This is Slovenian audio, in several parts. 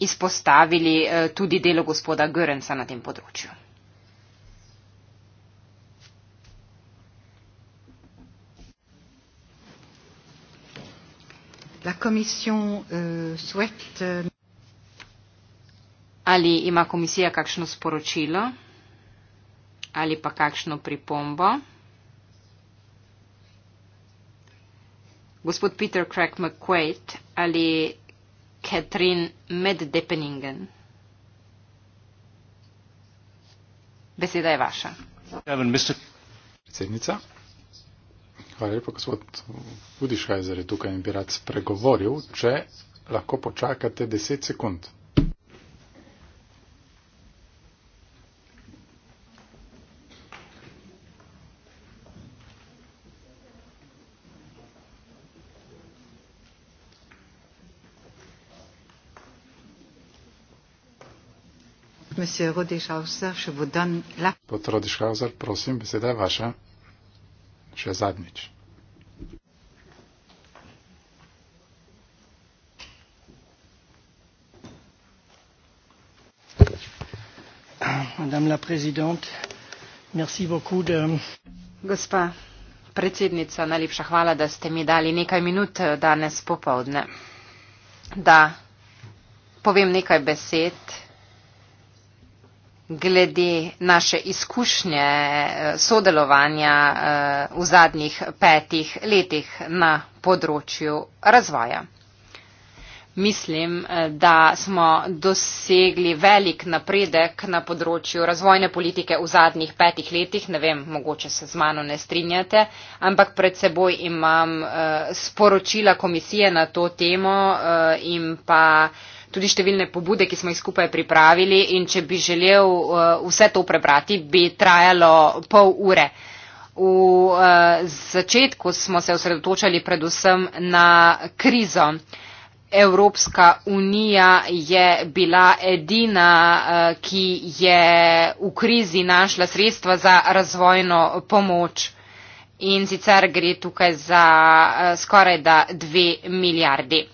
izpostavili eh, tudi delo gospoda Görnca na tem področju. Euh, euh, ali ima komisija kakšno sporočilo ali pa kakšno pripombo? Gospod Peter Craig McQuaid, ali Catherine Meddepeningen. Beseda je vaša. Predsednica. Hvala lepa, gospod Budišajzer je tukaj in bi rad spregovoril, če lahko počakate 10 sekund. Monsieur Rodishauser, je vous donne la parole. prosim, beseda je vaša. Še zadnjič. Madame la présidente, merci beaucoup de... Gospa predsednica, najlepša hvala, da ste mi dali nekaj minut eh, danes popovdne, da povem nekaj besed glede naše izkušnje eh, sodelovanja eh, v zadnjih petih letih na področju razvoja. Mislim, eh, da smo dosegli velik napredek na področju razvojne politike v zadnjih petih letih. Ne vem, mogoče se z mano ne strinjate, ampak pred seboj imam sporočila komisije na to temo in pa tudi številne pobude, ki smo jih skupaj pripravili in če bi želel eh, vse to prebrati, bi trajalo pol ure. V eh, začetku smo se osredotočali predvsem na krizo. Evropska unija je bila edina, eh, ki je v krizi našla sredstva za razvojno pomoč in sicer gre tukaj za skoraj da dve milijardi.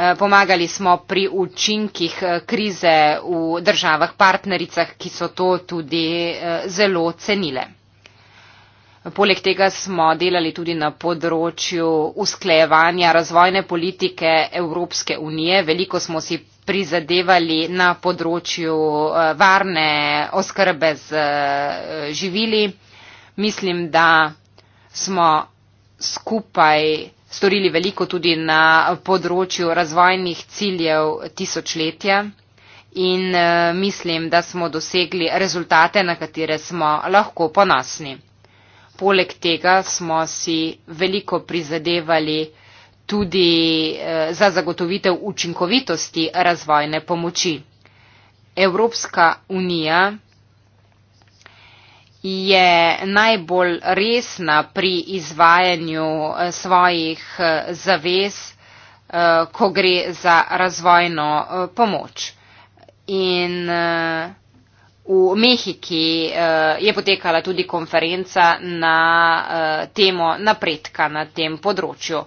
Eh, pomagali smo pri učinkih eh, krize v državah partnericah, ki so to tudi eh, zelo cenile. Poleg tega smo delali tudi na področju usklejevanja razvojne politike Evropske unije. Veliko smo si prizadevali na področju varne oskrbe z živili. Mislim, da smo skupaj storili veliko tudi na področju razvojnih ciljev tisočletja in eh, mislim, da smo dosegli rezultate, na katere smo lahko ponosni. Poleg tega smo si veliko prizadevali tudi eh, za zagotovitev učinkovitosti razvojne pomoči. Evropska unija je najbolj resna pri izvajanju eh, svojih eh, zavez, eh, ko gre za razvojno pomoč. In v Mehiki je potekala tudi konferenca na temo napredka na tem področju.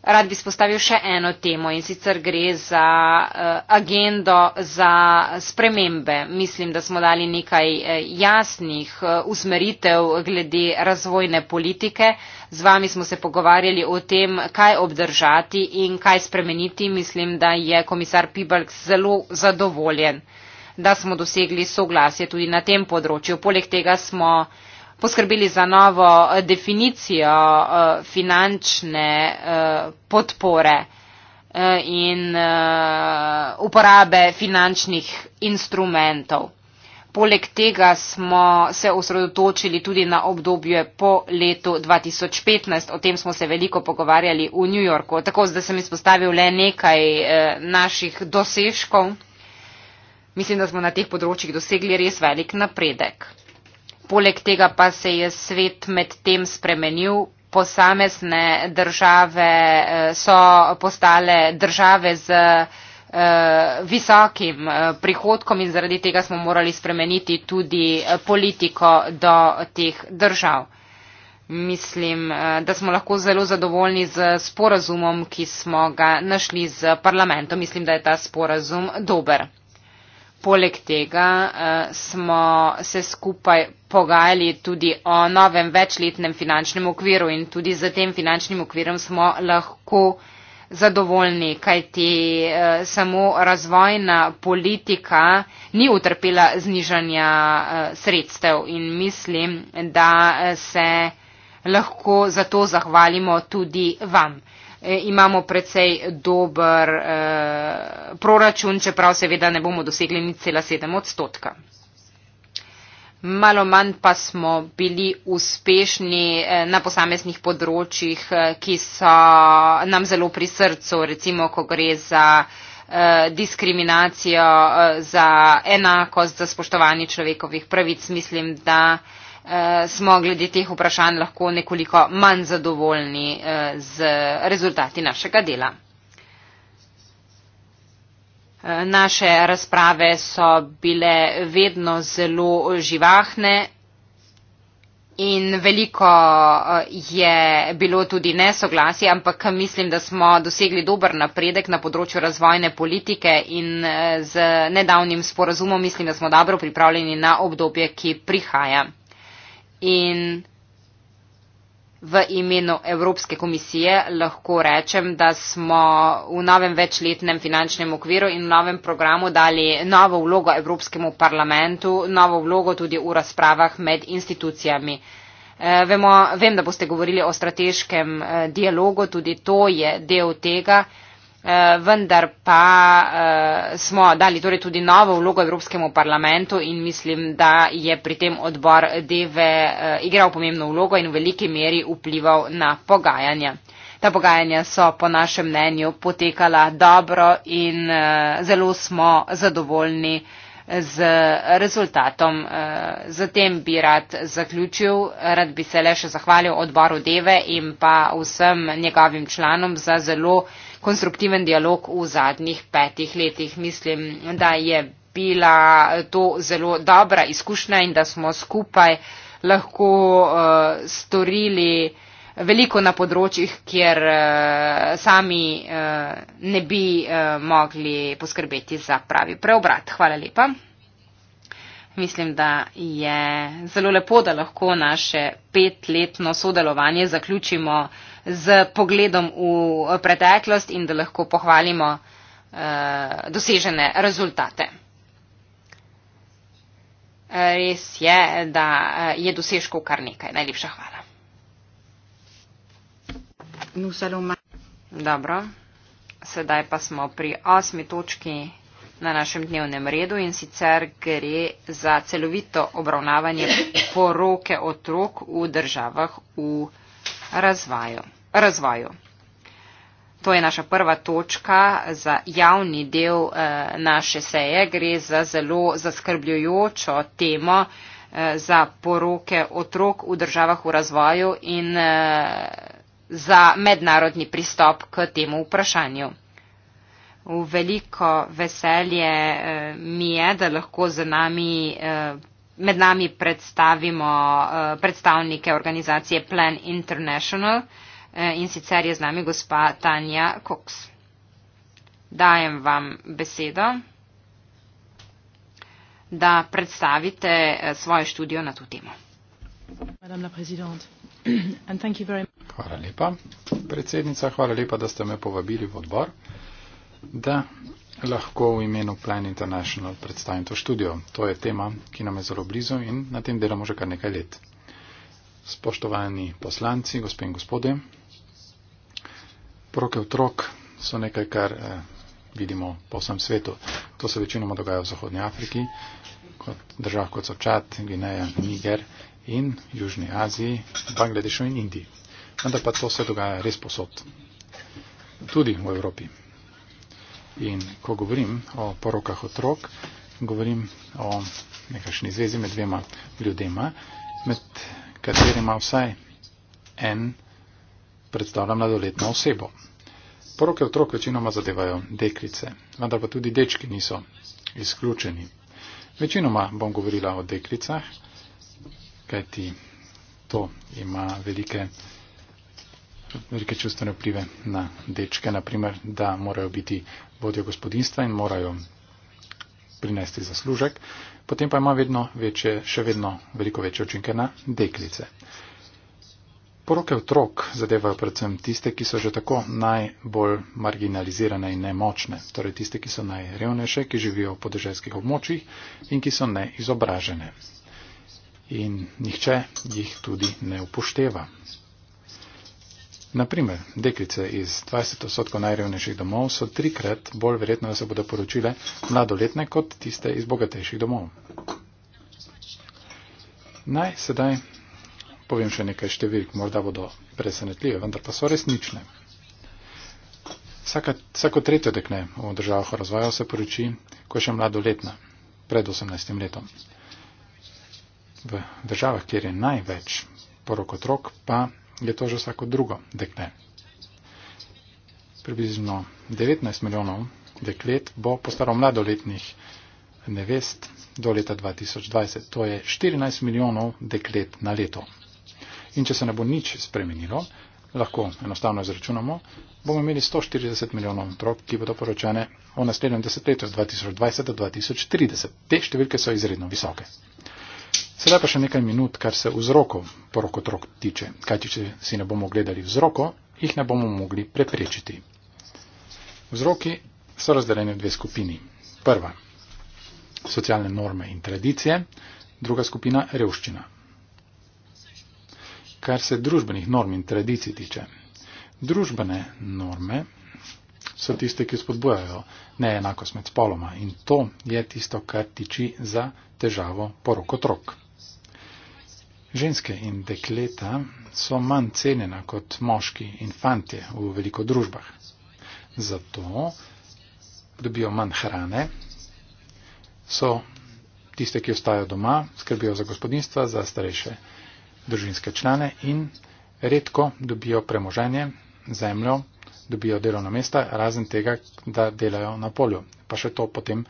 Rad bi spostavil še eno temo in sicer gre za uh, agendo za spremembe. Mislim, da smo dali nekaj eh, jasnih uh, usmeritev glede razvojne politike. Z vami smo se pogovarjali o tem, kaj obdržati in kaj spremeniti. Mislim, da je komisar Pibalk zelo zadovoljen, da smo dosegli soglasje tudi na tem področju. Poleg tega smo uh, poskrbeli za novo eh, definicijo eh, finančne eh, podpore in uporabe finančnih instrumentov. Poleg tega smo se osredotočili tudi na obdobje po letu 2015, o tem smo se veliko pogovarjali v New Yorku, tako da sem izpostavil le nekaj naših dosežkov. Mislim, da smo na teh področjih dosegli res velik napredek. Poleg tega pa se je svet med tem spremenil. Posamezne države eh, so postale države z eh, visokim eh, prihodkom in zaradi tega smo morali spremeniti tudi politiko do teh držav. Mislim, da smo lahko zelo zadovoljni z sporazumom, ki smo ga našli z parlamentom. Mislim, da je ta sporazum dober. Poleg tega uh, smo se skupaj pogajali tudi o novem večletnem finančnem okviru in tudi za tem finančnim okvirom smo lahko zadovoljni, kajti uh, samo razvojna politika ni utrpela znižanja uh, sredstev in mislim, da se lahko za to zahvalimo tudi vam. E, imamo precej dober e, proračun, čeprav seveda ne bomo dosegli ni cela sedem odstotka. Malo manj pa smo bili uspešni e, na posameznih področjih, ki so nam zelo pri srcu, recimo, ko gre za diskriminacijo, za enakost, za spoštovanje človekovih pravic. Mislim, da Eh, smo glede teh vprašanj lahko nekoliko manj zadovoljni eh, z rezultati našega dela. Eh, naše razprave so bile vedno zelo živahne in veliko je bilo tudi nesoglasje, ampak mislim, da smo dosegli dober napredek na področju razvojne politike in z nedavnim sporazumom mislim, da smo dobro pripravljeni na obdobje, ki prihaja. In v imenu Evropske komisije lahko rečem, da smo v novem večletnem finančnem okviru in v novem programu dali novo vlogo Evropskemu parlamentu, novo vlogo tudi v razpravah med institucijami. Eh, vemo, vem, da boste govorili o strateškem eh, dialogu, tudi to je del tega. Eh, vendar pa eh, smo dali torej tudi novo vlogo Evropskemu parlamentu in mislim, da je pri tem odbor Deve eh, igral pomembno vlogo in v veliki meri vplival na pogajanja. Ta pogajanja so po našem mnenju potekala dobro in zelo smo zadovoljni z rezultatom. Zatem bi rad zaključil, rad bi se le še zahvalil odboru Deve in pa vsem njegovim članom za zelo konstruktiven dialog v zadnjih petih letih. Mislim, da je bila to zelo dobra izkušnja in da smo skupaj lahko uh, storili veliko na področjih, kjer uh, sami uh, ne bi uh, mogli poskrbeti za pravi preobrat. Hvala lepa. Mislim, da je zelo lepo, da lahko naše petletno sodelovanje zaključimo uh, z pogledom v preteklost in da lahko pohvalimo eh, dosežene rezultate. Res je, da eh, je dosežkov kar nekaj. Najlepša hvala. Dobro, sedaj pa smo pri osmi točki na našem dnevnem redu in sicer gre za celovito obravnavanje poroke otrok v državah v razvaju razvoju. To je naša prva točka za javni del eh, naše seje. Gre za zelo zaskrbljujočo temo eh, za poroke otrok v državah v razvoju in eh, za mednarodni pristop k temu vprašanju. V veliko veselje eh, mi je, da lahko z nami. Eh, Med nami predstavimo uh, predstavnike organizacije Plan International, uh, Eh, in sicer je z nami gospa Tanja Koks. Dajem vam besedo, da predstavite eh, svojo študijo na to temo. Hvala lepa, predsednica. Hvala lepa, da ste me povabili v odbor, da lahko v imenu Plan International predstavim to študijo. To je tema, ki nam je zelo blizu in na tem delamo že kar nekaj let. Spoštovani poslanci, gospe in gospode, Poroke otrok so nekaj, kar eh, vidimo po vsem svetu. To se večinoma dogaja v Zahodnji Afriki, kot držav kot so Čad, Gineja, Niger in Južni Aziji, Bangladešu in Indiji. Vendar pa to se dogaja res posod. Tudi v Evropi. In ko govorim o porokah otrok, govorim o nekašni zvezi med dvema ljudema, med katerima vsaj en predstavlja mladoletno osebo. Poroke otrok večinoma zadevajo deklice, vendar pa tudi dečki niso izključeni. Večinoma bom govorila o deklicah, kajti to ima velike, velike čustvene vplive na dečke, naprimer, da morajo biti vodjo gospodinstva in morajo prinesti zaslužek, potem pa ima vedno večje, še vedno veliko večje učinke na deklice. Poroke otrok zadevajo predvsem tiste, ki so že tako najbolj marginalizirane in nemočne, torej tiste, ki so najrevnejše, ki živijo v podeželskih območjih in ki so neizobražene. In nihče jih tudi ne upošteva. Naprimer, deklice iz 20 odstotkov najrevnejših domov so trikrat bolj verjetno, da se bodo poročile mladoletne kot tiste iz bogatejših domov. Naj sedaj povem še nekaj številk, morda bodo presenetljive, vendar pa so resnične. Vsaka, vsako tretje dekne v državah razvoja se poroči, ko je še mladoletna, pred 18 letom. V državah, kjer je največ porok otrok, pa je to že vsako drugo dekne. Približno 19 milijonov deklet bo postalo mladoletnih nevest do leta 2020. To je 14 milijonov deklet na leto. In če se ne bo nič spremenilo, lahko enostavno izračunamo, bomo imeli 140 milijonov otrok, ki bodo poročene v naslednjem desetletju z 2020 do 2030. Te številke so izredno visoke. Sedaj pa še nekaj minut, kar se vzrokov porok otrok tiče. Kaj če si ne bomo gledali vzroko, jih ne bomo mogli preprečiti. Vzroki so razdeljeni v dve skupini. Prva, socialne norme in tradicije, druga skupina, revščina kar se družbenih norm in tradicij tiče. Družbene norme so tiste, ki spodbujajo neenakost med spoloma in to je tisto, kar tiči za težavo porok otrok. Ženske in dekleta so manj cenjena kot moški in fantje v veliko družbah. Zato dobijo manj hrane, so tiste, ki ostajajo doma, skrbijo za gospodinstva, za starejše družinske člane in redko dobijo premoženje, zemljo, dobijo delovno mesta, razen tega, da delajo na polju. Pa še to potem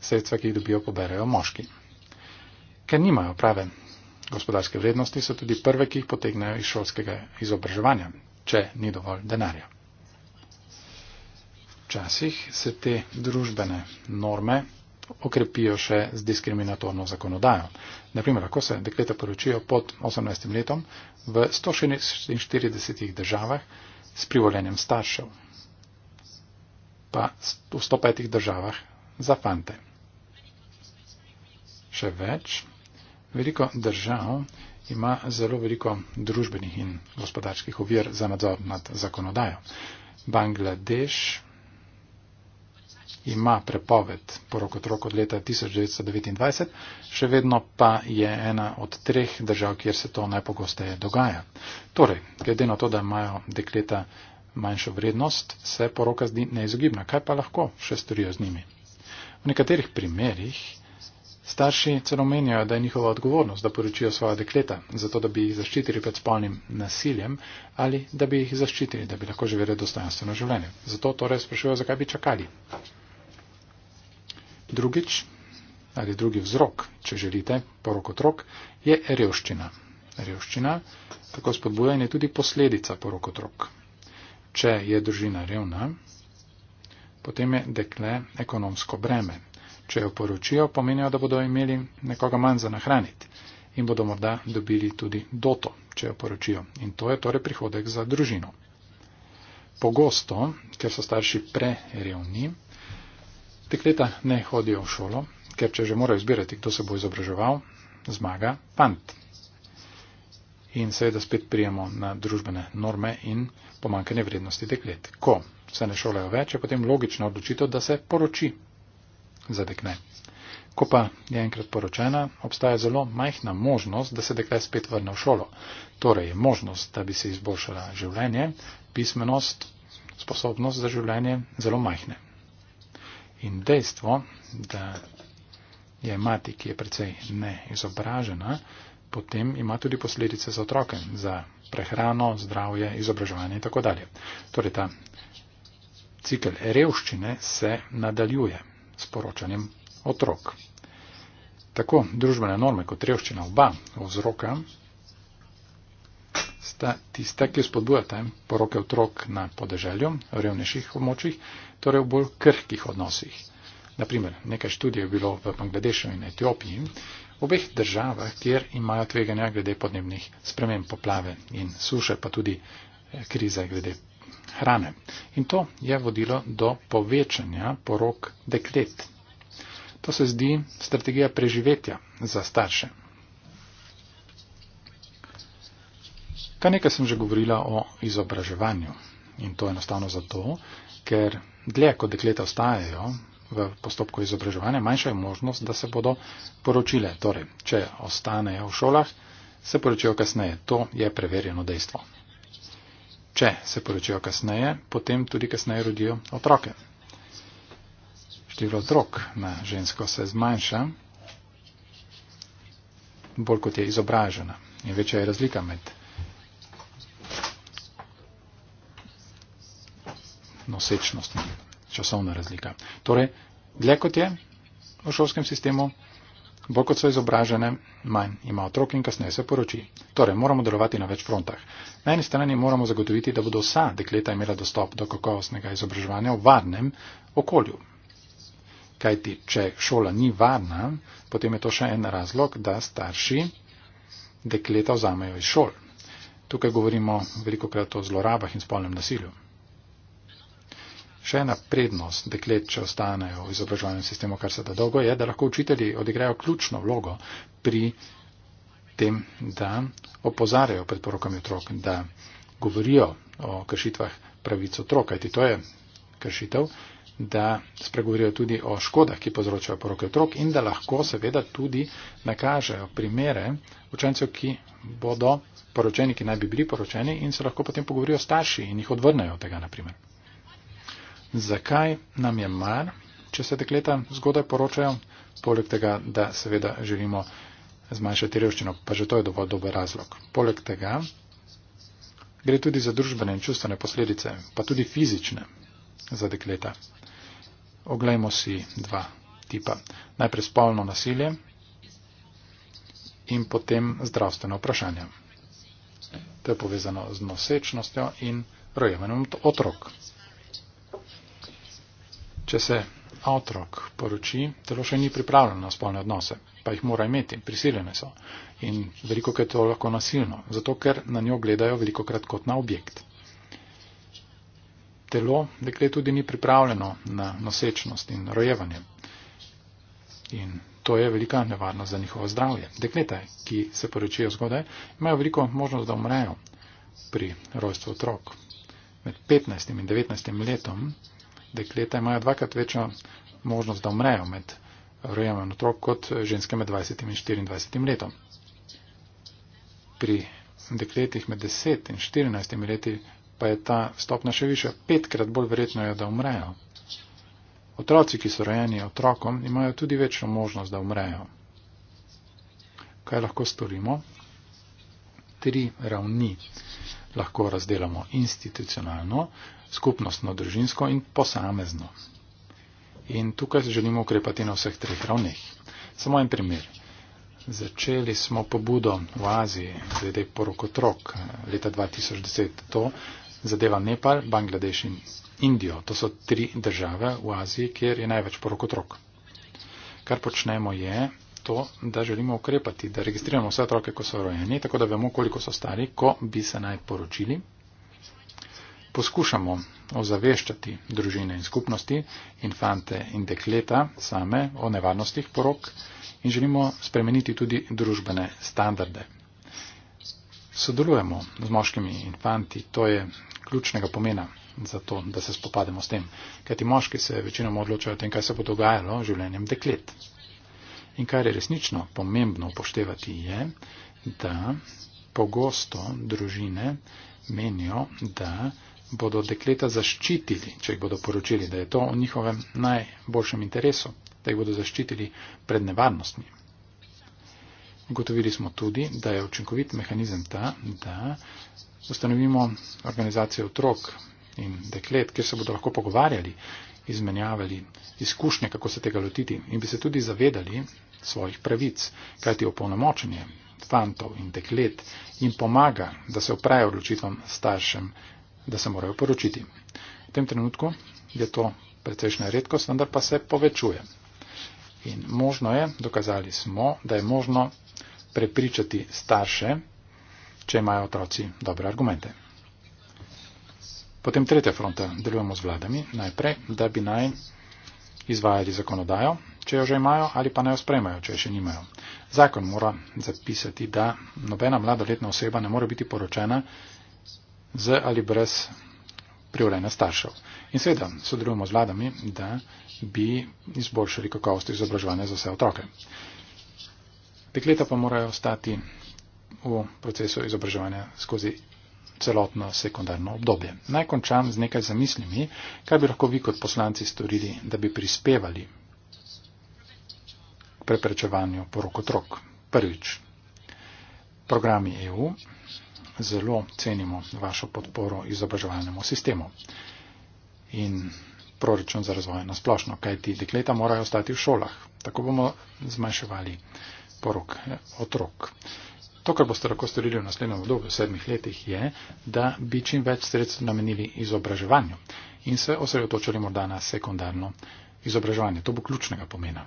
sredstva, ki jih dobijo, poberajo moški. Ker nimajo prave gospodarske vrednosti, so tudi prve, ki jih potegnejo iz šolskega izobraževanja, če ni dovolj denarja. Včasih se te družbene norme okrepijo še z diskriminatorno zakonodajo. Naprimer, lahko se dekleta poročijo pod 18 letom v 146 državah s privoljenjem staršev, pa v 105 državah za fante. Še več, veliko držav ima zelo veliko družbenih in gospodarskih ovir za nadzor nad zakonodajo. Bangladeš ima prepoved porok otrok od leta 1929, še vedno pa je ena od treh držav, kjer se to najpogosteje dogaja. Torej, glede na to, da imajo dekleta manjšo vrednost, se poroka zdi neizogibna. Kaj pa lahko še storijo z njimi? V nekaterih primerjih starši celo menijo, da je njihova odgovornost, da poročijo svoja dekleta, zato da bi jih zaščitili pred spolnim nasiljem ali da bi jih zaščitili, da bi lahko živeli dostojanstveno življenje. Zato torej sprašujejo, zakaj bi čakali. Drugič, ali drugi vzrok, če želite, porok otrok, je revščina. Revščina, tako spodbujanje, je tudi posledica porok otrok. Če je družina revna, potem je dekle ekonomsko breme. Če jo poročijo, pomenijo, da bodo imeli nekoga manj za nahraniti in bodo morda dobili tudi doto, če jo poročijo. In to je torej prihodek za družino. Pogosto, ker so starši prerevni, Dekleta ne hodijo v šolo, ker če že morajo izbirati, kdo se bo izobraževal, zmaga pant. In seveda spet prijemo na družbene norme in pomankanje vrednosti deklet. Ko se ne šolajo več, je potem logična odločitev, da se poroči za dekle. Ko pa je enkrat poročena, obstaja zelo majhna možnost, da se dekle spet vrne v šolo. Torej je možnost, da bi se izboljšala življenje, pismenost, sposobnost za življenje zelo majhne. In dejstvo, da je mati, ki je precej neizobražena, potem ima tudi posledice za otroke, za prehrano, zdravje, izobraževanje in tako dalje. Torej ta cikel revščine se nadaljuje s poročanjem otrok. Tako družbene norme kot revščina oba vzroka sta tiste, ki spodbujate poroke otrok na podeželju, revnejših območjih torej v bolj krhkih odnosih. Naprimer, nekaj študij je bilo v Bangladešu in Etiopiji, v obeh državah, kjer imajo tveganja glede podnebnih sprememb poplave in suše, pa tudi eh, krize glede hrane. In to je vodilo do povečanja porok deklet. To se zdi strategija preživetja za starše. Kar nekaj sem že govorila o izobraževanju. In to enostavno zato, ker dlje kot dekleta ostajajo v postopku izobraževanja, manjša je možnost, da se bodo poročile. Torej, če ostanejo v šolah, se poročijo kasneje. To je preverjeno dejstvo. Če se poročijo kasneje, potem tudi kasneje rodijo otroke. Število otrok na žensko se zmanjša, bolj kot je izobražena. In večja je razlika med nosečnost, časovna razlika. Torej, dlje kot je v šolskem sistemu, bolj kot so izobražene, manj ima otrok in kasneje se poroči. Torej, moramo delovati na več frontah. Na eni strani moramo zagotoviti, da bodo vsa dekleta imela dostop do kakovostnega izobraževanja v varnem okolju. Kajti, če šola ni varna, potem je to še en razlog, da starši dekleta vzamejo iz šol. Tukaj govorimo veliko krat o zlorabah in spolnem nasilju še ena prednost deklet, če ostanejo v izobraževalnem sistemu, kar se da dolgo, je, da lahko učitelji odigrajo ključno vlogo pri tem, da opozarjajo pred porokami otrok, da govorijo o kršitvah pravic otrok, kajti to je kršitev, da spregovorijo tudi o škodah, ki povzročajo poroke otrok in da lahko seveda tudi nakažejo primere učencev, ki bodo poročeni, ki naj bi bili poročeni in se lahko potem pogovorijo starši in jih odvrnejo od tega, naprimer zakaj nam je mar, če se dekleta zgodaj poročajo, poleg tega, da seveda želimo zmanjšati revščino, pa že to je dovolj dober razlog. Poleg tega gre tudi za družbene in čustvene posledice, pa tudi fizične za dekleta. Oglejmo si dva tipa. Najprej spolno nasilje in potem zdravstveno vprašanje. To je povezano z nosečnostjo in rojevanjem otrok. Če se otrok poroči, telo še ni pripravljeno na spolne odnose, pa jih mora imeti, prisiljene so. In veliko je to lahko nasilno, zato ker na njo gledajo veliko krat kot na objekt. Telo dekle tudi ni pripravljeno na nosečnost in rojevanje. In to je velika nevarnost za njihovo zdravje. Dekleta, ki se poročijo zgodaj, imajo veliko možnost, da umrejo pri rojstvu otrok. Med 15 in 19 letom dekleta imajo dvakrat večjo možnost, da umrejo med rojevanjem otrok kot ženske med 20 in 24 letom. Pri dekletih med 10 in 14 leti pa je ta stopna še više, petkrat bolj verjetno je, da umrejo. Otroci, ki so rojeni otrokom, imajo tudi večjo možnost, da umrejo. Kaj lahko storimo? Tri ravni lahko razdelamo institucionalno, skupnostno, družinsko in posamezno. In tukaj želimo ukrepati na vseh treh ravneh. Samo en primer. Začeli smo pobudo v Aziji glede porok otrok eh, leta 2010. To zadeva Nepal, Bangladeš in Indijo. To so tri države v Aziji, kjer je največ porok otrok. Kar počnemo je to, da želimo ukrepati, da registriramo vse otroke, ko so rojeni, tako da vemo, koliko so stari, ko bi se naj poročili poskušamo ozaveščati družine in skupnosti, infante in dekleta same o nevarnostih porok in želimo spremeniti tudi družbene standarde. Sodelujemo z moškimi infanti, to je ključnega pomena za to, da se spopademo s tem, kajti moški se večinoma odločajo o tem, kaj se bo dogajalo z življenjem deklet. In kar je resnično pomembno upoštevati je, da pogosto družine menijo, da bodo dekleta zaščitili, če jih bodo poročili, da je to v njihovem najboljšem interesu, da jih bodo zaščitili pred nevarnostmi. Gotovili smo tudi, da je učinkovit mehanizem ta, da ustanovimo organizacijo otrok in deklet, kjer se bodo lahko pogovarjali, izmenjavali izkušnje, kako se tega lotiti in bi se tudi zavedali svojih pravic, kajti opolnomočenje fantov in deklet jim pomaga, da se oprejo odločitvam staršem da se morajo poročiti. V tem trenutku je to precejšnja redkost, vendar pa se povečuje. In možno je, dokazali smo, da je možno prepričati starše, če imajo otroci dobre argumente. Potem tretja fronta. Delujemo z vladami najprej, da bi naj izvajali zakonodajo, če jo že imajo, ali pa naj jo spremajo, če jo še nimajo. Zakon mora zapisati, da nobena mladoletna oseba ne more biti poročena, z ali brez prijavljena staršev. In seveda sodelujemo z vladami, da bi izboljšali kakovost izobraževanja za vse otroke. Dekleta pa morajo ostati v procesu izobraževanja skozi celotno sekundarno obdobje. Naj končam z nekaj zamislimi, kaj bi lahko vi kot poslanci storili, da bi prispevali k preprečevanju porok otrok. Prvič, programi EU zelo cenimo vašo podporo izobraževalnemu sistemu in proračun za razvoj na splošno, kajti dekleta morajo ostati v šolah. Tako bomo zmanjševali porok eh, otrok. To, kar boste lahko storili v naslednjem obdobju, v sedmih letih, je, da bi čim več sredstv namenili izobraževanju in se osredotočili morda na sekundarno izobraževanje. To bo ključnega pomena.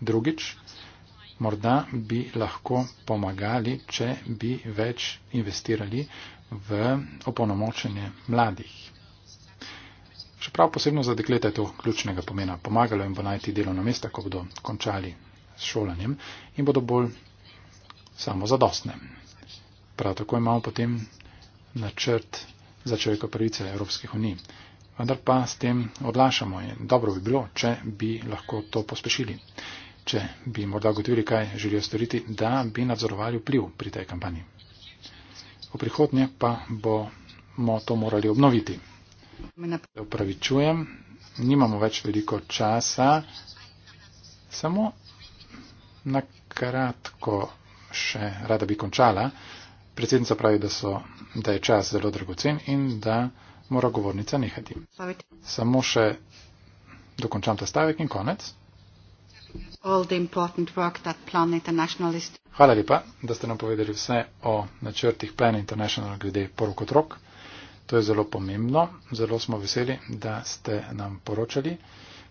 Drugič, morda bi lahko pomagali, če bi več investirali v opolnomočenje mladih. Še prav posebno za dekleta je to ključnega pomena. Pomagalo jim bo najti delovno mesto, ko bodo končali s šolanjem in bodo bolj samozadostne. Prav tako imamo potem načrt za človeka pravice Evropskih unij. Vendar pa s tem odlašamo in dobro bi bilo, če bi lahko to pospešili če bi morda gotovili, kaj želijo storiti, da bi nadzorovali vpliv pri tej kampanji. V prihodnje pa bomo to morali obnoviti. Opravičujem, nimamo več veliko časa, samo na kratko še rada bi končala. Predsednica pravi, da, so, da je čas zelo dragocen in da mora govornica nehati. Samo še dokončam ta stavek in konec. Hvala lepa, da ste nam povedali vse o načrtih Plan International glede poroko otrok. To je zelo pomembno. Zelo smo veseli, da ste nam poročali.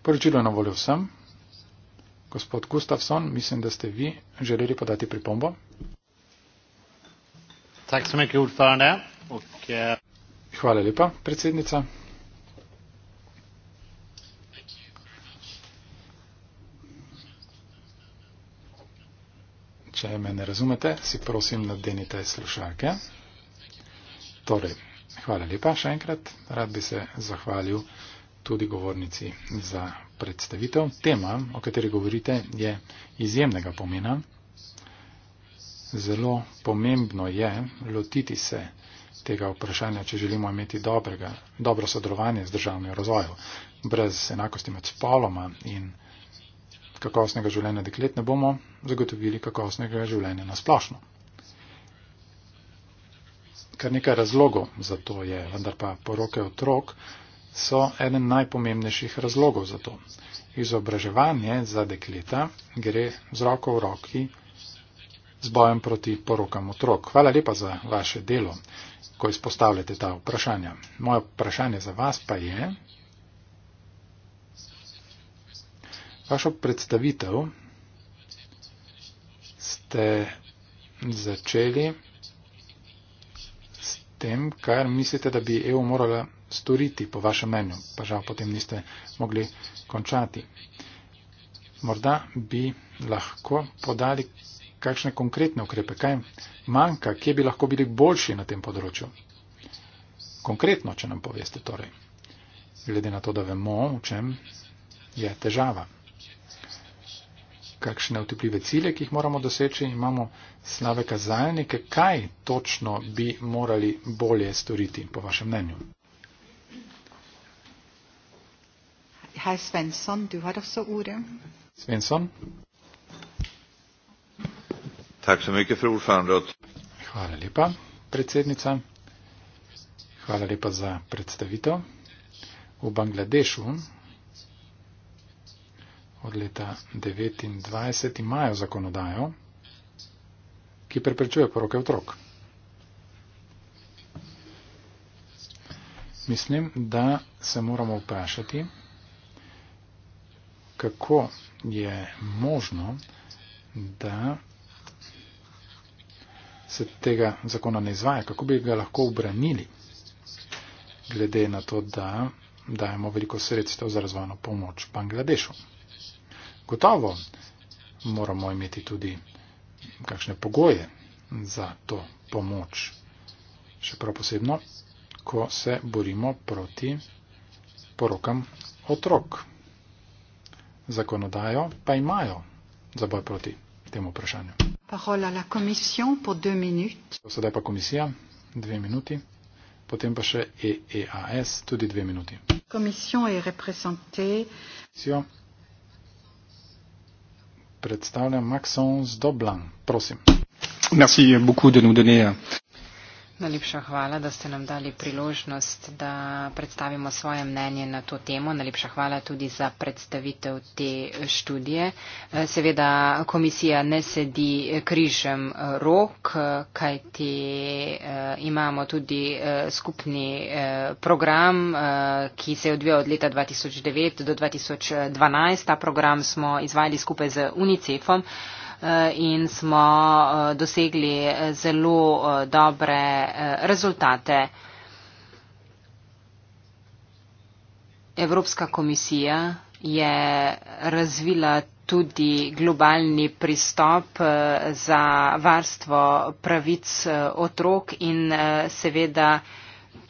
Poročilo je na voljo vsem. Gospod Gustafsson, mislim, da ste vi želeli podati pripombo. Hvala lepa, predsednica. Če me ne razumete, si prosim nadenite slušalke. Torej, hvala lepa še enkrat. Rad bi se zahvalil tudi govornici za predstavitev. Tema, o kateri govorite, je izjemnega pomena. Zelo pomembno je lotiti se tega vprašanja, če želimo imeti dobrega, dobro sodelovanje z državnim razvojem, brez enakosti med spoloma in kakosnega življenja deklet, ne bomo zagotovili kakosnega življenja nasplošno. Kar nekaj razlogov za to je, vendar pa poroke otrok so eden najpomembnejših razlogov za to. Izobraževanje za dekleta gre z roko v roki z bojem proti porokam otrok. Hvala lepa za vaše delo, ko izpostavljate ta vprašanja. Moje vprašanje za vas pa je, Vašo predstavitev ste začeli s tem, kar mislite, da bi EU morala storiti, po vašem mnenju. Pa žal potem niste mogli končati. Morda bi lahko podali kakšne konkretne ukrepe. Kaj manjka, kje bi lahko bili boljši na tem področju? Konkretno, če nam poveste, torej, glede na to, da vemo, v čem je težava kakšne utepljive cilje, ki jih moramo doseči, imamo slabe kazalnike, kaj točno bi morali bolje storiti, po vašem mnenju. Hej Svensson, du har også ordet. Svensson. Tak så mycket, fru ordförande. Hvala lepa, predsednica. Hvala lepa za predstavitev. V Bangladešu od leta 29 imajo zakonodajo, ki preprečuje poroke otrok. Mislim, da se moramo vprašati, kako je možno, da se tega zakona ne izvaja, kako bi ga lahko obranili, glede na to, da dajemo veliko sredstev za razvojno pomoč Bangladešu gotovo moramo imeti tudi kakšne pogoje za to pomoč. Še prav posebno, ko se borimo proti porokam otrok. Zakonodajo pa imajo za boj proti temu vprašanju. Sedaj pa komisija, dve minuti, potem pa še EEAS, tudi dve minuti. Komisija je reprezentativna predstavlja Maxence Doblan. Prosim. Merci beaucoup de nous donner euh, Najlepša hvala, da ste nam dali priložnost, da predstavimo svoje mnenje na to temo. Najlepša hvala tudi za predstavitev te študije. Eh, seveda komisija ne sedi križem eh, rok, kajti eh, imamo tudi skupni program, ki se je odvijal od leta 2009 do 2012. Ta program smo izvajali skupaj z UNICEF-om. Eh, in smo eh, dosegli eh, zelo dobre rezultate. Evropska komisija je razvila tudi globalni pristop za varstvo pravic otrok in seveda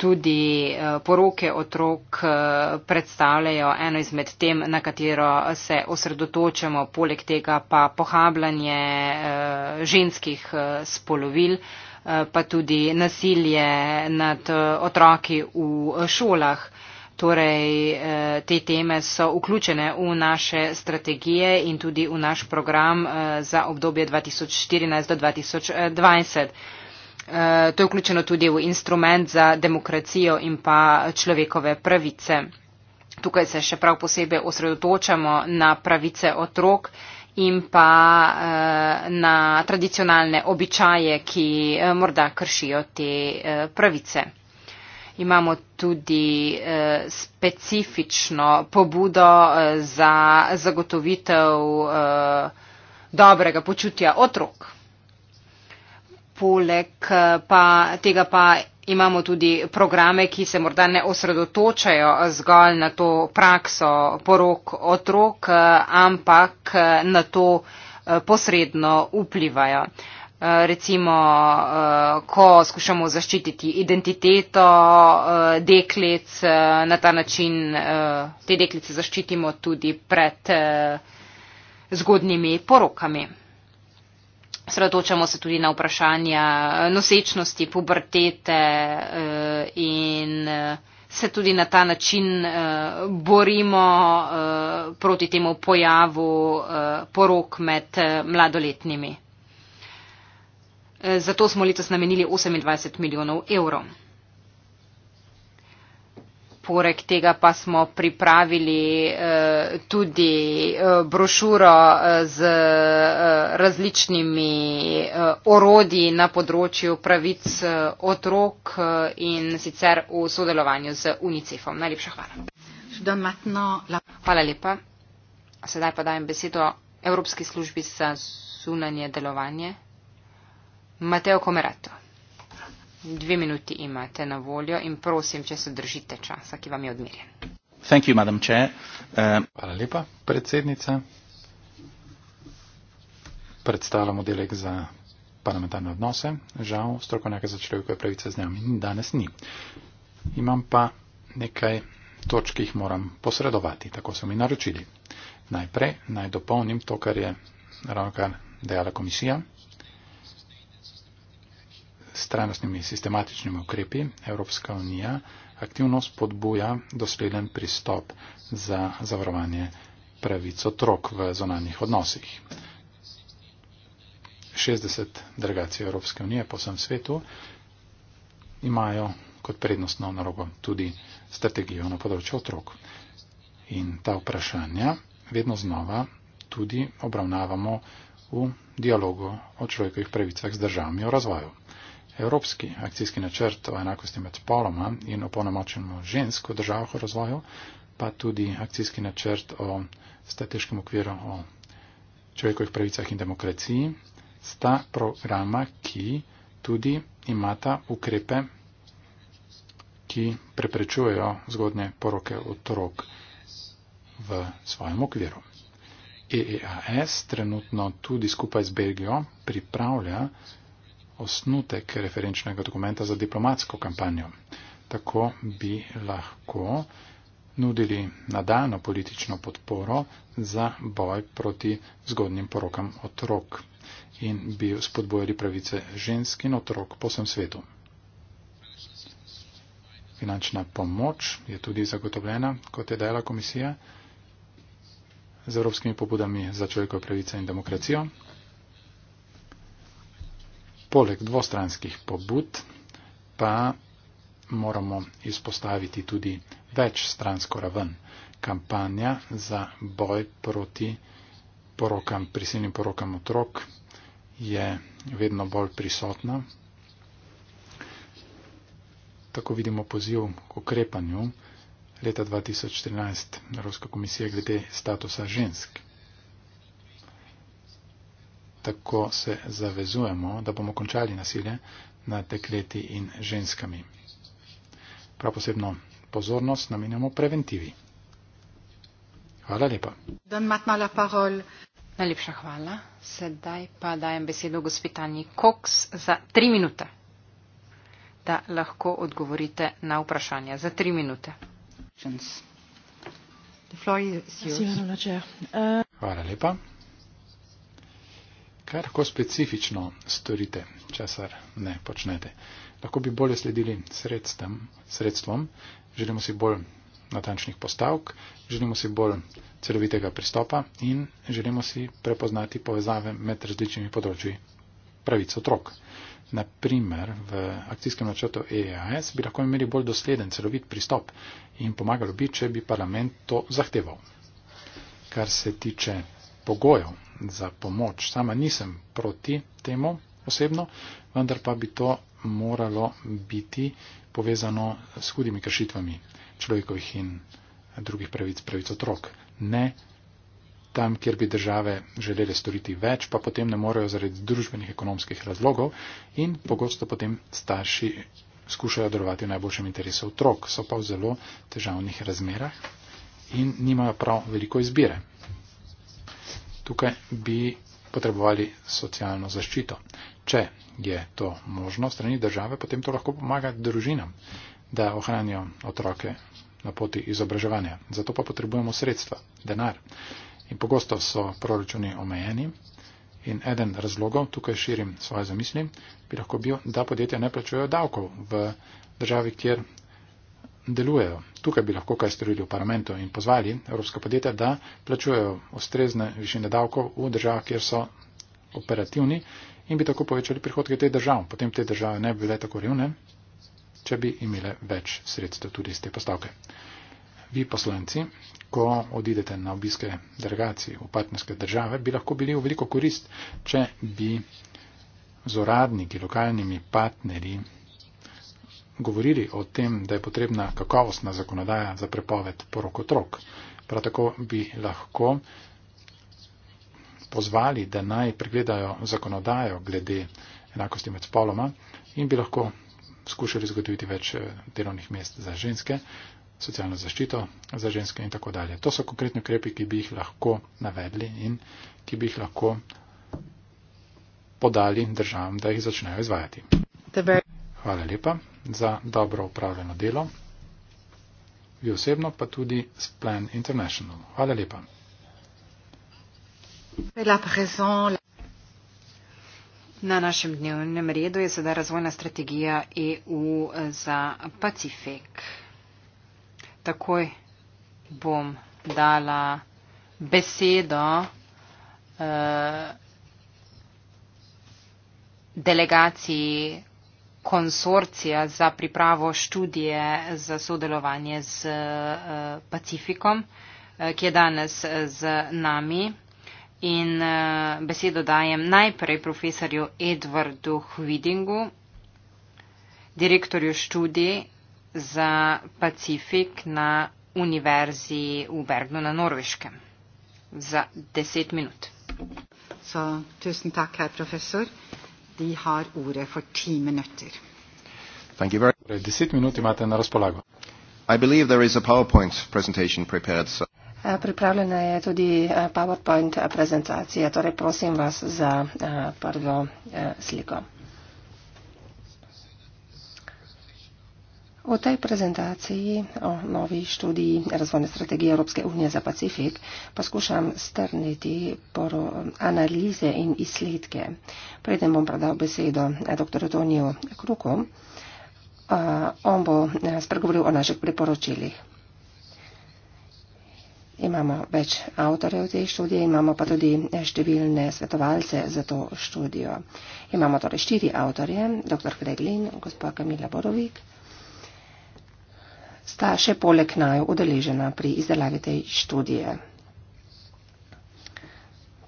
tudi eh, poroke otrok eh, predstavljajo eno izmed tem, na katero se osredotočamo, poleg tega pa pohabljanje eh, ženskih spolovil, pa tudi nasilje nad otroki v šolah. Torej, te teme so vključene v naše strategije in tudi v naš program za obdobje 2014 do 2020. Eh, to je vključeno tudi v instrument za demokracijo in pa človekove pravice. Tukaj se še prav posebej osredotočamo na pravice otrok in pa eh, na tradicionalne običaje, ki eh, morda kršijo te pravice. Imamo tudi specifično pobudo za zagotovitev dobrega počutja otrok poleg eh, pa, tega pa imamo tudi programe, ki se morda ne osredotočajo zgolj na to prakso porok otrok, eh, ampak eh, na to posredno vplivajo. Recimo, ko skušamo zaščititi identiteto deklic, na ta način te deklice zaščitimo tudi pred zgodnimi porokami. Sredotočamo se tudi na vprašanja nosečnosti, pubertete eh, in eh, se tudi na ta način eh, borimo proti temu pojavu porok med mladoletnimi. Zato smo letos namenili 28 milijonov evrov poleg tega pa smo pripravili eh, tudi eh, brošuro eh, z različnimi orodji na področju pravic otrok in sicer v sodelovanju z UNICEF-om. Najlepša hvala. Hvala lepa. Sedaj pa dajem besedo Evropski službi za zunanje delovanje. Mateo Komerato. Dve minuti imate na voljo in prosim, če se držite časa, ki vam je odmerjen. Thank you, madam chair. Um, Hvala lepa, predsednica. Predstavljam oddelek za parlamentarne odnose. Žal, strokovnjaka za človekove pravice z njami danes ni. Imam pa nekaj točk, ki jih moram posredovati, tako so mi naročili. Najprej naj dopolnim to, kar je ravno kar dejala komisija s trajnostnimi sistematičnimi ukrepi Evropska unija aktivno spodbuja dosleden pristop za zavarovanje pravic otrok v zonanjih odnosih. 60 delegacij Evropske unije po vsem svetu imajo kot prednostno narobo tudi strategijo na področju otrok. In ta vprašanja vedno znova tudi obravnavamo v dialogu o človekovih pravicah z državami o razvoju. Evropski akcijski načrt o enakosti med spoloma in oponomočenju žensk v državah v razvoju, pa tudi akcijski načrt o strateškem okviru o človekovih pravicah in demokraciji, sta programa, ki tudi imata ukrepe, ki preprečujejo zgodne poroke otrok v svojem okviru. EEAS trenutno tudi skupaj z Belgijo pripravlja osnutek referenčnega dokumenta za diplomatsko kampanjo. Tako bi lahko nudili nadaljno politično podporo za boj proti zgodnim porokam otrok in bi spodbojali pravice žensk in otrok po vsem svetu. Finančna pomoč je tudi zagotovljena, kot je dajala komisija, z evropskimi pobudami za človekove pravice in demokracijo. Poleg dvostranskih pobud pa moramo izpostaviti tudi večstransko raven. Kampanja za boj proti porokam, prisilnim porokam otrok je vedno bolj prisotna. Tako vidimo poziv k ukrepanju leta 2013 Evropska komisija glede statusa žensk tako se zavezujemo, da bomo končali nasilje nad dekleti in ženskami. Prav posebno pozornost namenjamo preventivi. Hvala lepa. Najlepša hvala. Sedaj pa dajem besedo gospitanji Koks za tri minute, da lahko odgovorite na vprašanje. Za tri minute. Hvala lepa kar lahko specifično storite, česar ne počnete. Lahko bi bolje sledili sredstem, sredstvom, želimo si bolj natančnih postavk, želimo si bolj celovitega pristopa in želimo si prepoznati povezave med različnimi področji pravic otrok. Naprimer, v akcijskem načrtu EAS bi lahko imeli bolj dosleden, celovit pristop in pomagalo bi, če bi parlament to zahteval. Kar se tiče pogojev za pomoč. Sama nisem proti temu osebno, vendar pa bi to moralo biti povezano s hudimi kršitvami človekovih in drugih pravic, pravic otrok. Ne tam, kjer bi države želele storiti več, pa potem ne morejo zaradi družbenih ekonomskih razlogov in pogosto potem starši skušajo delovati v najboljšem interesu otrok, so pa v zelo težavnih razmerah in nimajo prav veliko izbire tukaj bi potrebovali socialno zaščito. Če je to možno strani države, potem to lahko pomaga družinam, da ohranijo otroke na poti izobraževanja. Zato pa potrebujemo sredstva, denar. In pogosto so proračuni omejeni. In eden razlogov, tukaj širim svoje zamisli, bi lahko bil, da podjetja ne plačujejo davkov v državi, kjer delujejo. Tukaj bi lahko kaj storili v parlamentu in pozvali evropska podjetja, da plačujejo ustrezne višine davkov v državah, kjer so operativni in bi tako povečali prihodke teh držav. Potem te države ne bi bile tako revne, če bi imele več sredstev tudi iz te postavke. Vi poslanci, ko odidete na obiske delegacij v partnerske države, bi lahko bili v veliko korist, če bi z uradniki, lokalnimi partnerji govorili o tem, da je potrebna kakovostna zakonodaja za prepoved porok otrok. Prav tako bi lahko pozvali, da naj pregledajo zakonodajo glede enakosti med spoloma in bi lahko skušali zagotoviti več eh, delovnih mest za ženske, socialno zaščito za ženske in tako dalje. To so konkretni ukrepi, ki bi jih lahko navedli in ki bi jih lahko podali državam, da jih začnejo izvajati. Tebe. Hvala lepa za dobro upravljeno delo, vi osebno pa tudi s Plan International. Hvala lepa. Na našem dnevnem redu je sedaj razvojna strategija EU eh, za Pacifik. Takoj bom dala besedo eh, delegaciji konsorcija za pripravo študije za sodelovanje z eh, Pacifikom, eh, ki je danes eh, z nami. In besedo dajem najprej profesorju Edwardu Hvidingu, direktorju študij za Pacifik na Univerzi v Bergnu na Norveškem za deset minut. So, tusen takk, herr professor. De har ordet for ti minutter. Thank you very much. Torej, deset minut imate na razpolago. I believe there is a PowerPoint presentation prepared. So. Eh, pripravljena je tudi eh, PowerPoint prezentacija, torej prosim vas za eh, prvo sliko. O tej prezentacji o nowej studii rozwojowej strategii Europejskiej Unii za Pacyfik poskuszam sternity por analizę i islitkę. Przede mną pradał eh, do dr Toniu Kruku. Eh, on bo eh, spregovoril o naszych preporočilich. Imamo več avtorjev tej študije, imamo pa tudi številne svetovalce za to študijo. Imamo torej štiri avtorje, dr. Greg Lin, gospod Kamila Borovik, sta še poleg naju udeležena pri izdelavi tej študije.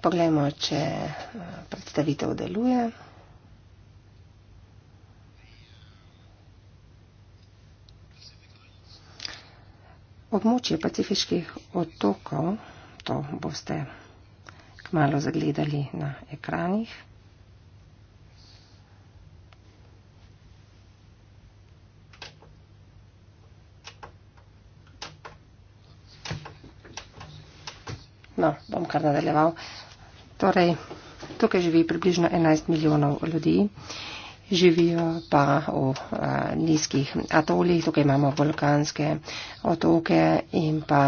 Poglejmo, če eh, predstavitev deluje. Območje pacifiških otokov, to boste kmalo zagledali na ekranih. bom kar nadaljeval. Torej, tukaj živi približno 11 milijonov ljudi, živijo pa v a, eh, nizkih atolih, tukaj imamo vulkanske otoke in pa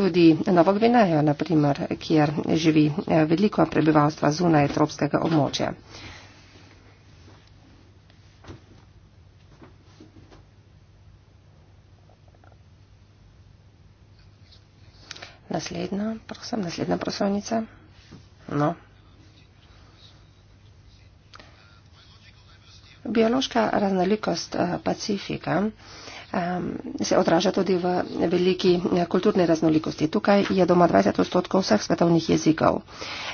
tudi Novo Gvinejo, naprimer, kjer živi eh, veliko prebivalstva zunaj tropskega območja. Naslednja, prosim, naslednja prosovnica. No. Biološka raznolikost eh, Pacifika se odraža tudi v veliki eh, kulturni raznolikosti. Tukaj je doma 20 odstotkov vseh svetovnih jezikov.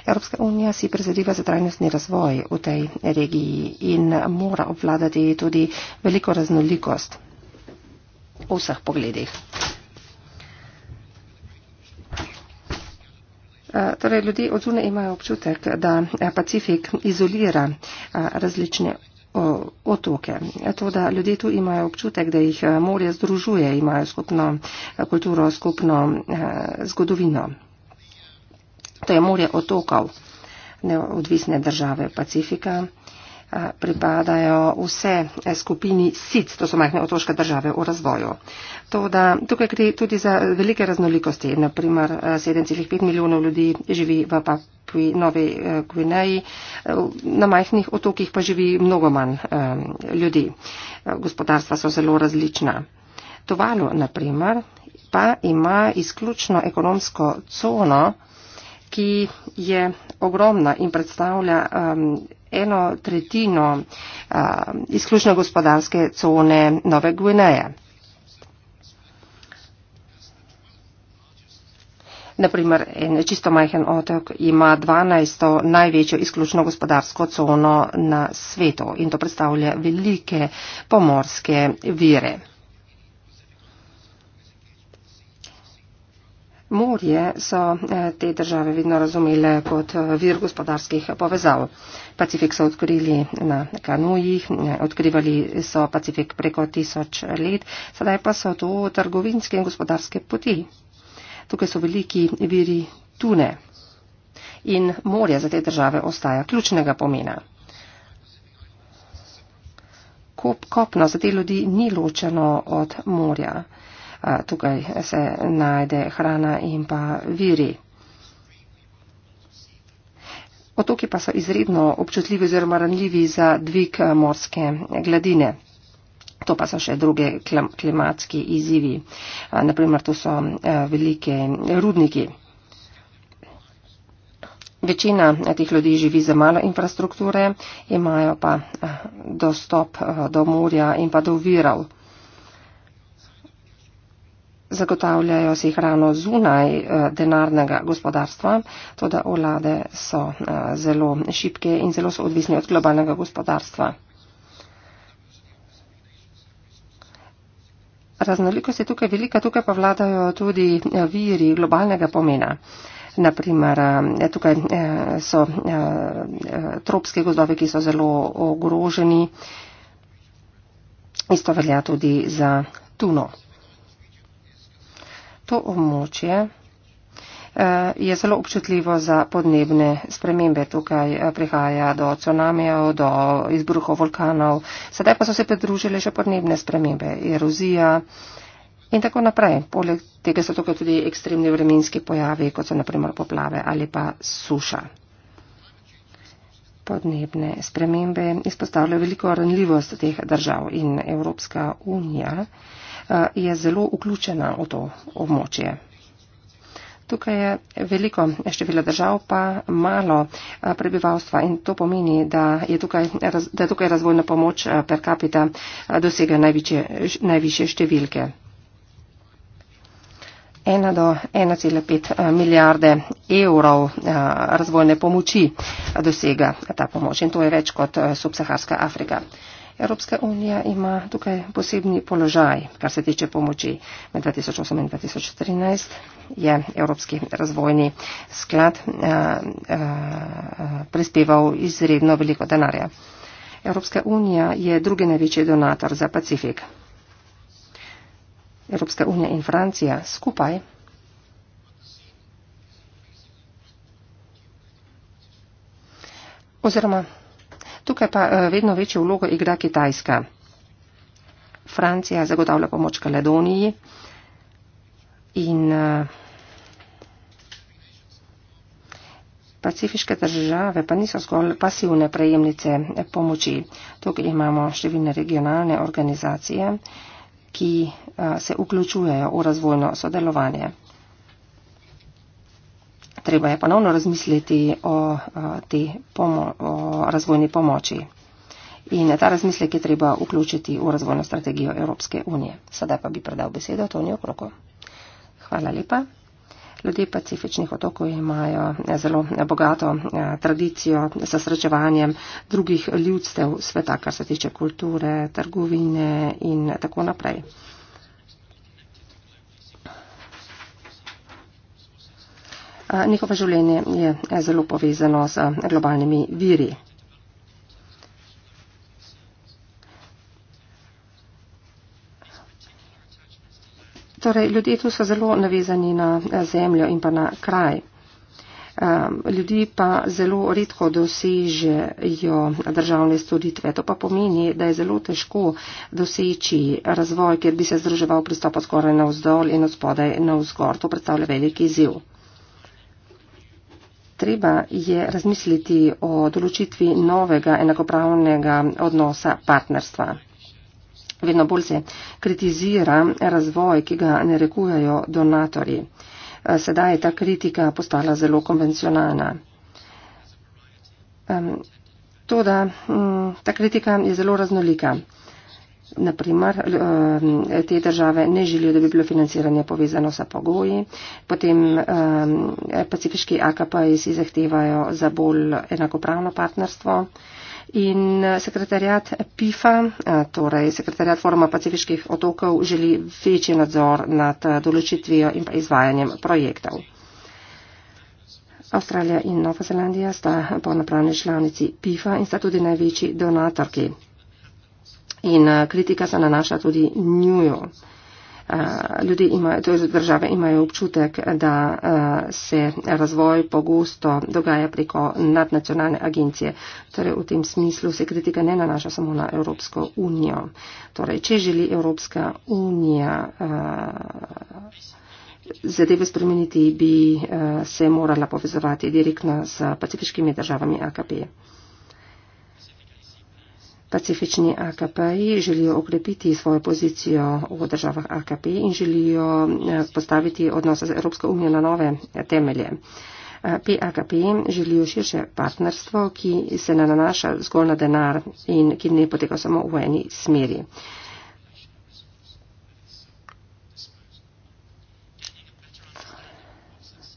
Evropska unija si prizadeva za trajnostni razvoj v tej regiji in mora obvladati tudi veliko raznolikost v vseh pogledih. Eh, torej, ljudje od zune imajo občutek, da eh, Pacifik izolira eh, različne otoke. To, da ljudje tu imajo občutek, da jih morje združuje, imajo skupno kulturo, skupno zgodovino. To je morje otokov neodvisne države Pacifika pripadajo vse skupini SIC, to so majhne otoške države v razvoju. Toda tukaj gre tudi za velike raznolikosti. Naprimer, 7,5 milijonov ljudi živi v Papui Novi eh, Gvineji, eh, na majhnih otokih pa živi mnogo manj eh, ljudi. Gospodarstva so zelo različna. Tovalo, naprimer, pa ima izključno ekonomsko cono, ki je ogromna in predstavlja um, eno tretjino izključno gospodarske cone Nove Gvineje. Naprimer, en čisto majhen otok ima 12. največjo izključno gospodarsko cono na svetu in to predstavlja velike pomorske vire. Morje so eh, te države vedno razumele kot eh, vir gospodarskih povezav. Pacifik so odkrili na kanujih, eh, odkrivali so Pacifik preko tisoč let, sedaj pa so to trgovinske in gospodarske poti. Tukaj so veliki viri tune in morje za te države ostaja ključnega pomena. Kop, kopno za te ljudi ni ločeno od morja tukaj se najde hrana in pa viri. Otoki pa so izredno občutljivi oziroma ranljivi za dvig eh, morske gladine. To pa so še druge klimatski izzivi. Naprimer, to so eh, velike rudniki. Večina eh, teh ljudi živi za malo infrastrukture, imajo pa dostop do morja in pa do virov zagotavljajo si hrano zunaj eh, denarnega gospodarstva, tudi vlade so eh, zelo šibke in zelo so odvisne od globalnega gospodarstva. Raznolikost je tukaj velika, tukaj pa vladajo tudi eh, viri globalnega pomena. Naprimer, tukaj so tropske gozdove, ki so zelo ogroženi. Isto velja tudi za tuno to območje eh, je zelo občutljivo za podnebne spremembe. Tukaj eh, prihaja do tsunamijev, do izbruhov vulkanov. Sedaj pa so se pridružile še podnebne spremembe, erozija in tako naprej. Poleg tega so tukaj tudi ekstremni vremenski pojavi, kot so naprimer poplave ali pa suša. Podnebne spremembe izpostavljajo veliko ranljivost teh držav in Evropska unija Eh, je zelo vključena v to območje. Tukaj je veliko število držav, pa malo eh, prebivalstva in to pomeni, da je tukaj, da je tukaj razvojna pomoč eh, per capita dosega najviše številke. 1 do 1,5 milijarde evrov razvojne pomoči dosega ta pomoč in to je več kot subsaharska Afrika. Evropska unija ima tukaj posebni položaj, kar se tiče pomoči. Med 2008 in 2013 je Evropski razvojni sklad a, a, a, prispeval izredno veliko denarja. Evropska unija je drugi največji donator za Pacifik. Evropska unija in Francija skupaj oziroma Tukaj pa eh, vedno večjo vlogo igra Kitajska. Francija zagotavlja pomoč Kaledoniji in eh, pacifiške države pa niso zgolj pasivne prejemnice eh, pomoči. Tukaj imamo številne regionalne organizacije, ki se vključujejo v razvojno sodelovanje treba je ponovno razmisliti o, te pomo o razvojni pomoči. In ta razmislek je treba vključiti v razvojno strategijo Evropske unije. Sedaj pa bi predal besedo Tonijo Kroko. Hvala lepa. Ljudje pacifičnih otokov imajo zelo bogato tradicijo sa srečevanjem drugih ljudstev sveta, kar se tiče kulture, trgovine in tako naprej. njihovo življenje je zelo povezano z globalnimi viri. Torej, ljudje tu so zelo navezani na zemljo in pa na kraj. Ljudi pa zelo redko dosežejo državne storitve. To pa pomeni, da je zelo težko doseči razvoj, kjer bi se združeval pristop od skoraj na vzdolj in od spodaj na vzgor. To predstavlja veliki izziv treba je razmisliti o določitvi novega enakopravnega odnosa partnerstva. Vedno bolj se kritizira razvoj, ki ga narekujejo donatorji. Eh, sedaj je ta kritika postala zelo konvencionalna. Toda mm, ta kritika je zelo raznolika naprimer ehm, te države ne želijo, da bi bilo financiranje povezano sa pogoji. Potem ehm, pacifiški AKP si zahtevajo za bolj enakopravno partnerstvo. In eh, sekretarjat PIFA, eh, torej sekretarjat Foruma pacifiških otokov, želi večji nadzor nad eh, določitvijo in pa izvajanjem projektov. Avstralija in Nova Zelandija sta polnopravni članici PIFA in sta tudi največji donatorki. In eh, kritika se nanaša tudi njujo. Eh, ljudje imajo, torej države imajo občutek, da eh, se razvoj pogosto dogaja preko nadnacionalne agencije. Torej v tem smislu se kritika ne nanaša samo na Evropsko unijo. Torej, če želi Evropska unija zadeve spremeniti, bi se morala povezovati direktno s pacifiškimi državami AKP. Pacifični AKP želijo okrepiti svojo pozicijo v državah AKP in želijo eh, postaviti odnose z Evropsko unijo na nove temelje. PAKP eh, želijo širše partnerstvo, ki se ne nanaša zgolj na denar in ki ne poteka samo v eni smeri.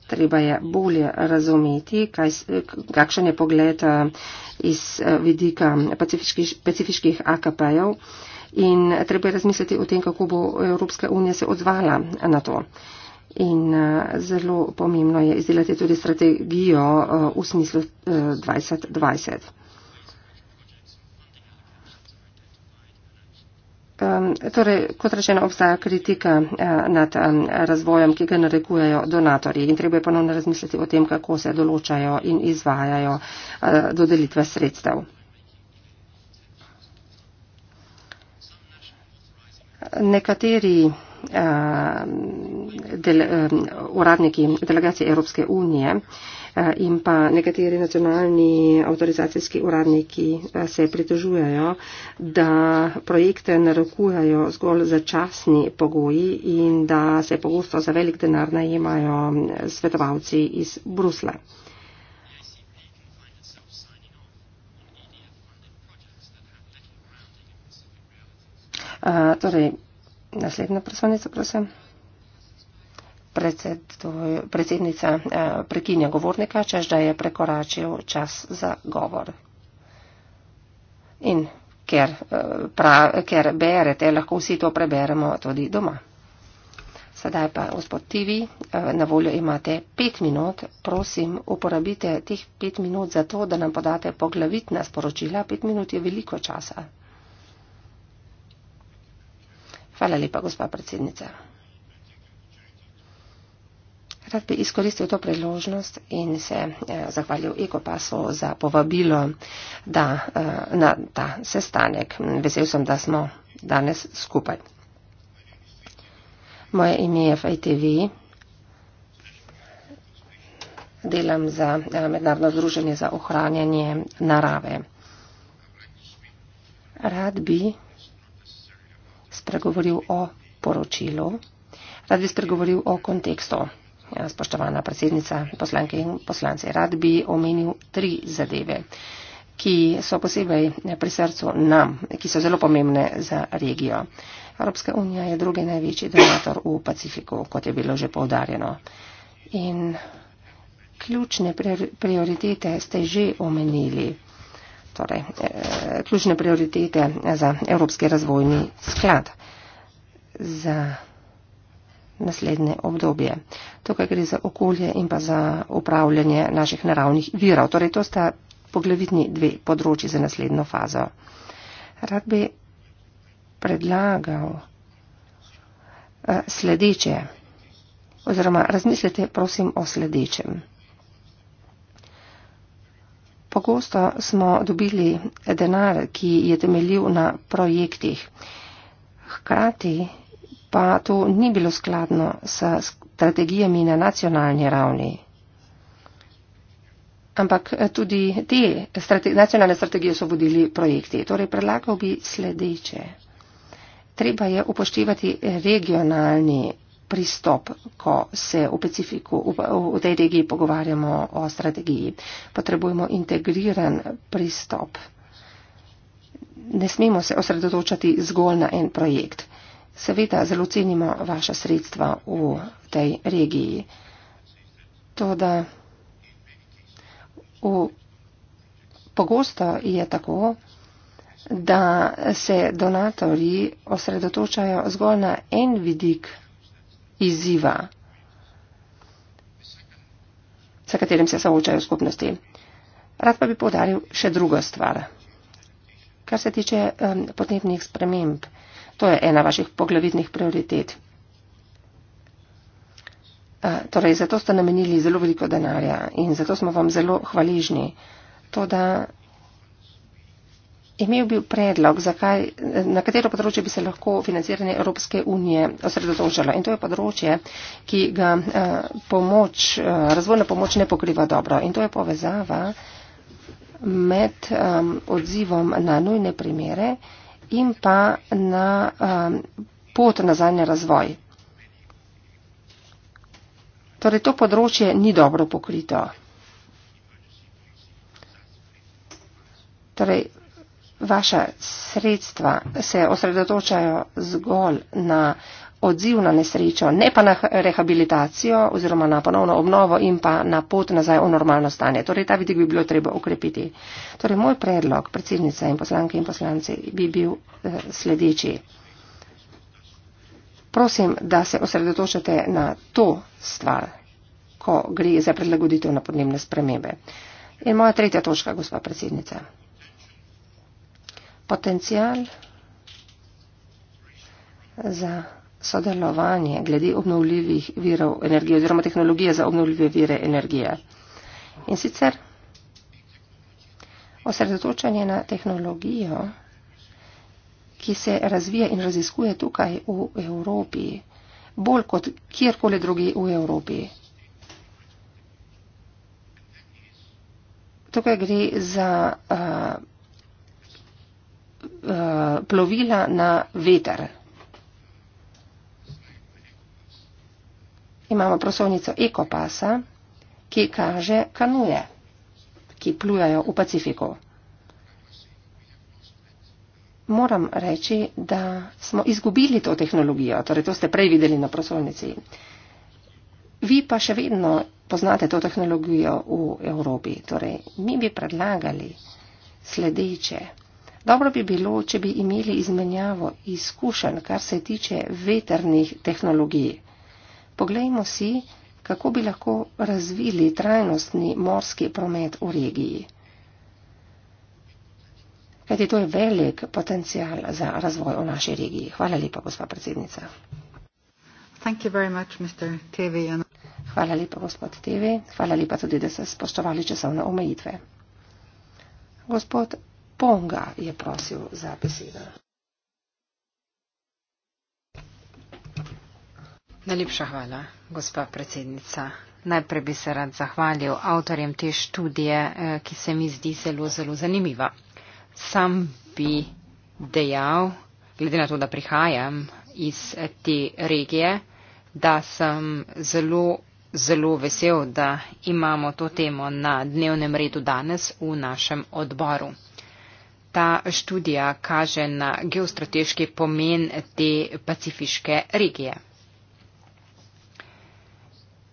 Treba je bolje razumeti, kaj, kakšen je pogled eh, iz eh, vidika pacifiških, pacifiških AKP-jev in treba je razmisliti o tem, kako bo Evropska unija se odzvala na to. In eh, zelo pomembno je izdelati tudi strategijo eh, v smislu 2020. Torej, kot rečeno, obstaja kritika eh, nad razvojem, ki ga narekujejo donatorji in treba je ponovno razmisliti o tem, kako se določajo in izvajajo eh, dodelitve sredstev. Nekateri del, uradniki delegacije Evropske unije Eh, in pa nekateri nacionalni avtorizacijski uradniki eh, se pritožujejo, da projekte narekujajo zgolj začasni pogoji in da se pogosto za velik denar najemajo eh, svetovalci iz Brusla. Uh, torej, naslednja prosovnica, prosim predsednica eh, prekinja govornika, čež da je prekoračil čas za govor. In ker, eh, pra, ker berete, lahko vsi to preberemo tudi doma. Sedaj pa, gospod TV, eh, na voljo imate pet minut. Prosim, uporabite teh pet minut za to, da nam podate poglavitna sporočila. Pet minut je veliko časa. Hvala lepa, gospa predsednica. Rad bi izkoristil to priložnost in se eh, zahvalil Ekopasu za povabilo da, eh, na ta sestanek. Vesel sem, da smo danes skupaj. Moje ime je FITV. Delam za eh, Mednarodno združenje za ohranjanje narave. Rad bi spregovoril o poročilu, rad bi spregovoril o kontekstu. Ja, spoštovana predsednica, poslanke in poslanci, rad bi omenil tri zadeve, ki so posebej pri srcu nam, ki so zelo pomembne za regijo. Evropska unija je drugi največji donator v Pacifiku, kot je bilo že povdarjeno. In ključne prioritete ste že omenili, torej eh, ključne prioritete za Evropski razvojni sklad. Za naslednje obdobje. Tukaj gre za okolje in pa za upravljanje naših naravnih virov. Torej, to sta poglavitni dve področji za naslednjo fazo. Rad bi predlagal eh, sledeče, oziroma razmislite prosim o sledečem. Pogosto smo dobili denar, ki je temeljil na projektih. Hkrati pa to ni bilo skladno s strategijami na nacionalni ravni. Ampak eh, tudi te strate, nacionalne strategije so vodili projekti. Torej predlagal bi sledeče. Treba je upoštevati regionalni pristop, ko se v, specifiku, v tej regiji pogovarjamo o strategiji. Potrebujemo integriran pristop. Ne smemo se osredotočati zgolj na en projekt. Seveda zelo cenimo vaša sredstva v tej regiji. Toda v, pogosto je tako, da se donatori osredotočajo zgolj na en vidik izziva, sa katerim se soočajo skupnosti. Rad pa bi podaril še drugo stvar, kar se tiče um, podnebnih sprememb. To je ena vaših poglavitnih prioritet. Torej, zato ste namenili zelo veliko denarja in zato smo vam zelo hvaležni. To, da imel bi predlog, zakaj, na katero področje bi se lahko financiranje Evropske unije osredotočalo. In to je področje, ki ga pomoč, razvojna pomoč ne pokriva dobro. In to je povezava med odzivom na nujne primere in pa na um, pot nazaj na razvoj. Torej, to področje ni dobro pokrito. Torej, vaša sredstva se osredotočajo zgolj na uh, odziv na nesrečo, ne pa na rehabilitacijo oziroma na ponovno obnovo in pa na pot nazaj v normalno stanje. Torej, ta vidik bi bilo treba ukrepiti. Torej, moj predlog, predsednica in poslanke in poslanci, bi bil eh, sledeči. Prosim, da se osredotočate na to stvar, ko gre za prilagoditev na podnebne spremembe. In moja tretja točka, gospa predsednica. Potencial za sodelovanje glede obnovljivih virov energije oziroma tehnologije za obnovljive vire energije. In sicer osredotočanje na tehnologijo, ki se razvija in raziskuje tukaj v Evropi, bolj kot kjerkoli drugi v Evropi. Tukaj gre za uh, uh, plovila na veter. imamo prosovnico ekopasa, ki kaže kanuje, ki plujajo v Pacifiku. Moram reči, da smo izgubili to tehnologijo, torej to ste prej videli na prosovnici. Vi pa še vedno poznate to tehnologijo v Evropi. Torej, mi bi predlagali sledeče. Dobro bi bilo, če bi imeli izmenjavo izkušenj, kar se tiče veternih tehnologij. Poglejmo si, kako bi lahko razvili trajnostni morski promet v regiji. Kajti to je velik potencial za razvoj v naši regiji. Hvala lepa, gospa predsednica. Much, TV, and... Hvala lepa, gospod TV. Hvala lepa tudi, da ste spoštovali časovne omejitve. Gospod Ponga je prosil za besedo. Najlepša hvala, gospa predsednica. Najprej bi se rad zahvalil avtorjem te študije, eh, ki se mi zdi zelo, zelo zanimiva. Sam bi dejal, glede na to, da prihajam iz eh, te regije, da sem zelo, zelo vesel, da imamo to temo na dnevnem redu danes v našem odboru. Ta študija kaže na geostrateški pomen te pacifiške regije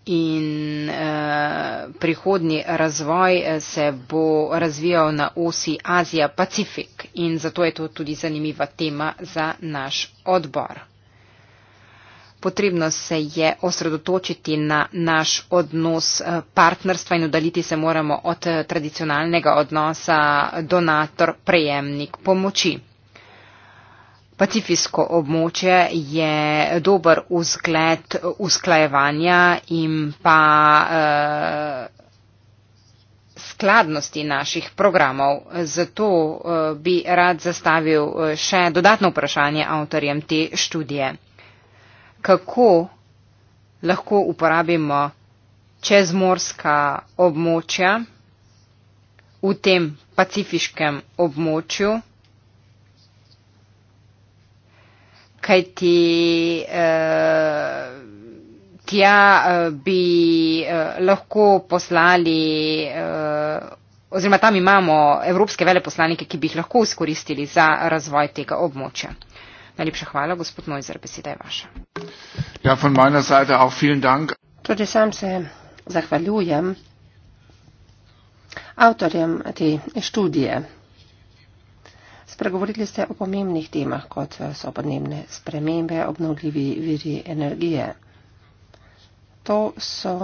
in eh, prihodni razvoj eh, se bo razvijal na osi Azija-Pacifik in zato je to tudi zanimiva tema za naš odbor. Potrebno se je osredotočiti na naš odnos eh, partnerstva in udaliti se moramo od eh, tradicionalnega odnosa donator-prejemnik pomoči. Pacifijsko območje je dober vzgled usklajevanja in pa eh, skladnosti naših programov. Zato eh, bi rad zastavil eh, še dodatno vprašanje avtorjem te študije. Kako lahko uporabimo čezmorska območja v tem pacifiškem območju? kajti eh, tja eh, bi eh, lahko poslali, eh, oziroma tam imamo evropske veleposlanike, ki bi jih lahko izkoristili za razvoj tega območja. Najlepša hvala, gospod Mojzer, beseda je vaša. Ja, von meiner Seite auch vielen Dank. Tudi sam se zahvaljujem avtorjem te študije spregovorili ste o pomembnih temah, kot so podnebne spremembe, obnovljivi viri energije. To so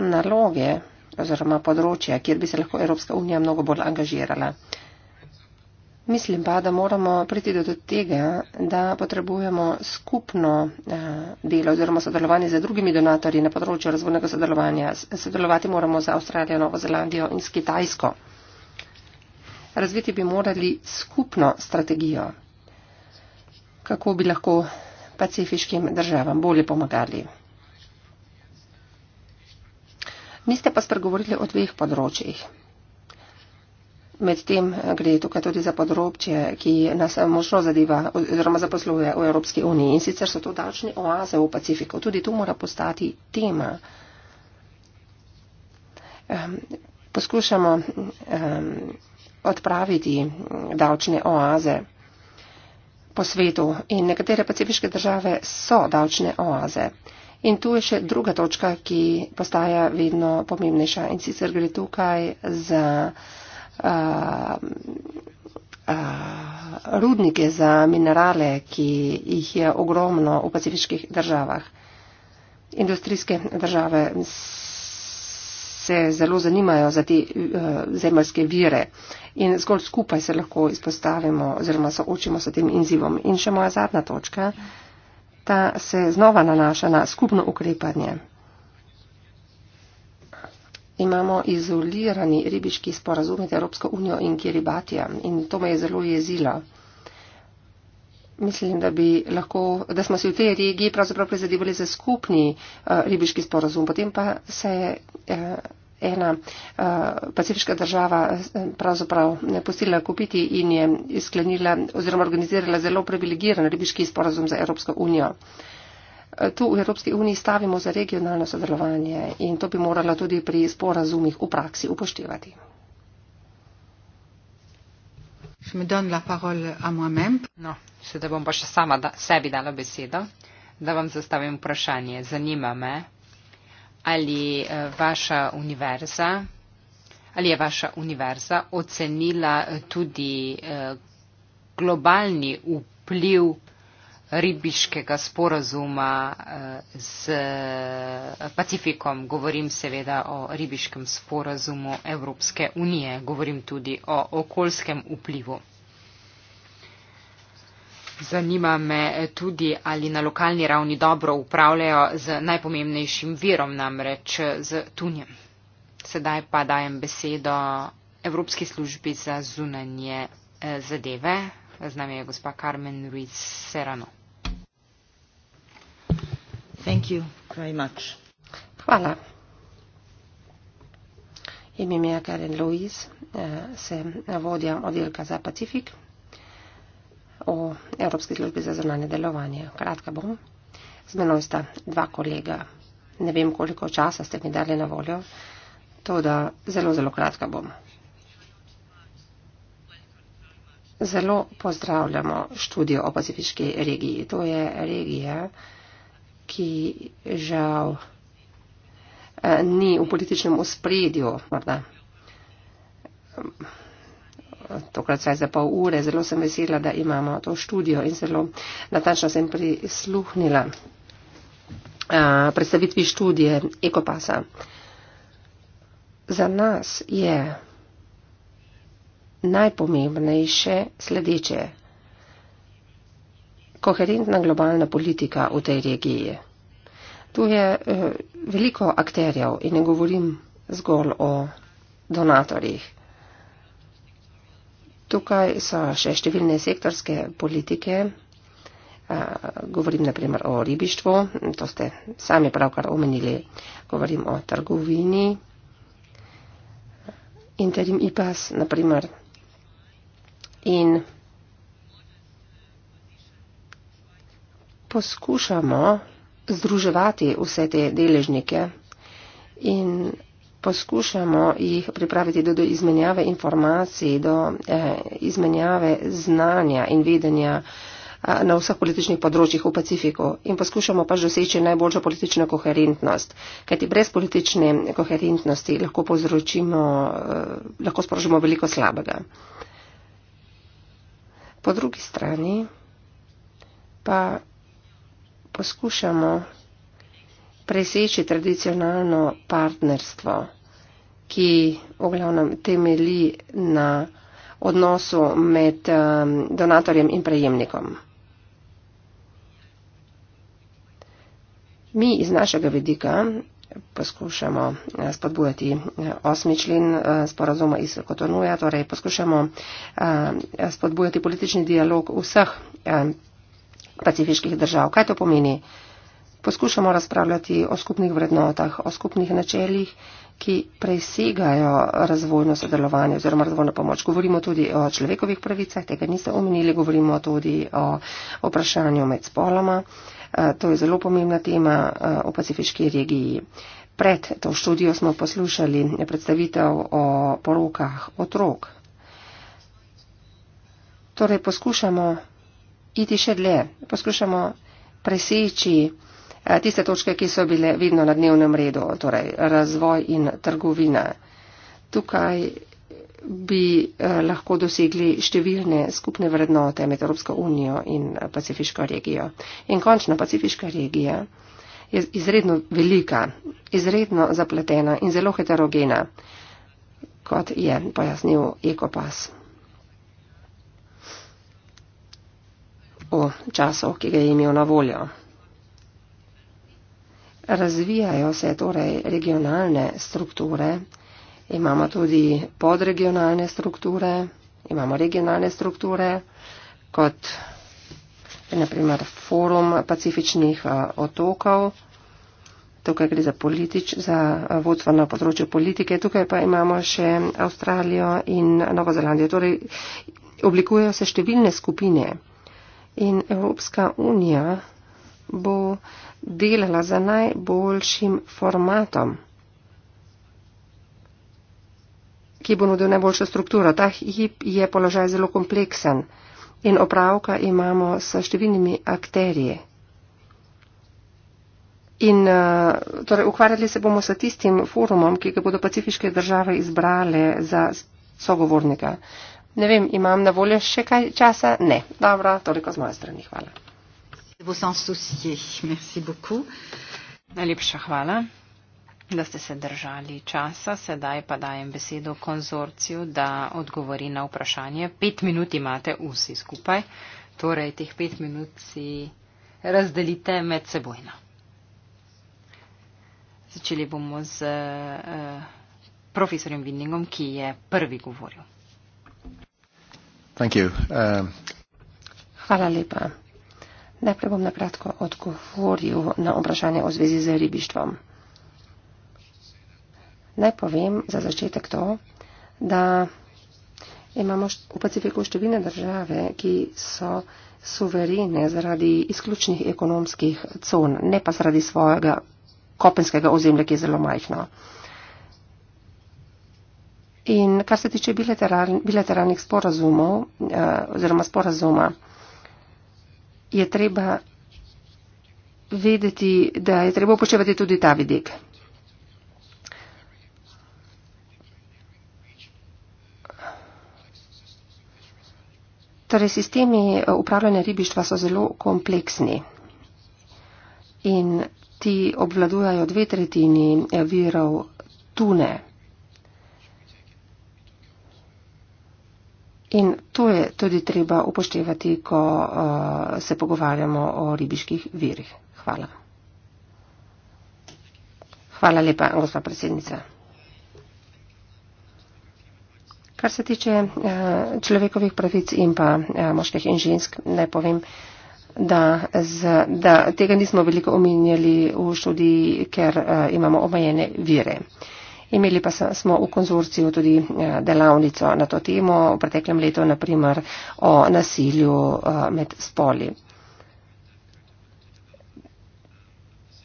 naloge oziroma področja, kjer bi se lahko Evropska unija mnogo bolj angažirala. Mislim pa, da moramo priti do tega, da potrebujemo skupno eh, delo oziroma sodelovanje z drugimi donatorji na področju razvojnega sodelovanja. Sodelovati moramo z Avstralijo, Novo Zelandijo in s Kitajsko. Razviti bi morali skupno strategijo, kako bi lahko pacifiškim državam bolje pomagali. Niste pa spregovorili o dveh področjih. Medtem gre tukaj tudi za področje, ki nas močno zadeva oziroma zaposluje v Evropski uniji in sicer so to davčne oaze v Pacifiku. Tudi tu mora postati tema. Ehm, poskušamo ehm, odpraviti davčne oaze po svetu in nekatere pacifiške države so davčne oaze. In tu je še druga točka, ki postaja vedno pomembnejša in sicer gre tukaj za uh, uh, rudnike, za minerale, ki jih je ogromno v pacifiških državah. Industrijske države se zelo zanimajo za te uh, e, zemljske vire. Uh, in zgolj skupaj se lahko izpostavimo oziroma soočimo s tem izzivom. In še moja zadnja točka, ta se znova nanaša na skupno ukrepanje. Imamo izolirani ribiški sporazum med Evropsko unijo in Kiribatija in to me je zelo jezilo. Mislim, da, lahko, da smo si v tej regiji pravzaprav prizadevali za skupni uh, ribiški sporazum, potem pa se je. Uh, ena uh, pacifiška država eh, pravzaprav ne pustila kupiti in je sklenila oziroma organizirala zelo privilegiran ribiški sporazum za Evropsko unijo. Eh, tu v Evropski uniji stavimo za regionalno sodelovanje in to bi morala tudi pri sporazumih v praksi upoštevati. No, sedaj bom pa še sama da, sebi dala besedo, da vam zastavim vprašanje. Zanima me, ali eh, vaša univerza, ali je vaša univerza ocenila eh, tudi eh, globalni vpliv ribiškega sporazuma z Pacifikom. Govorim seveda o ribiškem sporazumu Evropske unije, govorim tudi o okoljskem vplivu. Zanima me tudi, ali na lokalni ravni dobro upravljajo z najpomembnejšim virom, namreč z tunjem. Sedaj pa dajem besedo Evropski službi za zunanje eh, zadeve. Z nami je gospa Carmen Ruiz Serrano. Thank you very much. Hvala. Ime mi je Karen Luiz, eh, sem vodja oddelka za Pacifik o Evropski službi za zunanje delovanje. Kratka bom. Z menoj sta dva kolega. Ne vem, koliko časa ste mi dali na voljo, to da zelo, zelo kratka bom. Zelo pozdravljamo študijo o pacifiški regiji. To je regija, ki žal eh, ni v političnem uspredju. Morda tokrat vsaj za pol ure. Zelo sem vesela, da imamo to študijo in zelo natančno sem prisluhnila predstavitvi študije Ekopasa. Za nas je najpomembnejše sledeče koherentna globalna politika v tej regiji. Tu je eh, veliko akterjev in ne govorim zgolj o donatorjih. Tukaj so še številne sektorske politike, govorim naprimer o ribištvu, to ste sami pravkar omenili, govorim o trgovini, interim IPAS naprimer in poskušamo združevati vse te deležnike in poskušamo jih pripraviti do, do izmenjave informacij, do eh, izmenjave znanja in videnja eh, na vseh političnih področjih v Pacifiku in poskušamo pač doseči najboljšo politično koherentnost, kajti brez politične koherentnosti lahko povzročimo, eh, lahko sprožimo veliko slabega. Po drugi strani pa poskušamo preseči tradicionalno partnerstvo, ki v glavnem temeli na odnosu med um, donatorjem in prejemnikom. Mi iz našega vidika poskušamo uh, spodbujati uh, osmi člen uh, sporazuma iz Kotonuja, torej poskušamo spodbujati politični dialog vseh um, pacifiških držav. Kaj to pomeni? poskušamo razpravljati o skupnih vrednotah, o skupnih načeljih, ki presegajo razvojno sodelovanje oziroma razvojno pomoč. Govorimo tudi o človekovih pravicah, tega niste omenili, govorimo tudi o vprašanju med spoloma. Eh, to je zelo pomembna tema eh, v pacifiški regiji. Pred to študijo smo poslušali predstavitev o porokah otrok. Torej poskušamo iti še dlje, poskušamo preseči Eh, tiste točke, ki so bile vidno na dnevnem redu, torej razvoj in trgovina. Tukaj bi eh, lahko dosegli številne skupne vrednote med Evropsko unijo in Pacifiško regijo. In končno Pacifiška regija je izredno velika, izredno zapletena in zelo heterogena, kot je pojasnil Ekopas. o času, ki ga je imel na voljo. Razvijajo se torej regionalne strukture, imamo tudi podregionalne strukture, imamo regionalne strukture, kot je naprimer forum pacifičnih eh, otokov, tukaj gre za, politič, za eh, vodstvo na področju politike, tukaj pa imamo še Avstralijo in Novo Zelandijo. Torej oblikujejo se številne skupine in Evropska unija bo delala za najboljšim formatom, ki bo nudil najboljšo strukturo. Ta hip je položaj zelo kompleksen in opravka imamo s številnimi akterije. In eh, torej, ukvarjali se bomo s tistim forumom, ki ga bodo pacifiške države izbrale za sogovornika. Ne vem, imam na voljo še kaj časa? Ne. Dobro, toliko z moje strani. Hvala. Najlepša hvala, da ste se držali časa. Sedaj pa dajem besedo konzorciju, da odgovori na vprašanje. Pet minut imate vsi skupaj, torej teh pet minut si razdelite med sebojno. Začeli bomo z uh, profesorjem Vindingom, ki je prvi govoril. Um... Hvala lepa. Najprej bom na kratko odgovoril na vprašanje v zvezi z ribištvom. Naj povem za začetek to, da imamo v Pacifiku številne države, ki so suverene zaradi izključnih ekonomskih con, ne pa zaradi svojega kopenskega ozemlja, ki je zelo majhno. In kar se tiče bilateral, bilateralnih sporazumov eh, oziroma sporazuma, je treba vedeti, da je treba upoštevati tudi ta vidik. Torej, sistemi upravljanja ribištva so zelo kompleksni in ti obvladujajo dve tretjini virov tune. In to je tudi treba upoštevati, ko uh, se pogovarjamo o ribiških virih. Hvala. Hvala lepa, gospa predsednica. Kar se tiče uh, človekovih pravic in pa uh, moških in žensk, naj povem, da, z, da tega nismo veliko omenjali v študiji, ker uh, imamo omejene vire. Uh, Imeli pa smo v konzorciju tudi eh, delavnico na to temo v preteklem letu, naprimer o nasilju eh, med spoli.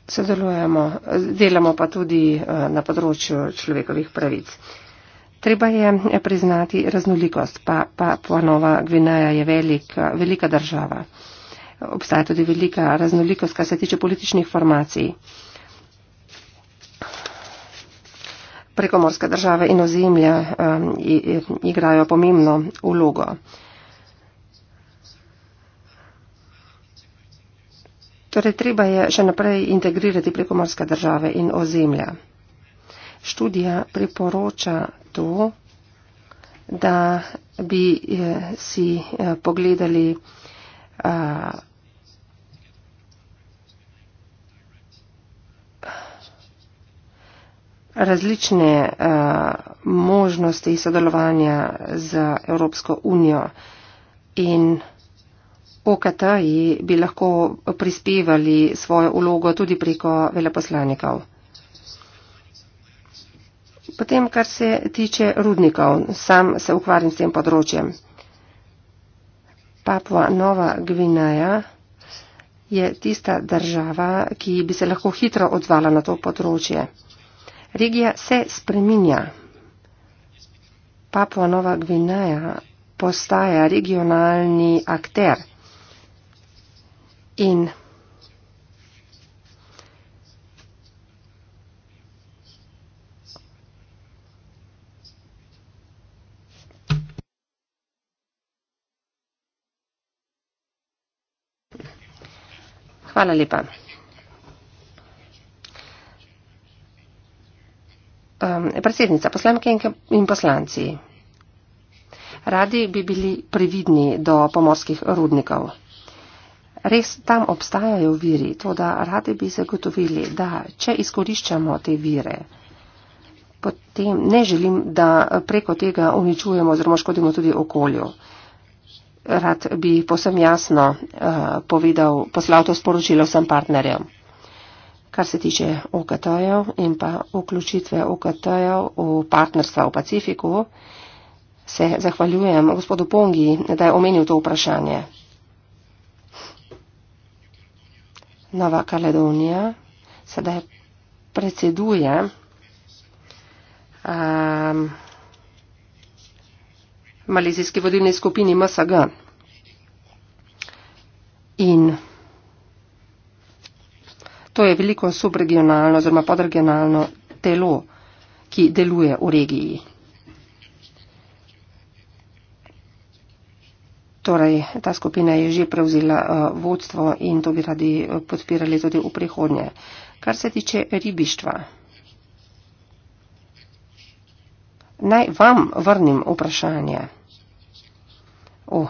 Sodelujemo, delamo pa tudi eh, na področju človekovih pravic. Treba je priznati raznolikost, pa, pa ponova Gvineja je velik, velika država. Obstaja tudi velika raznolikost, kar se tiče političnih formacij. prekomorske države in ozemlje um, igrajo pomembno vlogo. Torej, treba je še naprej integrirati prekomorske države in ozemlje. Študija priporoča to, da bi eh, si eh, pogledali uh, različne uh, možnosti sodelovanja z Evropsko unijo in OKT bi lahko prispevali svojo ulogo tudi preko veleposlanikov. Potem, kar se tiče rudnikov, sam se ukvarjam s tem področjem. Papua Nova Gvineja je tista država, ki bi se lahko hitro odzvala na to področje. Regija se spreminja. Papua Nova Gvineja postaja regionalni akter in Hvala lepa. um, predsednica, poslanke in poslanci. Radi bi bili previdni do pomorskih rudnikov. Res tam obstajajo viri, to da radi bi zagotovili, da če izkoriščamo te vire, potem ne želim, da preko tega uničujemo oziroma škodimo tudi okolju. Rad bi posem jasno uh, povedal, poslal to sporočilo vsem partnerjem kar se tiče OKT-jev in pa vključitve OKT-jev v partnerstva v Pacifiku, se zahvaljujem gospodu Pongi, da je omenil to vprašanje. Nova Kaledonija sedaj predseduje um, malizijski vodilni skupini MSG in To je veliko subregionalno oziroma podregionalno telo, ki deluje v regiji. Torej, ta skupina je že prevzela uh, vodstvo in to bi radi eh, podpirali tudi v prihodnje. Kar se tiče ribištva, naj vam vrnim vprašanje v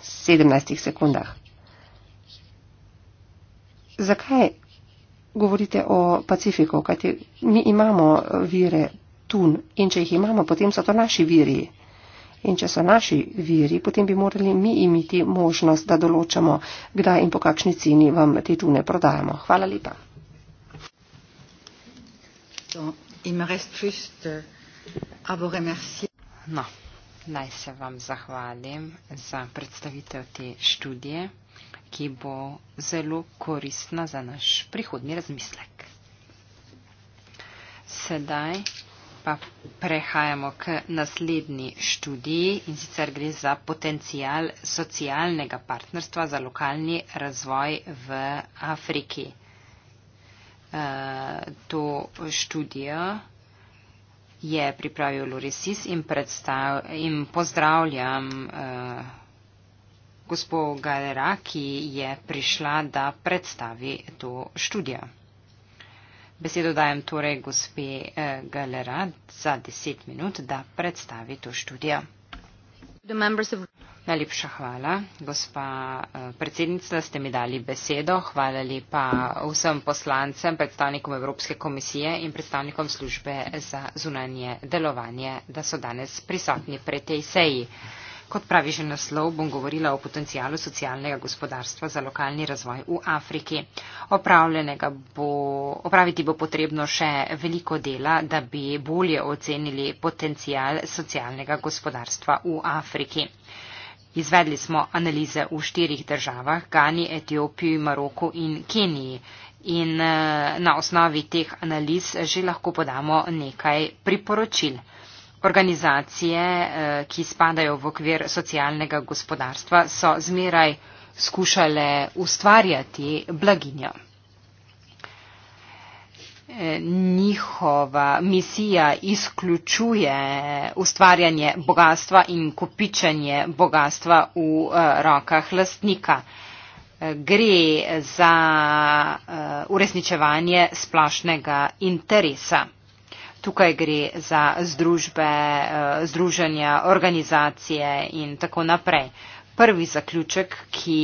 17 sekundah. Zakaj govorite o Pacifiku, kajti mi imamo vire tun in če jih imamo, potem so to naši viri. In če so naši viri, potem bi morali mi imeti možnost, da določamo, kdaj in po kakšni ceni vam te tune prodajamo. Hvala lepa. Euh, no, naj se vam zahvalim za predstavitev te študije ki bo zelo koristna za naš prihodni razmislek. Sedaj pa prehajamo k naslednji študiji in sicer gre za potencial socialnega partnerstva za lokalni razvoj v Afriki. E, to študijo je pripravil Lorisis in, in pozdravljam. E, gospo Galera, ki je prišla, da predstavi to študijo. Besedo dajem torej gospe eh, Galera za deset minut, da predstavi to študijo. Najlepša hvala, gospa eh, predsednica, da ste mi dali besedo. Hvala lepa vsem poslancem, predstavnikom Evropske komisije in predstavnikom službe za zunanje delovanje, da so danes prisotni pri tej seji. Kot pravi že naslov, bom govorila o potencijalu socialnega gospodarstva za lokalni razvoj v Afriki. Bo, opraviti bo potrebno še veliko dela, da bi bolje ocenili potencijal socialnega gospodarstva v Afriki. Izvedli smo analize v štirih državah, Gani, Etiopiji, Maroku in Keniji. In eh, na osnovi teh analiz že lahko podamo nekaj priporočil. Organizacije, eh, ki spadajo v okvir socialnega gospodarstva, so zmeraj skušale ustvarjati blaginjo. Eh, njihova misija izključuje ustvarjanje bogatstva in kopičanje bogatstva v eh, rokah lastnika. Gre za uresničevanje splošnega interesa tukaj gre za združbe, eh, združenja, organizacije in tako naprej. Prvi zaključek, ki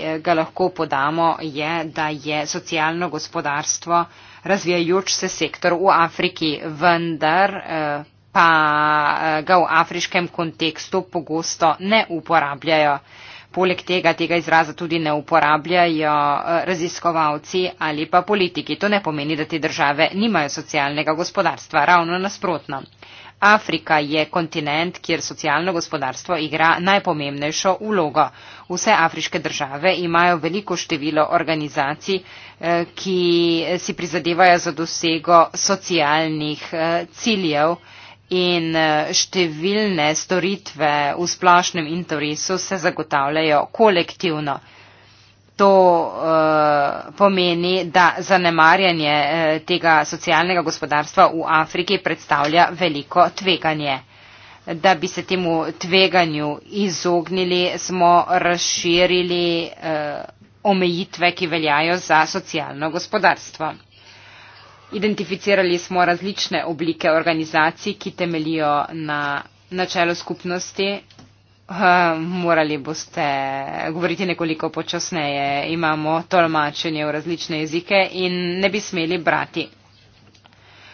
eh, ga lahko podamo, je, da je socialno gospodarstvo razvijajoč se sektor v Afriki, vendar eh, pa ga v afriškem kontekstu pogosto ne uporabljajo. Poleg tega tega izraza tudi ne uporabljajo eh, raziskovalci ali pa politiki. To ne pomeni, da te države nimajo socialnega gospodarstva, ravno nasprotno. Afrika je kontinent, kjer socialno gospodarstvo igra najpomembnejšo vlogo. Vse afriške države imajo veliko število organizacij, eh, ki si prizadevajo za dosego socialnih eh, ciljev in eh, številne storitve v splošnem interesu se zagotavljajo kolektivno. To uh, pomeni, da zanemarjanje uh, tega socialnega gospodarstva v Afriki predstavlja veliko tveganje. Da bi se temu tveganju izognili, smo razširili uh, omejitve, ki veljajo za socialno gospodarstvo. Identificirali smo različne oblike organizacij, ki temelijo na načelu skupnosti. Uh, morali boste govoriti nekoliko počasneje. Imamo tolmačenje v različne jezike in ne bi smeli brati.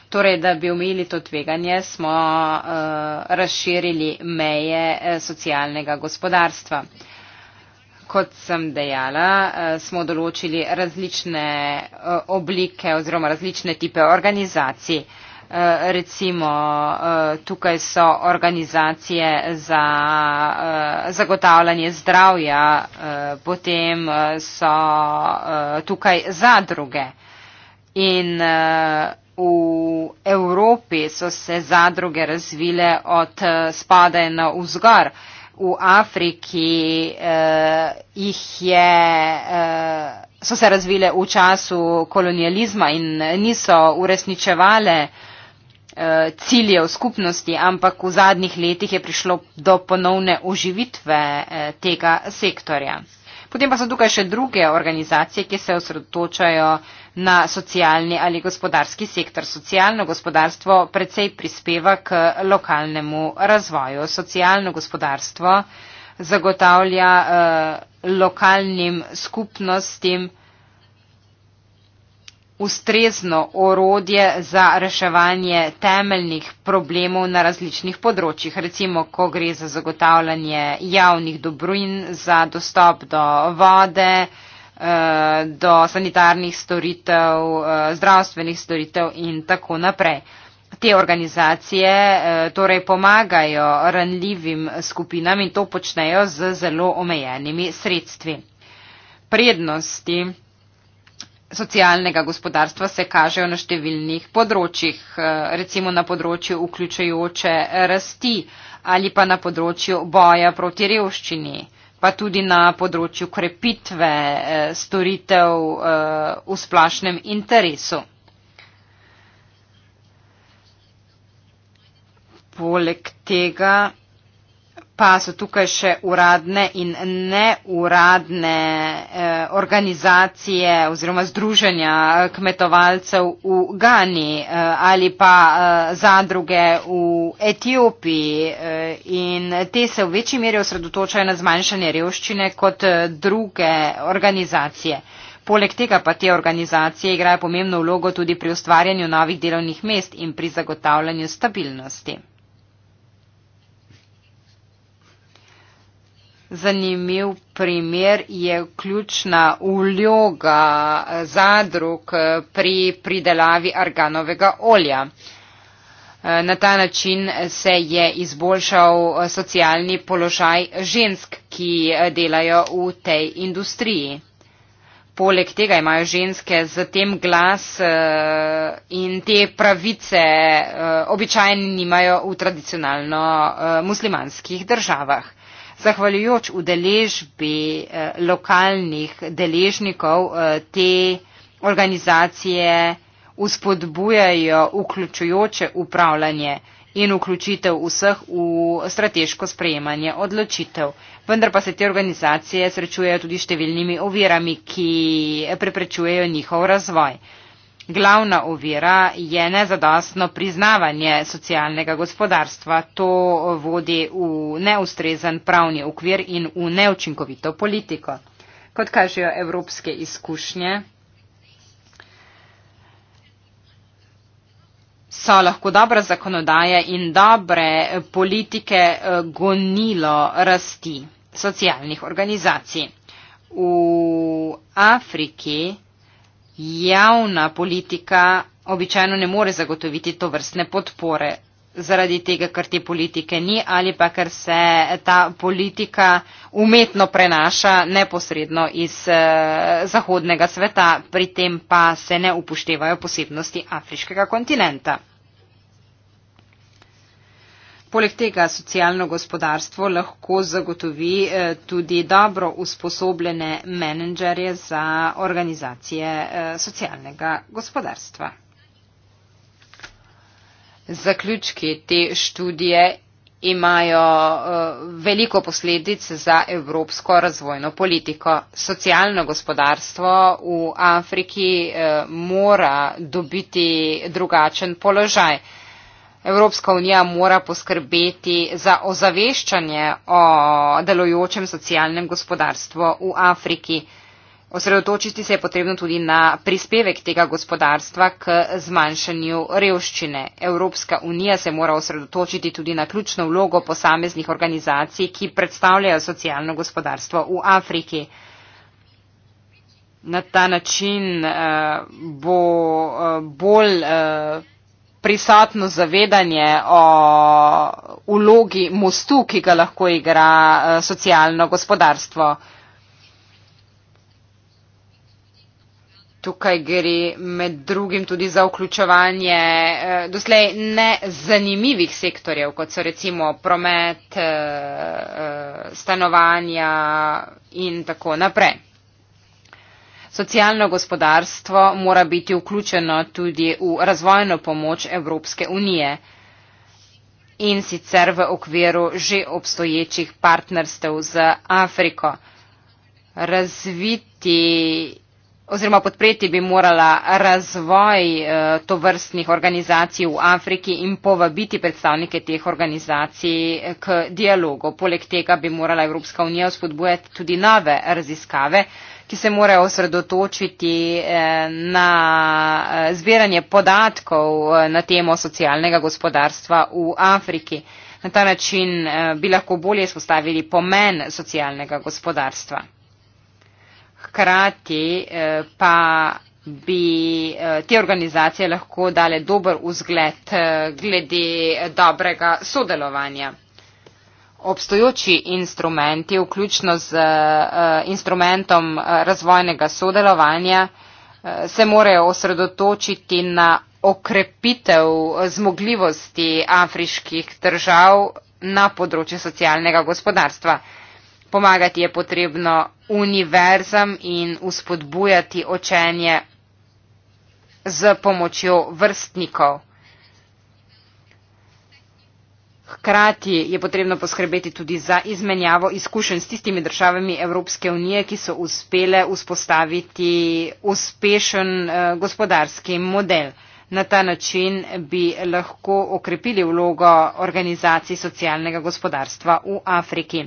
Torej, da bi omejili to tveganje, smo uh, razširili meje eh, socialnega gospodarstva kot sem dejala, eh, smo določili različne eh, oblike oziroma različne tipe organizacij. Eh, recimo tukaj so organizacije za zagotavljanje zdravja, potem so tukaj zadruge. In v Evropi so se zadruge razvile od spada na vzgor v Afriki eh, jih je, eh, so se razvile v času kolonializma in niso uresničevale eh, ciljev skupnosti, ampak v zadnjih letih je prišlo do ponovne oživitve eh, tega sektorja. Potem pa so tukaj še druge organizacije, ki se osredotočajo na socialni ali gospodarski sektor. Socialno gospodarstvo precej prispeva k lokalnemu razvoju. Socialno gospodarstvo zagotavlja eh, lokalnim skupnostim, ustrezno orodje za reševanje temeljnih problemov na različnih področjih, recimo, ko gre za zagotavljanje javnih dobrin, za dostop do vode, eh, do sanitarnih storitev, eh, zdravstvenih storitev in tako naprej. Te organizacije eh, torej pomagajo ranljivim skupinam in to počnejo z zelo omejenimi sredstvi. Prednosti socialnega gospodarstva se kažejo na številnih področjih, eh, recimo na področju vključujoče rasti ali pa na področju boja proti revščini, pa tudi na področju krepitve eh, storitev eh, v splašnem interesu. Poleg tega pa so tukaj še uradne in neuradne eh, organizacije oziroma združenja eh, kmetovalcev v Gani eh, ali pa eh, zadruge v Etiopiji eh, in te se v večji meri osredotočajo na zmanjšanje revščine kot eh, druge organizacije. Poleg tega pa te organizacije igrajo pomembno vlogo tudi pri ustvarjanju novih delovnih mest in pri zagotavljanju stabilnosti. zanimiv primer je ključna uloga eh, zadrug eh, pri pridelavi arganovega olja. Eh, na ta način se je izboljšal socialni položaj žensk, ki delajo v tej industriji. Poleg tega imajo ženske z tem glas in te pravice običajno nimajo v tradicionalno muslimanskih državah zahvaljujoč udeležbi eh, lokalnih deležnikov eh, te organizacije uspodbujajo vključujoče upravljanje in vključitev vseh v strateško sprejemanje odločitev. Vendar pa se te organizacije srečujejo tudi številnimi ovirami, ki preprečujejo njihov razvoj. Glavna uvira je nezadostno priznavanje socialnega gospodarstva. To vodi v neustrezen pravni okvir in v neučinkovito politiko. Kot kažejo evropske izkušnje, so lahko dobra zakonodaja in dobre politike eh, gonilo rasti socialnih organizacij. V Afriki javna politika običajno ne more zagotoviti to vrstne podpore zaradi tega, ker te politike ni ali pa ker se ta politika umetno prenaša neposredno iz eh, zahodnega sveta, pri tem pa se ne upoštevajo posebnosti afriškega kontinenta. Poleg tega socialno gospodarstvo lahko zagotovi eh, tudi dobro usposobljene menedžerje za organizacije eh, socialnega gospodarstva. Zaključki te študije imajo eh, veliko posledic za evropsko razvojno politiko. Socialno gospodarstvo v Afriki mora dobiti drugačen položaj. Evropska unija mora poskrbeti za ozaveščanje o delojočem socialnem gospodarstvu v Afriki. Osredotočiti se je potrebno tudi na prispevek tega gospodarstva k zmanjšanju revščine. Evropska unija se mora osredotočiti tudi na ključno vlogo posameznih organizacij, ki predstavljajo socialno gospodarstvo v Afriki. Na ta način uh, bo uh, bolj. Uh, prisotno zavedanje o ulogi mostu, ki ga lahko igra eh, socialno gospodarstvo. Tukaj gre med drugim tudi za vključevanje eh, doslej nezanimivih sektorjev, kot so recimo promet, eh, stanovanja in tako naprej. Socialno gospodarstvo mora biti vključeno tudi v razvojno pomoč Evropske unije in sicer v okviru že obstoječih partnerstev z Afriko. Razviti oziroma podpreti bi morala razvoj eh, tovrstnih organizacij v Afriki in povabiti predstavnike teh organizacij eh, k dialogu. Poleg tega bi morala Evropska unija spodbujati tudi nove raziskave, ki se morajo osredotočiti eh, na eh, zbiranje podatkov eh, na temo socialnega gospodarstva v Afriki. Na ta način bi lahko bolje spostavili pomen socialnega gospodarstva. Hkrati pa bi te organizacije lahko dale dober vzgled glede dobrega sodelovanja obstoječi instrumenti, vključno z eh, instrumentom eh, razvojnega sodelovanja, eh, se morajo osredotočiti na okrepitev zmogljivosti afriških držav na področju socialnega gospodarstva. Pomagati je potrebno univerzam in uspodbujati očenje z pomočjo vrstnikov. Hkrati je potrebno poskrbeti tudi za izmenjavo izkušenj s tistimi državami Evropske unije, ki so uspele vzpostaviti uspešen eh, gospodarski model. Na ta način bi lahko okrepili vlogo organizacij socialnega gospodarstva v Afriki.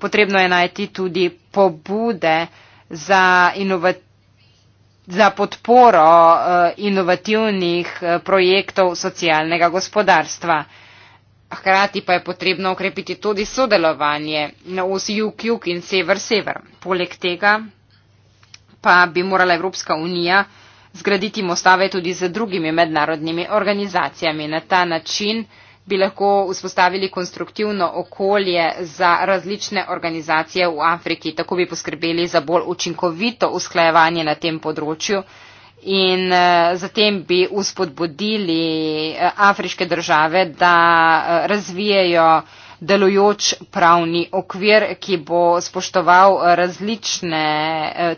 Potrebno je najti tudi pobude za, za podporo eh, inovativnih eh, projektov socialnega gospodarstva. Hkrati pa je potrebno ukrepiti tudi sodelovanje na osi jug-jug in sever-sever. Poleg tega pa bi morala Evropska unija zgraditi mostave tudi z drugimi mednarodnimi organizacijami. Na ta način bi lahko vzpostavili konstruktivno okolje za različne organizacije v Afriki. Tako bi poskrbeli za bolj učinkovito usklajevanje na tem področju in eh, zatem bi uspodbudili eh, afriške države, da eh, razvijajo delujoč pravni okvir, ki bo spoštoval različne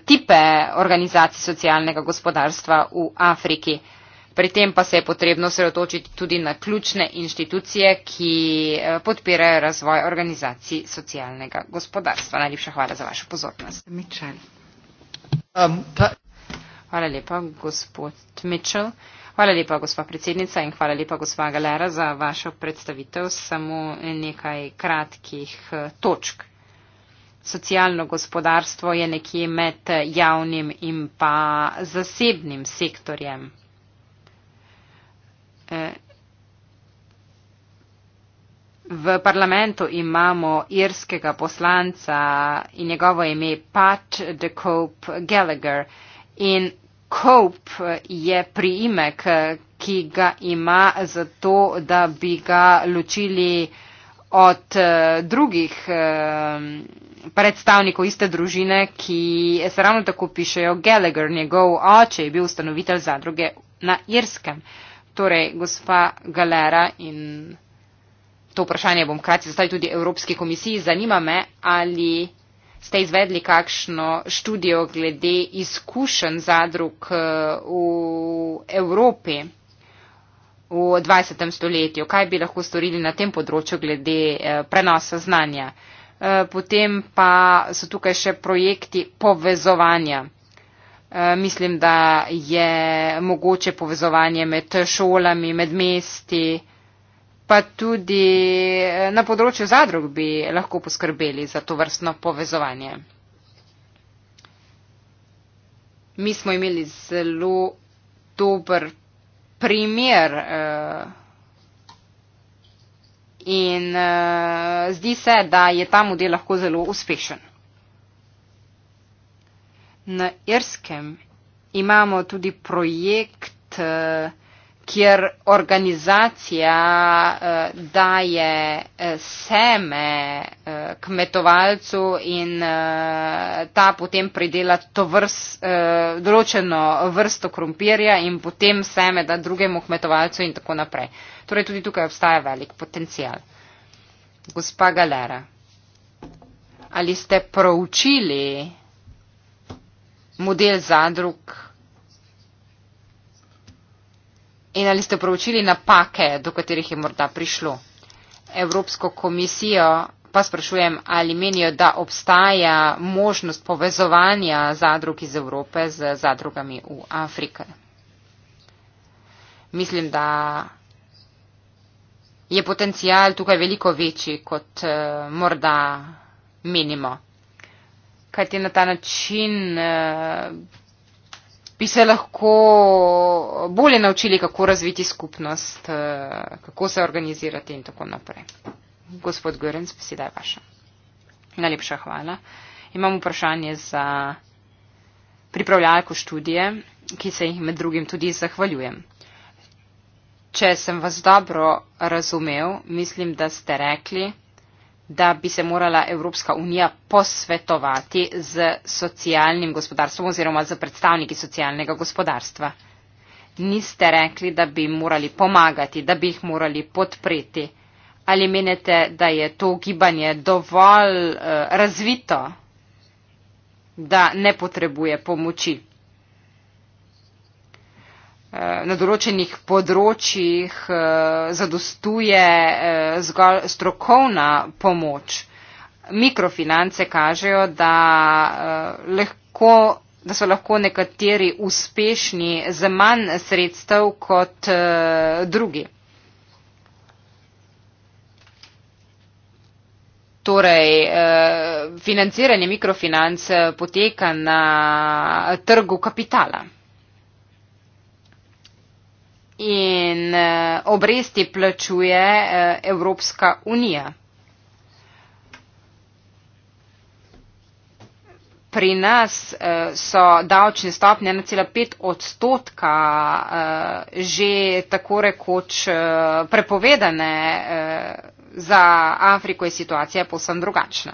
tipe organizacij socialnega gospodarstva v Afriki. Pri tem pa se je potrebno sredotočiti tudi na ključne inštitucije, ki podpirajo razvoj organizacij socialnega gospodarstva. Najlepša hvala za vašo pozornost. Um, Hvala lepa, gospod Mitchell. Hvala lepa, gospa predsednica in hvala lepa, gospa Galera, za vašo predstavitev. Samo nekaj kratkih eh, točk. Socialno gospodarstvo je nekje med javnim in pa zasebnim sektorjem. Eh, v parlamentu imamo irskega poslanca in njegovo ime Pat de Cope Gallagher. In Cope je priimek, ki ga ima zato, da bi ga ločili od eh, drugih eh, predstavnikov iste družine, ki se ravno tako pišejo Gallagher, njegov oče je bil ustanovitelj zadruge na Irskem. Torej, gospa Galera in to vprašanje bom krati zastavil tudi Evropski komisiji, zanima me, ali ste izvedli kakšno študijo glede izkušenj zadrug eh, v Evropi v 20. stoletju? Kaj bi lahko storili na tem področju glede eh, prenosa znanja? Eh, potem pa so tukaj še projekti povezovanja. Mislim, da je mogoče povezovanje med šolami, med mesti pa tudi eh, na področju zadrug bi lahko poskrbeli za to vrstno povezovanje. Mi smo imeli zelo dober primer eh, in eh, zdi se, da je ta model lahko zelo uspešen. Na Irskem imamo tudi projekt, kjer organizacija uh, daje uh, seme uh, kmetovalcu in uh, ta potem pridela to vrst, uh, določeno vrsto krompirja in potem seme da drugemu kmetovalcu in tako naprej. Torej tudi tukaj obstaja velik potencial. Gospa Galera, ali ste proučili model zadrug? In ali ste proučili napake, do katerih je morda prišlo? Evropsko komisijo pa sprašujem, ali menijo, da obstaja možnost povezovanja zadrug iz Evrope z zadrugami v Afriki. Mislim, da je potencijal tukaj veliko večji, kot eh, morda menimo. Kaj ti na ta način. Eh, bi se lahko bolje naučili, kako razviti skupnost, eh, kako se organizirati in tako naprej. Gospod Görens, beseda je vaša. Najlepša hvala. Imam vprašanje za pripravljalko študije, ki se jih med drugim tudi zahvaljujem. Če sem vas dobro razumel, mislim, da ste rekli, da bi se morala Evropska unija posvetovati z socialnim gospodarstvom oziroma z predstavniki socialnega gospodarstva. Niste rekli, da bi morali pomagati, da bi jih morali podpreti. Ali menite, da je to gibanje dovolj uh, razvito, da ne potrebuje pomoči? Eh, na določenih področjih eh, zadostuje eh, zgolj strokovna pomoč. Mikrofinance kažejo, da, lahko, da so lahko nekateri uspešni z manj sredstev kot drugi. Torej, financiranje mikrofinance poteka na trgu kapitala in uh, obresti plačuje uh, Evropska unija. Pri nas uh, so davčne stopnje 1,5 odstotka uh, že tako rekoč uh, prepovedane. Uh, za Afriko je situacija posebno drugačna.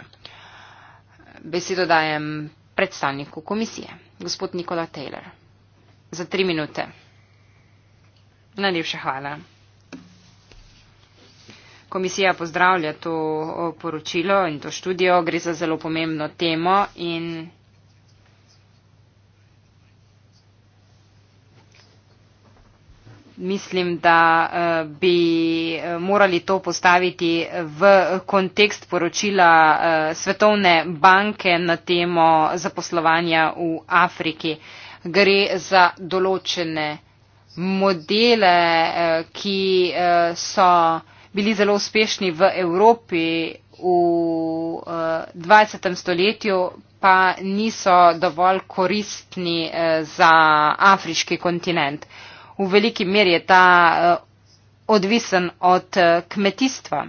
Besedo dajem predstavniku komisije, gospod Nikola Taylor, za tri minute. Najlepša hvala. Komisija pozdravlja to poročilo in to študijo. Gre za zelo pomembno temo in mislim, da e, bi e, morali to postaviti v kontekst poročila e, Svetovne banke na temo zaposlovanja v Afriki. Gre za določene modele, eh, ki eh, so bili zelo uspešni v Evropi v 20. Eh, stoletju, pa niso dovolj koristni za afriški kontinent. V veliki meri je ta odvisen od kmetijstva.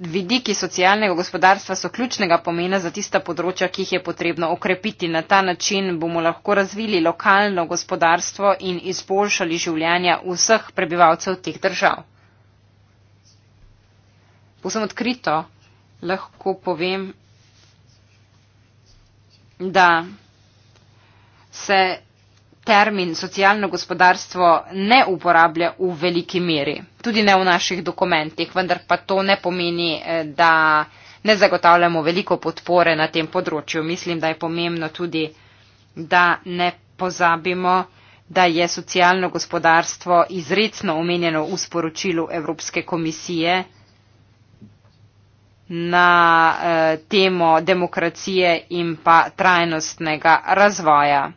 vidiki socialnega gospodarstva so ključnega pomena za tista področja, ki jih je potrebno okrepiti. Na ta način bomo lahko razvili lokalno gospodarstvo in izboljšali življenja vseh prebivalcev teh držav. Povsem odkrito lahko povem, da se termin socialno gospodarstvo ne uporablja v veliki meri, tudi ne v naših dokumentih, vendar pa to ne pomeni, eh, da ne zagotavljamo veliko podpore na tem področju. Mislim, da je pomembno tudi, da ne pozabimo, da je socialno gospodarstvo izredno omenjeno v sporočilu Evropske komisije na eh, temo demokracije in pa trajnostnega razvoja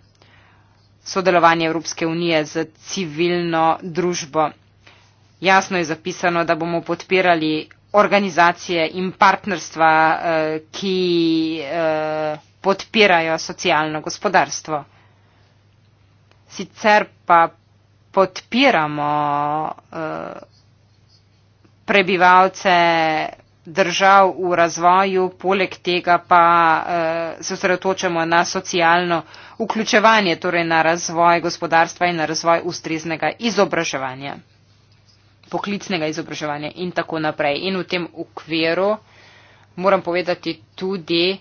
sodelovanje Evropske unije z civilno družbo. Jasno je zapisano, da bomo podpirali organizacije in partnerstva, eh, ki eh, podpirajo socialno gospodarstvo. Sicer pa podpiramo eh, prebivalce držav v razvoju, poleg tega pa eh, se osredotočamo na socialno vključevanje, torej na razvoj gospodarstva in na razvoj ustreznega izobraževanja, poklicnega izobraževanja in tako naprej. In v tem okviru moram povedati tudi,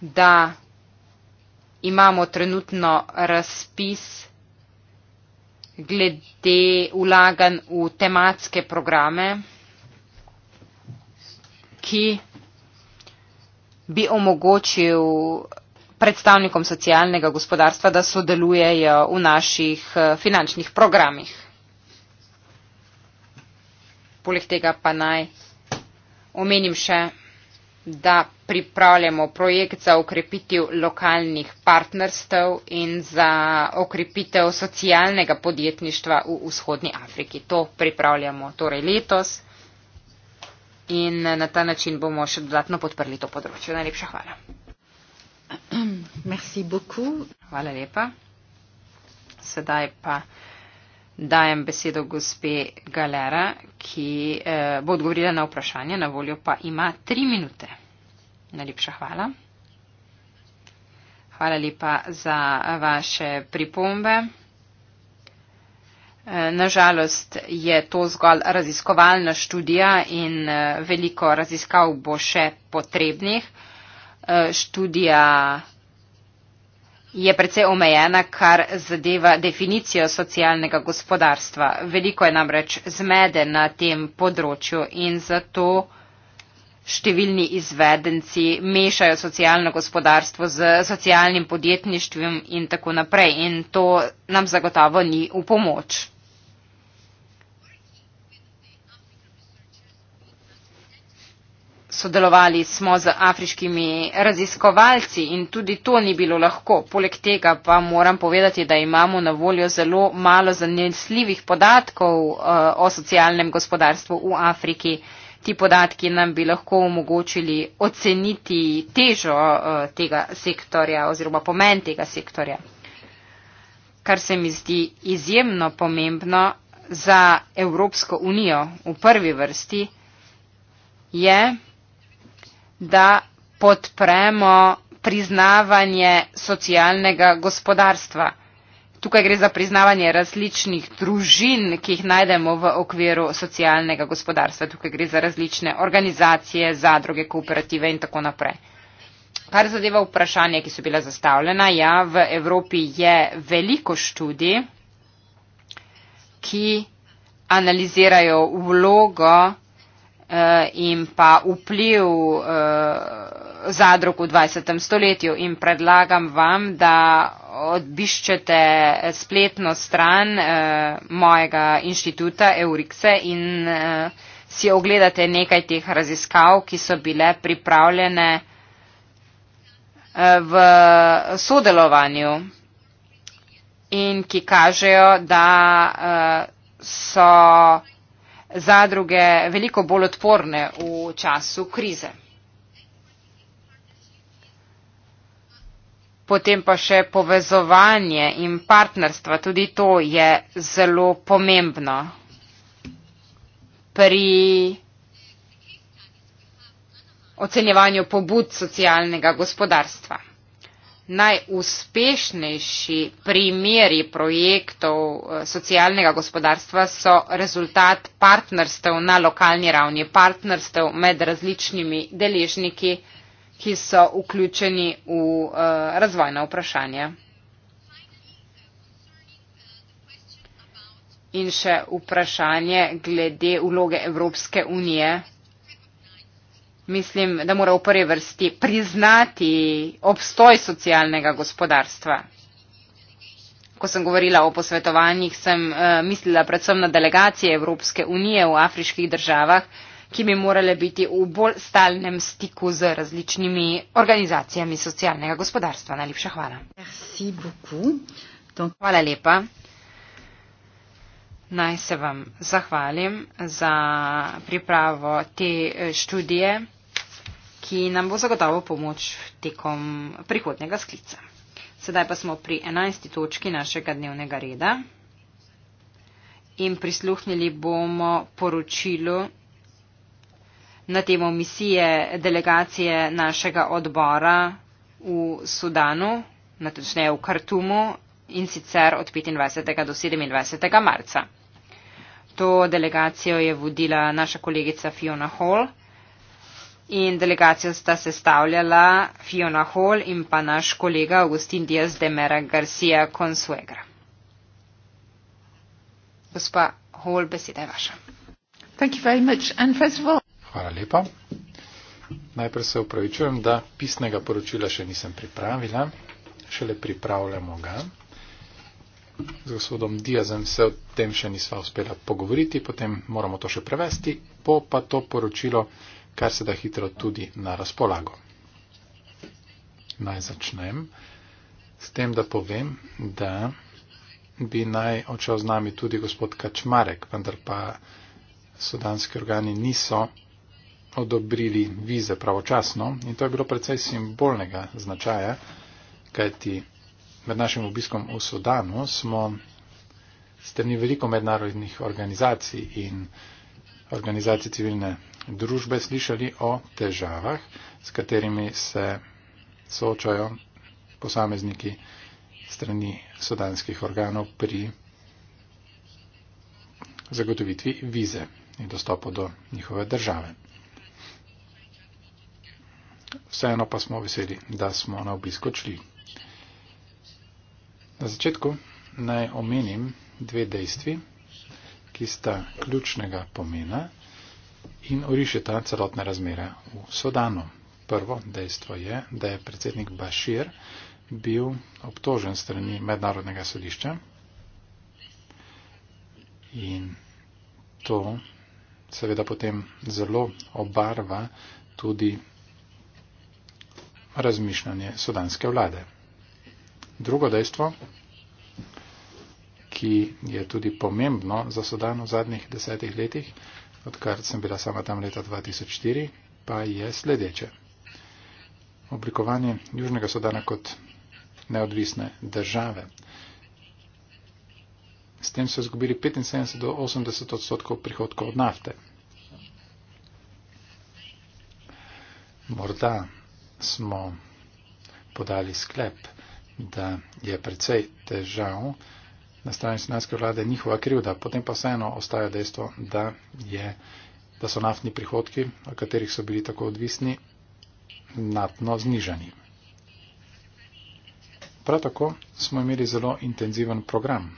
da imamo trenutno razpis glede ulagan v tematske programe, ki bi omogočil predstavnikom socialnega gospodarstva, da sodelujejo v naših eh, finančnih programih. Poleg tega pa naj omenim še, da pripravljamo projekt za okrepitev lokalnih partnerstv in za okrepitev socialnega podjetništva v vzhodni Afriki. To pripravljamo torej letos in na ta način bomo še dodatno podprli to področje. Najlepša hvala. Merci beaucoup. Hvala lepa. Sedaj pa dajem besedo gospe Galera, ki eh, bo odgovorila na vprašanje. Na voljo pa ima tri minute. Najlepša hvala. Hvala lepa za vaše pripombe. Nažalost je to zgolj raziskovalna študija in eh, veliko raziskav bo še potrebnih. Eh, študija je precej omejena, kar zadeva definicijo socialnega gospodarstva. Veliko je namreč zmede na tem področju in zato številni izvedenci mešajo socialno gospodarstvo z socialnim podjetništvom in tako naprej. In to nam zagotovo ni v pomoč. sodelovali smo z afriškimi raziskovalci in tudi to ni bilo lahko. Poleg tega pa moram povedati, da imamo na voljo zelo malo zanesljivih podatkov eh, o socialnem gospodarstvu v Afriki. Ti podatki nam bi lahko omogočili oceniti težo eh, tega sektorja oziroma pomen tega sektorja. Kar se mi zdi izjemno pomembno za Evropsko unijo v prvi vrsti, je, yeah da podpremo priznavanje socialnega gospodarstva. Tukaj gre za priznavanje različnih družin, ki jih najdemo v okviru socialnega gospodarstva. Tukaj gre za različne organizacije, zadruge, kooperative in tako naprej. Kar zadeva vprašanje, ki so bila zastavljena, ja, v Evropi je veliko študij, ki analizirajo vlogo Eh, in pa vpliv eh, zadrug v 20. stoletju in predlagam vam, da odbiščete spletno stran eh, mojega inštituta Eurikse in si ogledate nekaj teh raziskav, ki so bile pripravljene v sodelovanju in ki kažejo, da so zadruge veliko bolj odporne v času krize. Potem pa še povezovanje in partnerstva, tudi to je zelo pomembno. Pri ocenjevanju pobud socialnega gospodarstva najuspešnejši primeri projektov eh, socialnega gospodarstva so rezultat partnerstev na lokalni ravni, partnerstev med različnimi deležniki, ki so vključeni v eh, razvojna vprašanja. In še vprašanje glede vloge Evropske unije mislim, da mora v prvi vrsti priznati obstoj socialnega gospodarstva. Ko sem govorila o posvetovanjih, sem eh, mislila predvsem na delegacije Evropske unije v afriških državah, ki bi morale biti v bolj stalnem stiku z različnimi organizacijami socialnega gospodarstva. Najlepša hvala. Hvala lepa. Naj se vam zahvalim za pripravo te eh, študije ki nam bo zagotovo pomoč tekom prihodnjega sklica. Sedaj pa smo pri 11. točki našega dnevnega reda in prisluhnili bomo poročilu na temo misije delegacije našega odbora v Sudanu, natočneje v Kartumu in sicer od 25. do 27. marca. To delegacijo je vodila naša kolegica Fiona Hall. In delegacijo sta sestavljala Fiona Hall in pa naš kolega Agustin Diaz de Mera Garcia Consuegra. Gospa Hall, beseda je vaša. Hvala lepa. Najprej se upravičujem, da pisnega poročila še nisem pripravila, šele pripravljamo ga. Z gospodom Diazem se o tem še nisva uspela pogovoriti, potem moramo to še prevesti, po pa to poročilo kar se da hitro tudi na razpolago. Naj začnem s tem, da povem, da bi naj očel z nami tudi gospod Kačmarek, vendar pa sudanski organi niso odobrili vize pravočasno in to je bilo precej simbolnega značaja, kajti med našim obiskom v Sudanu smo strani veliko mednarodnih organizacij in organizacij civilne družbe slišali o težavah, s katerimi se soočajo posamezniki strani sudanskih organov pri zagotovitvi vize in dostopu do njihove države. Vseeno pa smo veseli, da smo na obisk odšli. Na začetku naj omenim dve dejstvi, ki sta ključnega pomena in oriše ta celotna razmera v Sodano. Prvo dejstvo je, da je predsednik Bashir bil obtožen strani mednarodnega sodišča in to seveda potem zelo obarva tudi razmišljanje sudanske vlade. Drugo dejstvo, ki je tudi pomembno za Sudan v zadnjih desetih letih, odkar sem bila sama tam leta 2004, pa je sledeče. Oblikovanje Južnega Sodana kot neodvisne države. S tem so izgubili 75 do 80 odstotkov prihodkov od nafte. Morda smo podali sklep, da je precej težav, na strani sinajske vlade njihova krivda. Potem pa vseeno ostaja dejstvo, da, je, da so naftni prihodki, od katerih so bili tako odvisni, natno znižani. Prav tako smo imeli zelo intenziven program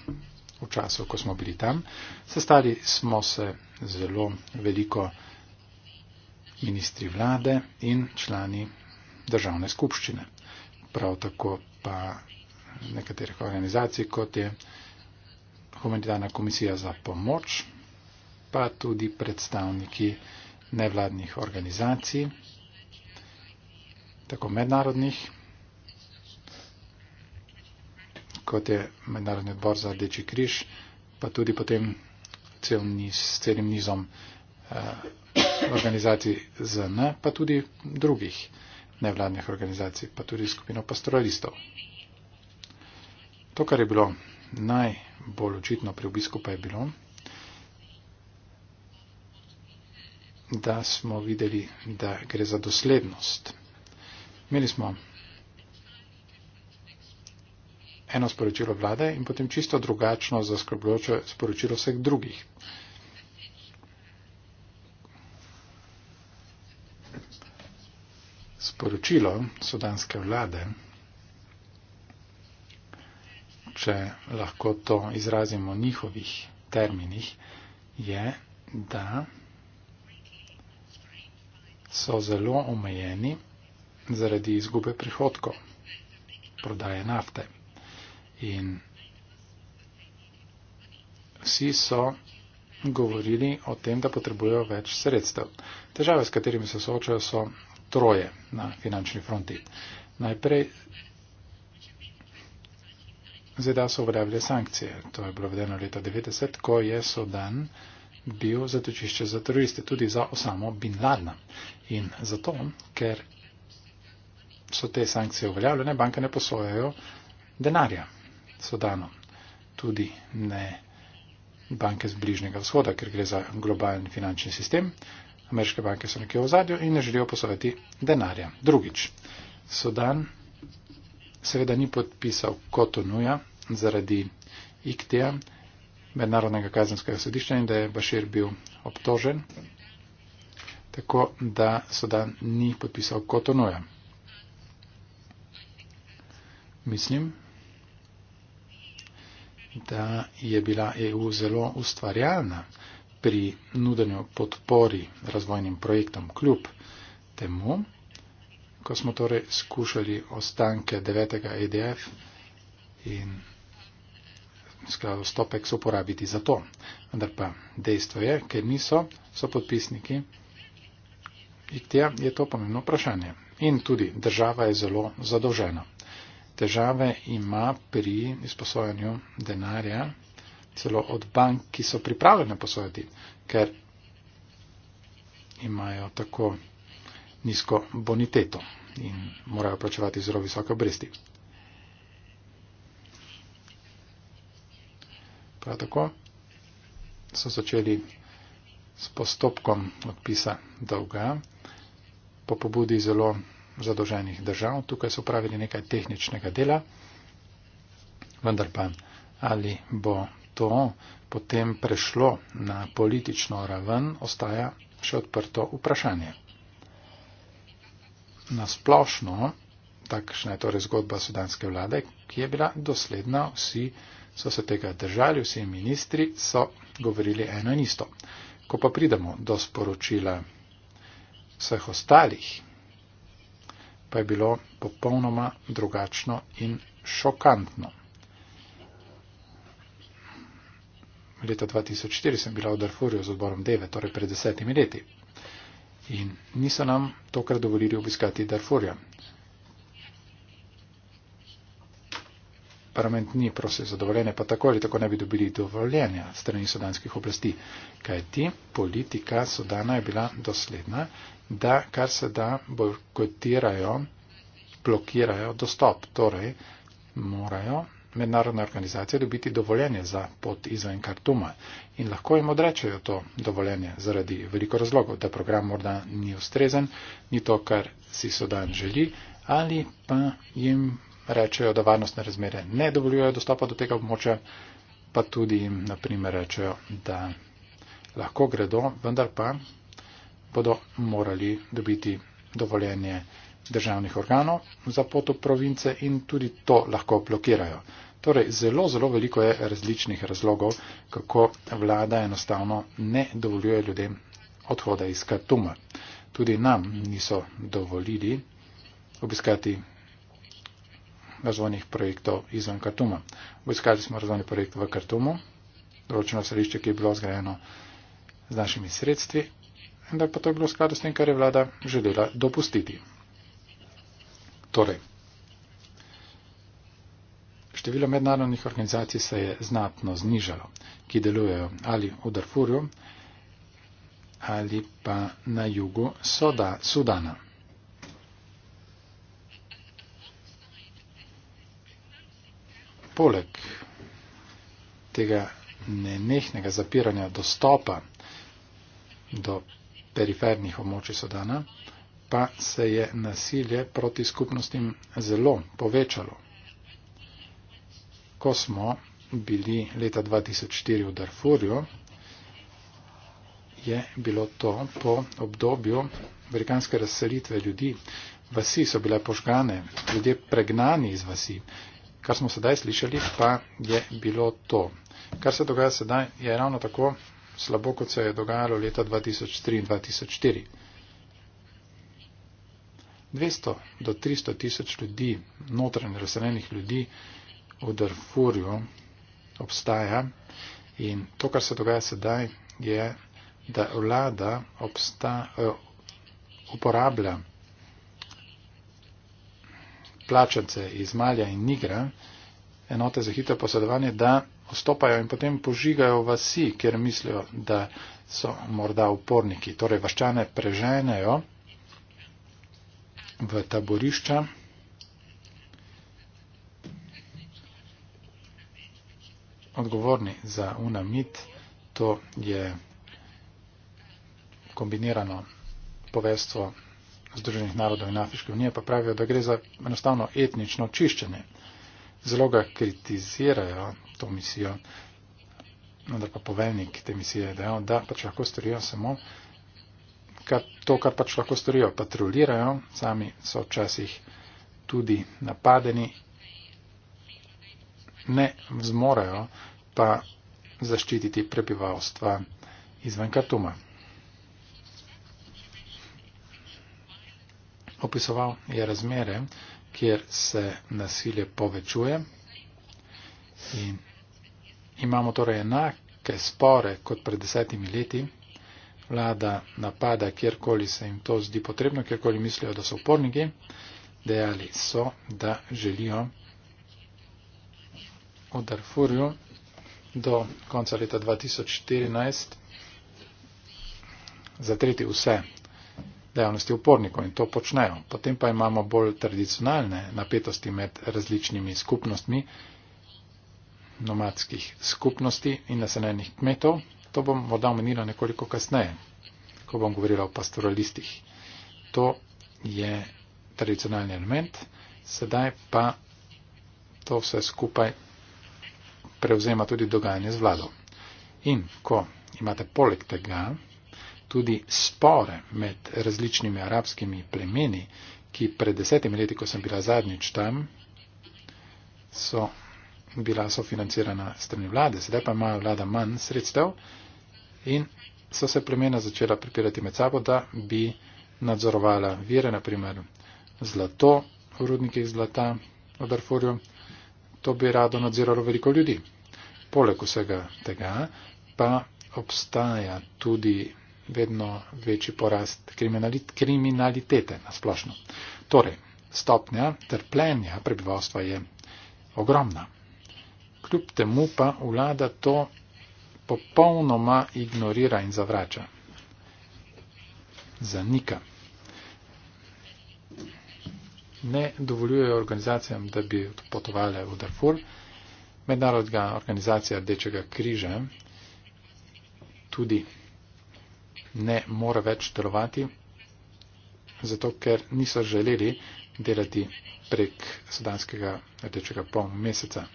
v času, ko smo bili tam. Sestali smo se zelo veliko ministri vlade in člani državne skupščine. Prav tako pa nekaterih organizacij, kot je humanitarna komisija za pomoč, pa tudi predstavniki nevladnih organizacij, tako mednarodnih, kot je Mednarodni odbor za Deči križ, pa tudi potem cel niz, s celim nizom eh, organizacij ZN, pa tudi drugih nevladnih organizacij, pa tudi skupino pastoralistov. To, kar je bilo najbolj očitno pri obisku pa je bilo, da smo videli, da gre za doslednost. Imeli smo eno sporočilo vlade in potem čisto drugačno za skrbločo sporočilo vseh drugih. Sporočilo sudanske vlade če lahko to izrazimo v njihovih terminih, je, da so zelo omejeni zaradi izgube prihodkov prodaje nafte. In vsi so govorili o tem, da potrebujejo več sredstev. Težave, s katerimi se soočajo, so troje na finančni fronti. Najprej ZDA so uveljavile sankcije. To je bilo vedeno leta 90, ko je Sudan bil zatočišče za teroriste, tudi za osamo Bin Ladna. In zato, ker so te sankcije uveljavljene, banke ne posojajo denarja Sudanu. Tudi ne banke z bližnjega vzhoda, ker gre za globalni finančni sistem. Ameriške banke so nekje v zadju in ne želijo posojati denarja. Drugič, Sudan seveda ni podpisal Kotonuja, zaradi Iktija, mednarodnega kazenskega sodišča in da je Bašir bil obtožen, tako da Sudan ni podpisal Kotonoja. Mislim, da je bila EU zelo ustvarjalna pri nudenju podpori razvojnim projektom kljub temu, ko smo torej skušali ostanke 9. EDF in stopek so uporabiti za to. Vendar pa dejstvo je, ker niso, so podpisniki. Iktija je to pomembno vprašanje. In tudi država je zelo zadolžena. Težave ima pri izposojanju denarja celo od bank, ki so pripravljene posojati, ker imajo tako nizko boniteto in morajo plačevati zelo visoke obresti. Prav tako so začeli s postopkom odpisa dolga po pobudi zelo zadolženih držav. Tukaj so pravili nekaj tehničnega dela, vendar pa ali bo to potem prešlo na politično raven, ostaja še odprto vprašanje. Nasplošno, takšna je torej zgodba sudanske vlade, ki je bila dosledna, vsi so se tega držali, vsi ministri so govorili eno in isto. Ko pa pridemo do sporočila vseh ostalih, pa je bilo popolnoma drugačno in šokantno. Leta 2004 sem bila v Darfurju z odborom Deve, torej pred desetimi leti. In niso nam tokrat dovolili obiskati Darfurja. parlament ni prosil za dovoljenje, pa tako ali tako ne bi dobili dovoljenja strani sudanskih oblasti. Kaj ti politika Sudana je bila dosledna, da kar se da bojkotirajo, blokirajo dostop, torej morajo mednarodne organizacije dobiti dovoljenje za pot izven Kartuma in lahko jim odrečejo to dovoljenje zaradi veliko razlogov, da program morda ni ustrezen, ni to, kar si Sudan želi, ali pa jim rečejo, da varnostne razmere ne dovoljujejo dostopa do tega območja, pa tudi jim naprimer rečejo, da lahko gredo, vendar pa bodo morali dobiti dovoljenje državnih organov za pot v province in tudi to lahko blokirajo. Torej, zelo, zelo veliko je različnih razlogov, kako vlada enostavno ne dovoljuje ljudem odhoda iz Katuma. Tudi nam niso dovolili obiskati razvojnih projektov izven Kartuma. Obiskali smo razvojni projekt v Kartumu, določeno središče, ki je bilo zgrajeno z našimi sredstvi, ampak pa to je bilo skladu s tem, kar je vlada želela dopustiti. Torej, število mednarodnih organizacij se je znatno znižalo, ki delujejo ali v Darfurju ali pa na jugu Soda, Sudana. poleg tega nenehnega zapiranja dostopa do perifernih območij Sodana, pa se je nasilje proti skupnostim zelo povečalo. Ko smo bili leta 2004 v Darfurju, je bilo to po obdobju velikanske razselitve ljudi. Vasi so bile požgane, ljudje pregnani iz vasi, Kar smo sedaj slišali, pa je bilo to. Kar se dogaja sedaj, je ravno tako slabo, kot se je dogajalo leta 2003 in 2004. 200 do 300 tisoč ljudi, notranje razseljenih ljudi v Darfurju obstaja in to, kar se dogaja sedaj, je, da vlada obsta, uh, uporablja plačance iz Malja in Nigra, enote za hitro posredovanje, da vstopajo in potem požigajo vasi, ker mislijo, da so morda uporniki. Torej, vaščane preženejo v taborišča. Odgovorni za unamit, to je kombinirano povestvo Združenih narodov in Afriške unije pa pravijo, da gre za enostavno etnično očiščenje. Zelo ga kritizirajo to misijo, vendar pa poveljnik te misije je dejal, da pač lahko storijo samo kar to, kar pač lahko storijo. Patrolirajo, sami so včasih tudi napadeni, ne zmorejo pa zaščititi prebivalstva izven Katuma. opisoval je razmere, kjer se nasilje povečuje in imamo torej enake spore kot pred desetimi leti. Vlada napada, kjerkoli se jim to zdi potrebno, kjerkoli mislijo, da so uporniki, dejali so, da želijo v Darfurju do konca leta 2014 zatreti vse dejavnosti upornikov in to počnejo. Potem pa imamo bolj tradicionalne napetosti med različnimi skupnostmi, nomadskih skupnosti in naseljenih kmetov. To bom morda omenila nekoliko kasneje, ko bom govorila o pastoralistih. To je tradicionalni element, sedaj pa to vse skupaj prevzema tudi dogajanje z vlado. In ko imate poleg tega tudi spore med različnimi arabskimi plemeni, ki pred desetimi leti, ko sem bila zadnjič tam, so bila sofinancirana strani vlade, sedaj pa ima vlada manj sredstev in so se plemena začela pripirati med sabo, da bi nadzorovala vire, naprimer zlato v rudnikih zlata v Darfurju, to bi rado nadziralo veliko ljudi. Poleg vsega tega pa obstaja tudi vedno večji porast kriminalit kriminalitete na splošno. Torej, stopnja trpljenja prebivalstva je ogromna. Kljub temu pa vlada to popolnoma ignorira in zavrača. Zanika. Ne dovoljujejo organizacijam, da bi potovali v Darfur. Mednarodna organizacija Rdečega križa tudi ne more več delovati, zato ker niso želeli delati prek sudanskega rdečega pol meseca.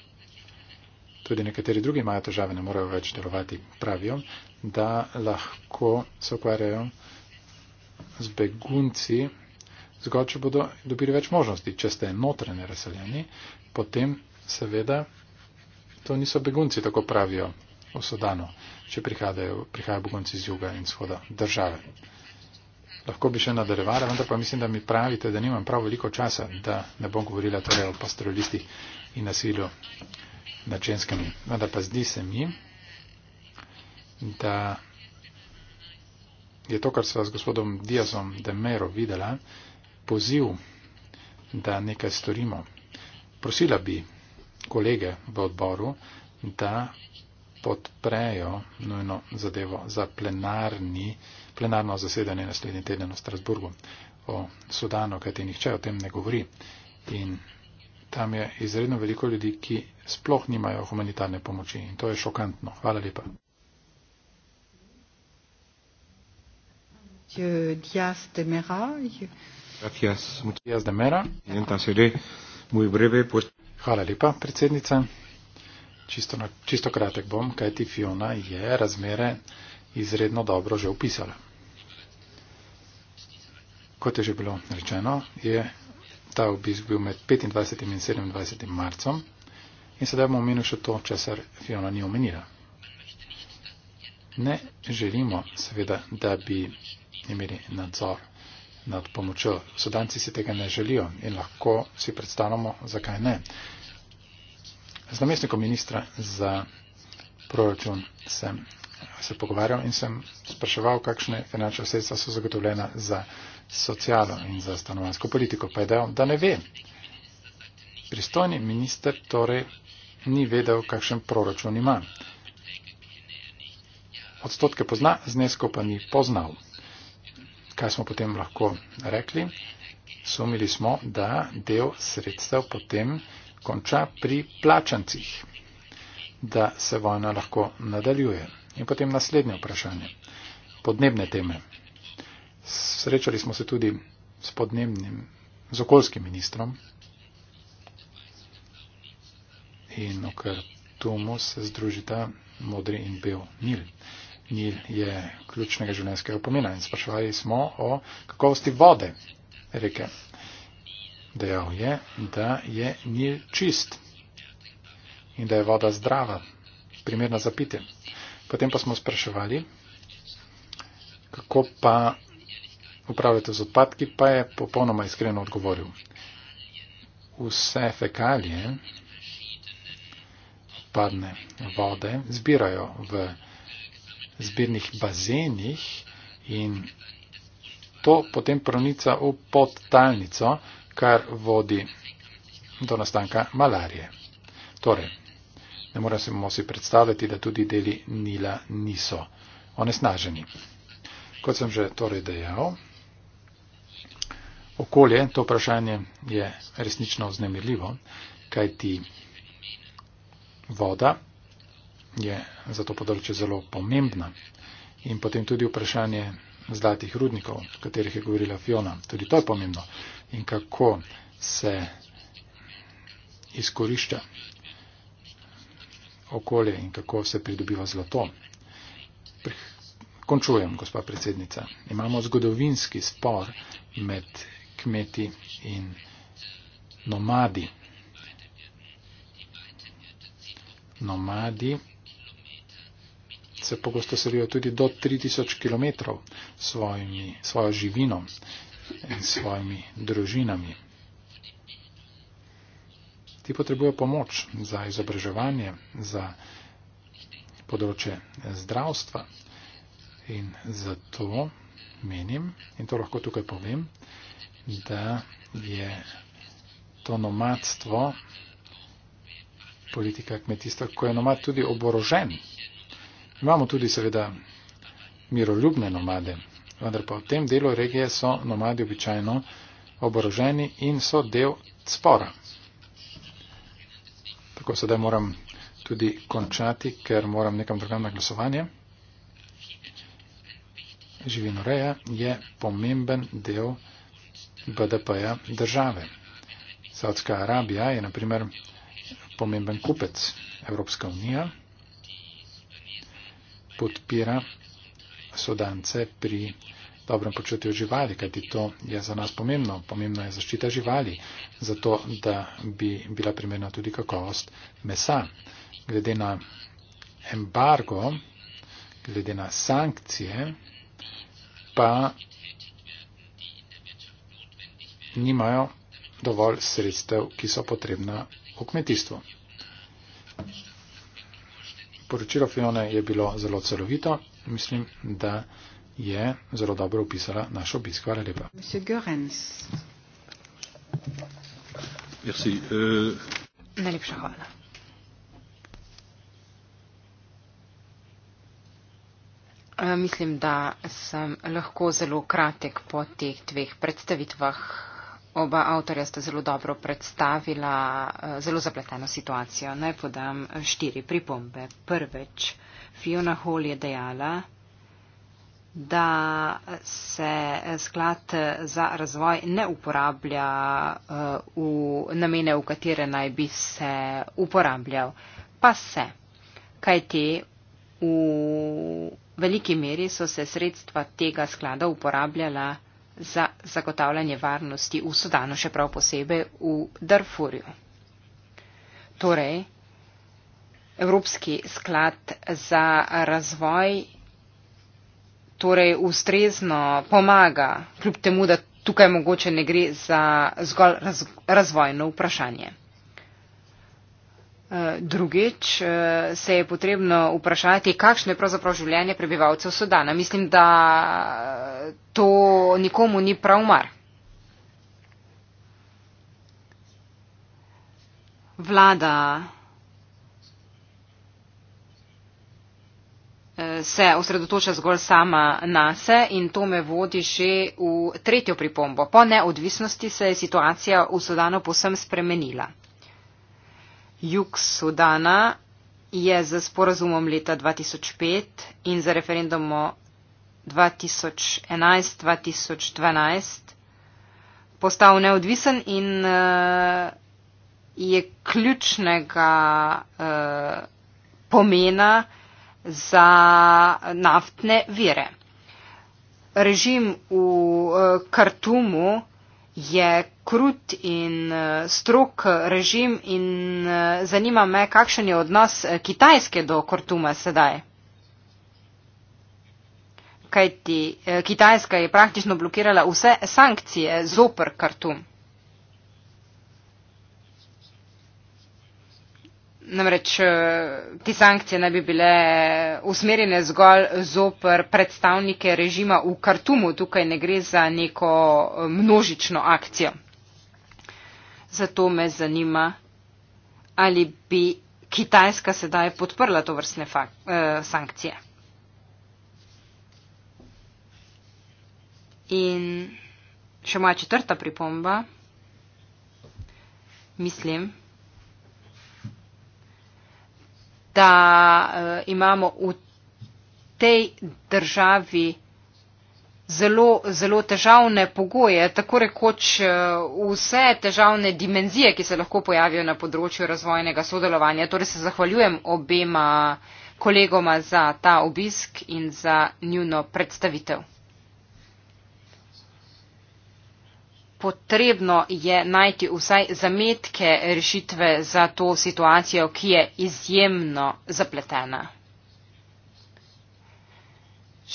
Tudi nekateri drugi imajo težave, ne morejo več delovati. Pravijo, da lahko se ukvarjajo z begunci, zgolj če bodo dobili več možnosti. Če ste notranje razseljeni, potem seveda to niso begunci, tako pravijo v Sudanu če prihajajo prihaja begunci iz juga in shoda države. Lahko bi še nadaljevala, vendar pa mislim, da mi pravite, da nimam prav veliko časa, da ne bom govorila torej o pastoralistih in nasilju nad ženskami. Vendar pa zdi se mi, da je to, kar sva s gospodom Diazom de Mero videla, poziv, da nekaj storimo. Prosila bi kolege v odboru, da podprejo nujno zadevo za plenarni, plenarno zasedanje naslednji teden v Strasburgu o Sudanu, kajti nihče o tem ne govori. In tam je izredno veliko ljudi, ki sploh nimajo humanitarne pomoči. In to je šokantno. Hvala lepa. Hvala lepa, predsednica čisto, na, čisto kratek bom, kaj ti Fiona je razmere izredno dobro že opisala. Kot je že bilo rečeno, je ta obisk bil med 25. in 27. marcem in sedaj bomo omenili še to, česar Fiona ni omenila. Ne želimo, seveda, da bi imeli nadzor nad pomočjo. Sodanci si tega ne želijo in lahko si predstavljamo, zakaj ne z namestnikom ministra za proračun sem se pogovarjal in sem spraševal, kakšne finančne sredstva so zagotovljena za socialno in za stanovansko politiko. Pa je dejal, da ne ve. Pristojni minister torej ni vedel, kakšen proračun ima. Odstotke pozna, znesko pa ni poznal. Kaj smo potem lahko rekli? Sumili smo, da del sredstev potem konča pri plačancih, da se vojna lahko nadaljuje. In potem naslednje vprašanje. Podnebne teme. Srečali smo se tudi s podnebnim, z okoljskim ministrom. In okrat tu mu se združita modri in bel Nil. Nil je ključnega življenjskega pomena in sprašvali smo o kakovosti vode reke. Dejal je, da je nil čist in da je voda zdrava, primerna za pitje. Potem pa smo spraševali, kako pa upravljate z odpadki, pa je popolnoma iskreno odgovoril. Vse fekalije, odpadne vode, zbirajo v zbirnih bazenih in to potem pronica v podtalnico, kar vodi do nastanka malarije. Torej, ne moremo si predstavljati, da tudi deli Nila niso onesnaženi. Kot sem že torej dejal, okolje, to vprašanje je resnično vznemirljivo, kajti voda je za to področje zelo pomembna. In potem tudi vprašanje zlatih rudnikov, o katerih je govorila Fiona. Tudi to je pomembno. In kako se izkorišča okolje in kako se pridobiva zlato. Končujem, gospa predsednica. Imamo zgodovinski spor med kmeti in nomadi. Nomadi se pogosto selijo tudi do 3000 km svojimi, svojo živino in svojimi družinami. Ti potrebujo pomoč za izobraževanje, za področje zdravstva in zato menim, in to lahko tukaj povem, da je to nomadstvo, politika kmetijstva, ko je nomad tudi oborožen. Imamo tudi seveda miroljubne nomade, vendar pa v tem delu regije so nomadi običajno oboroženi in so del spora. Tako sedaj moram tudi končati, ker moram nekam drugam na glasovanje. Živinoreja je pomemben del BDP-ja države. Saudska Arabija je na primer pomemben kupec Evropska unija, podpira sodance pri dobrem počutju živali, kajti to je za nas pomembno. Pomembna je zaščita živali, zato da bi bila primerna tudi kakovost mesa. Glede na embargo, glede na sankcije, pa nimajo dovolj sredstev, ki so potrebna v kmetijstvu. Poročilo Fione je bilo zelo celovito in mislim, da je zelo dobro opisala naš obisk. Hvala lepa. Merci, uh... Najlepša hvala. Mislim, da sem lahko zelo kratek po teh dveh predstavitvah. Oba avtorja sta zelo dobro predstavila zelo zapleteno situacijo. Naj podam štiri pripombe. Prveč. Fiona Hall je dejala, da se sklad za razvoj ne uporablja eh, v namene, v katere naj bi se uporabljal. Pa se, kajti v veliki meri so se sredstva tega sklada uporabljala za zagotavljanje varnosti v Sudanu, še prav posebej v Darfurju. Torej, Evropski sklad za razvoj torej ustrezno pomaga, kljub temu, da tukaj mogoče ne gre za zgolj raz, razvojno vprašanje. Eh, drugič eh, se je potrebno vprašati, kakšno je pravzaprav življenje prebivalcev Sodana. Mislim, da eh, to nikomu ni prav mar. Vlada se osredotoča zgolj sama nase in to me vodi že v tretjo pripombo. Po neodvisnosti se je situacija v Sudanu posem spremenila. Jug Sudana je z sporazumom leta 2005 in z referendumom 2011-2012 postal neodvisen in uh, je ključnega uh, pomena, za naftne vire. Režim v eh, Kartumu je krut in eh, strok režim in eh, zanima me, kakšen je odnos Kitajske do Kartuma sedaj. Kajti Kitajska je praktično blokirala vse sankcije zopr Kartum. Namreč eh, te sankcije naj bi bile usmerjene zgolj zopr predstavnike režima v Kartumu, tukaj ne gre za neko eh, množično akcijo. Zato me zanima, ali bi Kitajska sedaj podprla to vrstne eh, sankcije. In še moja četrta pripomba. Mislim, da uh, imamo v tej državi zelo, zelo težavne pogoje, tako rekoč eh, vse težavne dimenzije, ki se lahko pojavijo na področju razvojnega sodelovanja. Torej se zahvaljujem obema kolegoma za ta obisk in za njuno predstavitev. potrebno je najti vsaj zametke rešitve za to situacijo, ki je izjemno zapletena.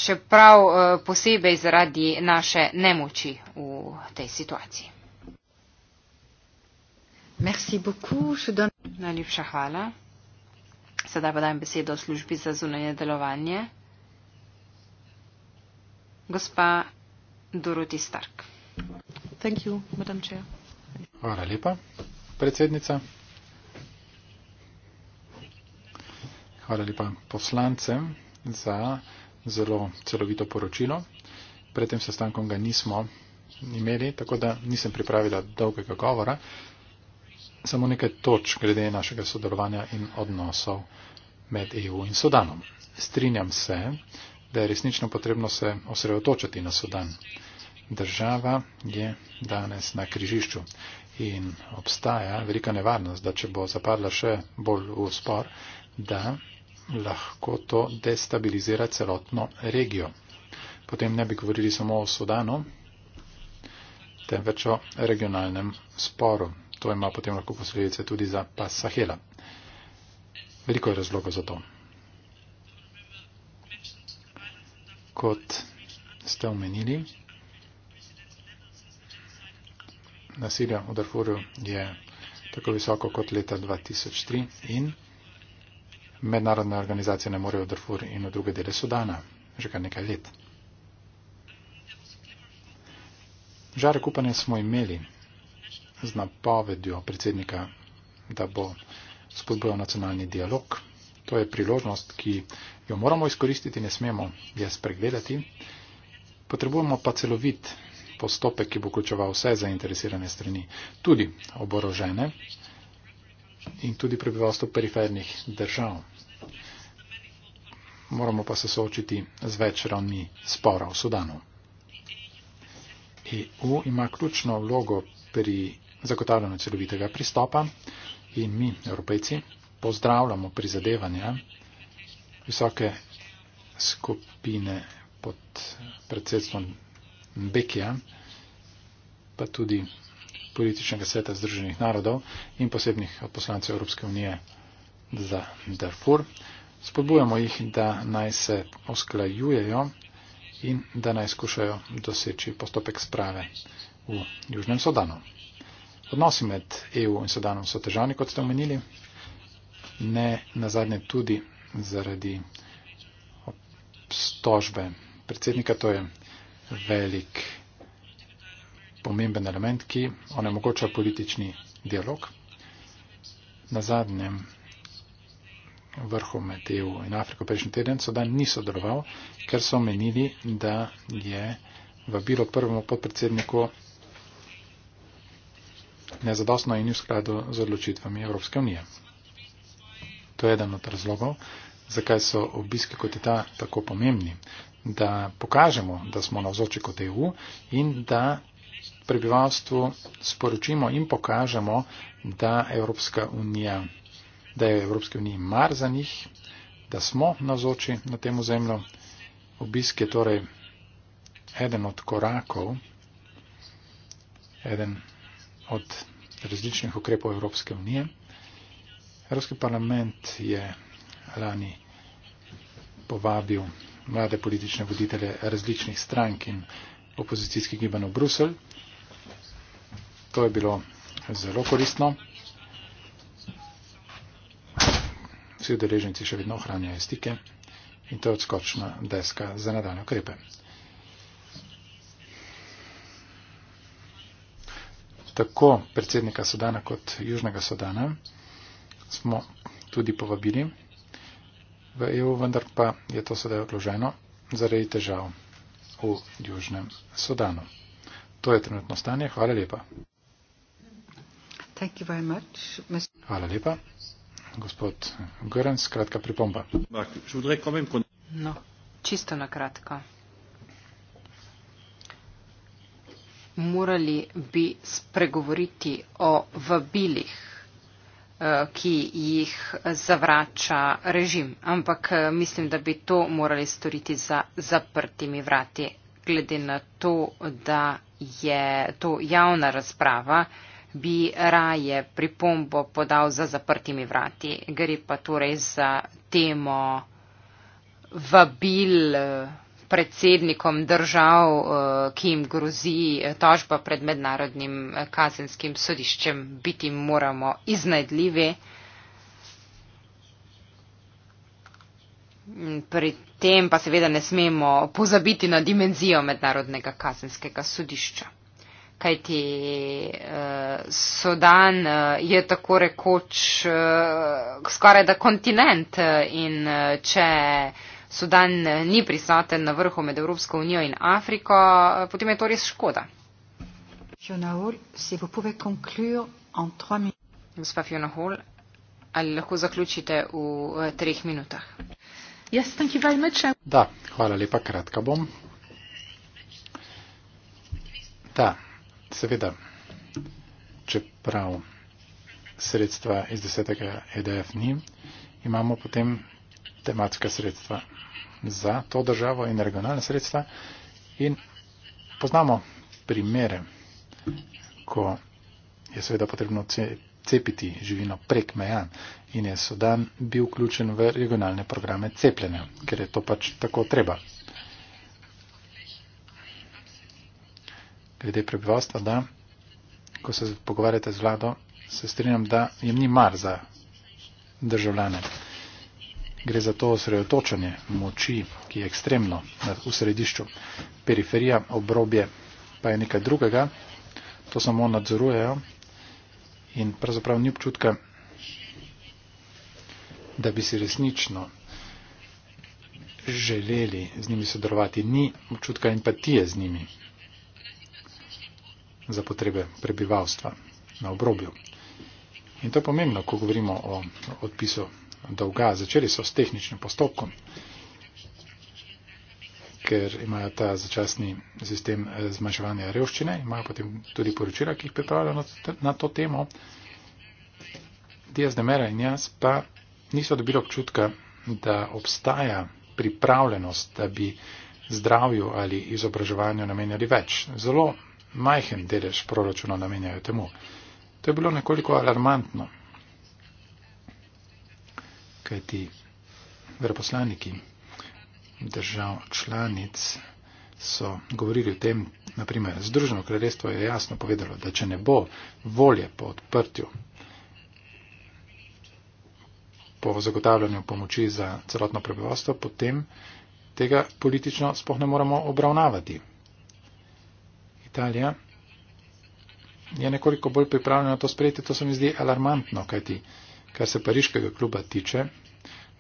Še prav eh, posebej zaradi naše nemoči v tej situaciji. Najlepša hvala. Sedaj pa dajem besedo službi za zunanje delovanje. Gospa Doroti Stark. Thank you, Madam Chair. Hvala lepa, predsednica. Hvala lepa poslancem za zelo celovito poročilo. Pred tem sestankom ga nismo imeli, tako da nisem pripravila dolgega govora. Samo nekaj točk glede našega sodelovanja in odnosov med EU in Sudanom. Strinjam se, da je resnično potrebno se osredotočiti na Sudan država je danes na križišču in obstaja velika nevarnost, da če bo zapadla še bolj v spor, da lahko to destabilizira celotno regijo. Potem ne bi govorili samo o Sudanu, temveč o regionalnem sporu. To ima potem lahko posledice tudi za pas Sahela. Veliko je razlogov za to. Kot ste omenili, nasilja v Darfurju je tako visoko kot leta 2003 in mednarodne organizacije ne morejo v Darfur in v druge dele Sudana že kar nekaj let. Žare kupanja smo imeli z napovedjo predsednika, da bo spodbojal nacionalni dialog. To je priložnost, ki jo moramo izkoristiti, ne smemo je spregledati. Potrebujemo pa celovit postopek, ki bo vključeval vse zainteresirane strani, tudi oborožene in tudi prebivalstvo perifernih držav. Moramo pa se soočiti z več ravni spora v Sudanu. EU ima ključno vlogo pri zagotavljanju celovitega pristopa in mi, evropejci, pozdravljamo prizadevanja visoke skupine pod predsedstvom Bekija, pa tudi političnega sveta Združenih narodov in posebnih poslancev Evropske unije za Darfur. Spodbujamo jih, da naj se osklajujejo in da naj skušajo doseči postopek sprave v Južnem Sodanu. Odnosi med EU in Sodanom so težavni, kot ste omenili, ne nazadnje tudi zaradi obstožbe predsednika, to je velik pomemben element, ki onemogoča politični dialog. Na zadnjem vrhu med EU in Afriko prejšnji teden Sudan ni sodeloval, ker so menili, da je vabilo prvemu podpredsedniku nezadostno in v skladu z odločitvami Evropske unije. To je eden od razlogov, zakaj so obiski kot je ta tako pomembni da pokažemo, da smo na vzoči kot EU in da prebivalstvu sporočimo in pokažemo, da, unija, da je Evropske unije mar za njih, da smo na vzoči na tem ozemlju. Obisk je torej eden od korakov, eden od različnih ukrepov Evropske unije. Evropski parlament je lani povabil mlade politične voditelje različnih strank in opozicijskih gibanj v Bruselj. To je bilo zelo koristno. Vsi udeleženci še vedno ohranjajo stike in to je odskočna deska za nadaljne ukrepe. Tako predsednika Sodana kot Južnega Sodana smo tudi povabili v EU, vendar pa je to sedaj odloženo zaradi težav v Južnem Sudanu. To je trenutno stanje. Hvala lepa. Hvala lepa. Gospod Grenc, kratka pripomba. No, čisto na kratko. Morali bi spregovoriti o vabilih Eh, ki jih zavrača režim. Ampak eh, mislim, da bi to morali storiti za zaprtimi vrati, glede na to, da je to javna razprava bi raje pripombo podal za zaprtimi vrati. Gre pa torej za temo vabil eh, predsednikom držav, eh, ki jim grozi eh, tožba pred mednarodnim eh, kazenskim sodiščem, biti moramo iznajdljivi. Pri tem pa seveda ne smemo pozabiti na dimenzijo mednarodnega kazenskega sodišča. Kajti Sudan je tako rekoč skoraj da kontinent in če Sudan eh, ni prisoten na vrhu med Evropsko unijo in Afriko, eh, potem je to res škoda. Gospa Fiona Hall, ali lahko zaključite v eh, treh minutah? Yes, da, hvala lepa, kratka bom. Da, seveda, čeprav sredstva iz desetega EDF ni, imamo potem tematska sredstva za to državo in regionalna sredstva. In poznamo primere, ko je seveda potrebno cepiti živino prek meja in je Sudan bil vključen v regionalne programe cepljenja, ker je to pač tako treba. Glede prebivalstva, da, ko se pogovarjate z vlado, se strinjam, da jim ni mar za državljane gre za to osredotočanje moči, ki je ekstremno v središču. Periferija, obrobje pa je nekaj drugega, to samo nadzorujejo in pravzaprav ni občutka, da bi si resnično želeli z njimi sodelovati, ni občutka empatije z njimi za potrebe prebivalstva na obrobju. In to je pomembno, ko govorimo o odpisu dolga. Začeli so s tehničnim postopkom, ker imajo ta začasni sistem eh, zmanjševanja revščine. Imajo potem tudi poročila, ki jih pripravljajo na, na to temo. Diaz de Mera in jaz pa niso dobili občutka, da obstaja pripravljenost, da bi zdravju ali izobraževanju namenjali več. Zelo majhen delež proračuna namenjajo temu. To je bilo nekoliko alarmantno kajti veroposlaniki držav članic so govorili o tem, naprimer, Združeno kraljestvo je jasno povedalo, da če ne bo volje po odprtju, po zagotavljanju pomoči za celotno prebivalstvo, potem tega politično spoh ne moramo obravnavati. Italija je nekoliko bolj pripravljena to sprejeti, to se mi zdi alarmantno, kajti Kar se pariškega kluba tiče,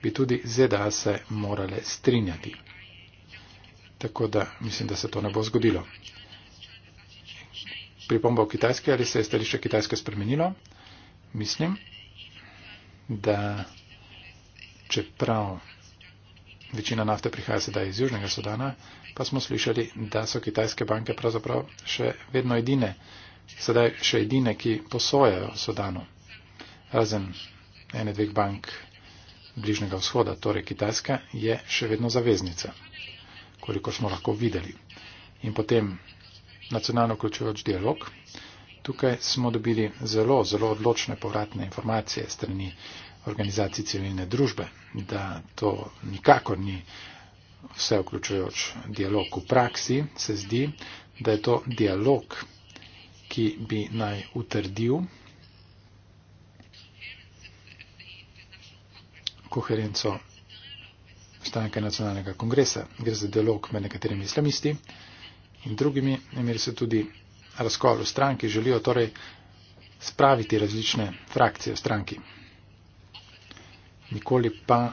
bi tudi ZDA se morale strinjati. Tako da mislim, da se to ne bo zgodilo. Pripomba v Kitajske, ali se je stališče Kitajske spremenilo? Mislim, da čeprav večina nafte prihaja sedaj iz Južnega Sudana, pa smo slišali, da so kitajske banke pravzaprav še vedno edine, sedaj še edine, ki posojajo Sudanu. Razen ene dveh bank Bližnjega vzhoda, torej Kitajska, je še vedno zaveznica, koliko smo lahko videli. In potem nacionalno vključujoč dialog. Tukaj smo dobili zelo, zelo odločne povratne informacije strani organizacij civilne družbe, da to nikakor ni vse vključujoč dialog. V praksi se zdi, da je to dialog, ki bi naj utrdil koherenco stranke nacionalnega kongresa. Gre za dialog med nekaterimi islamisti in drugimi. Imeli so tudi razkol v stranki, želijo torej spraviti različne frakcije v stranki. Nikoli pa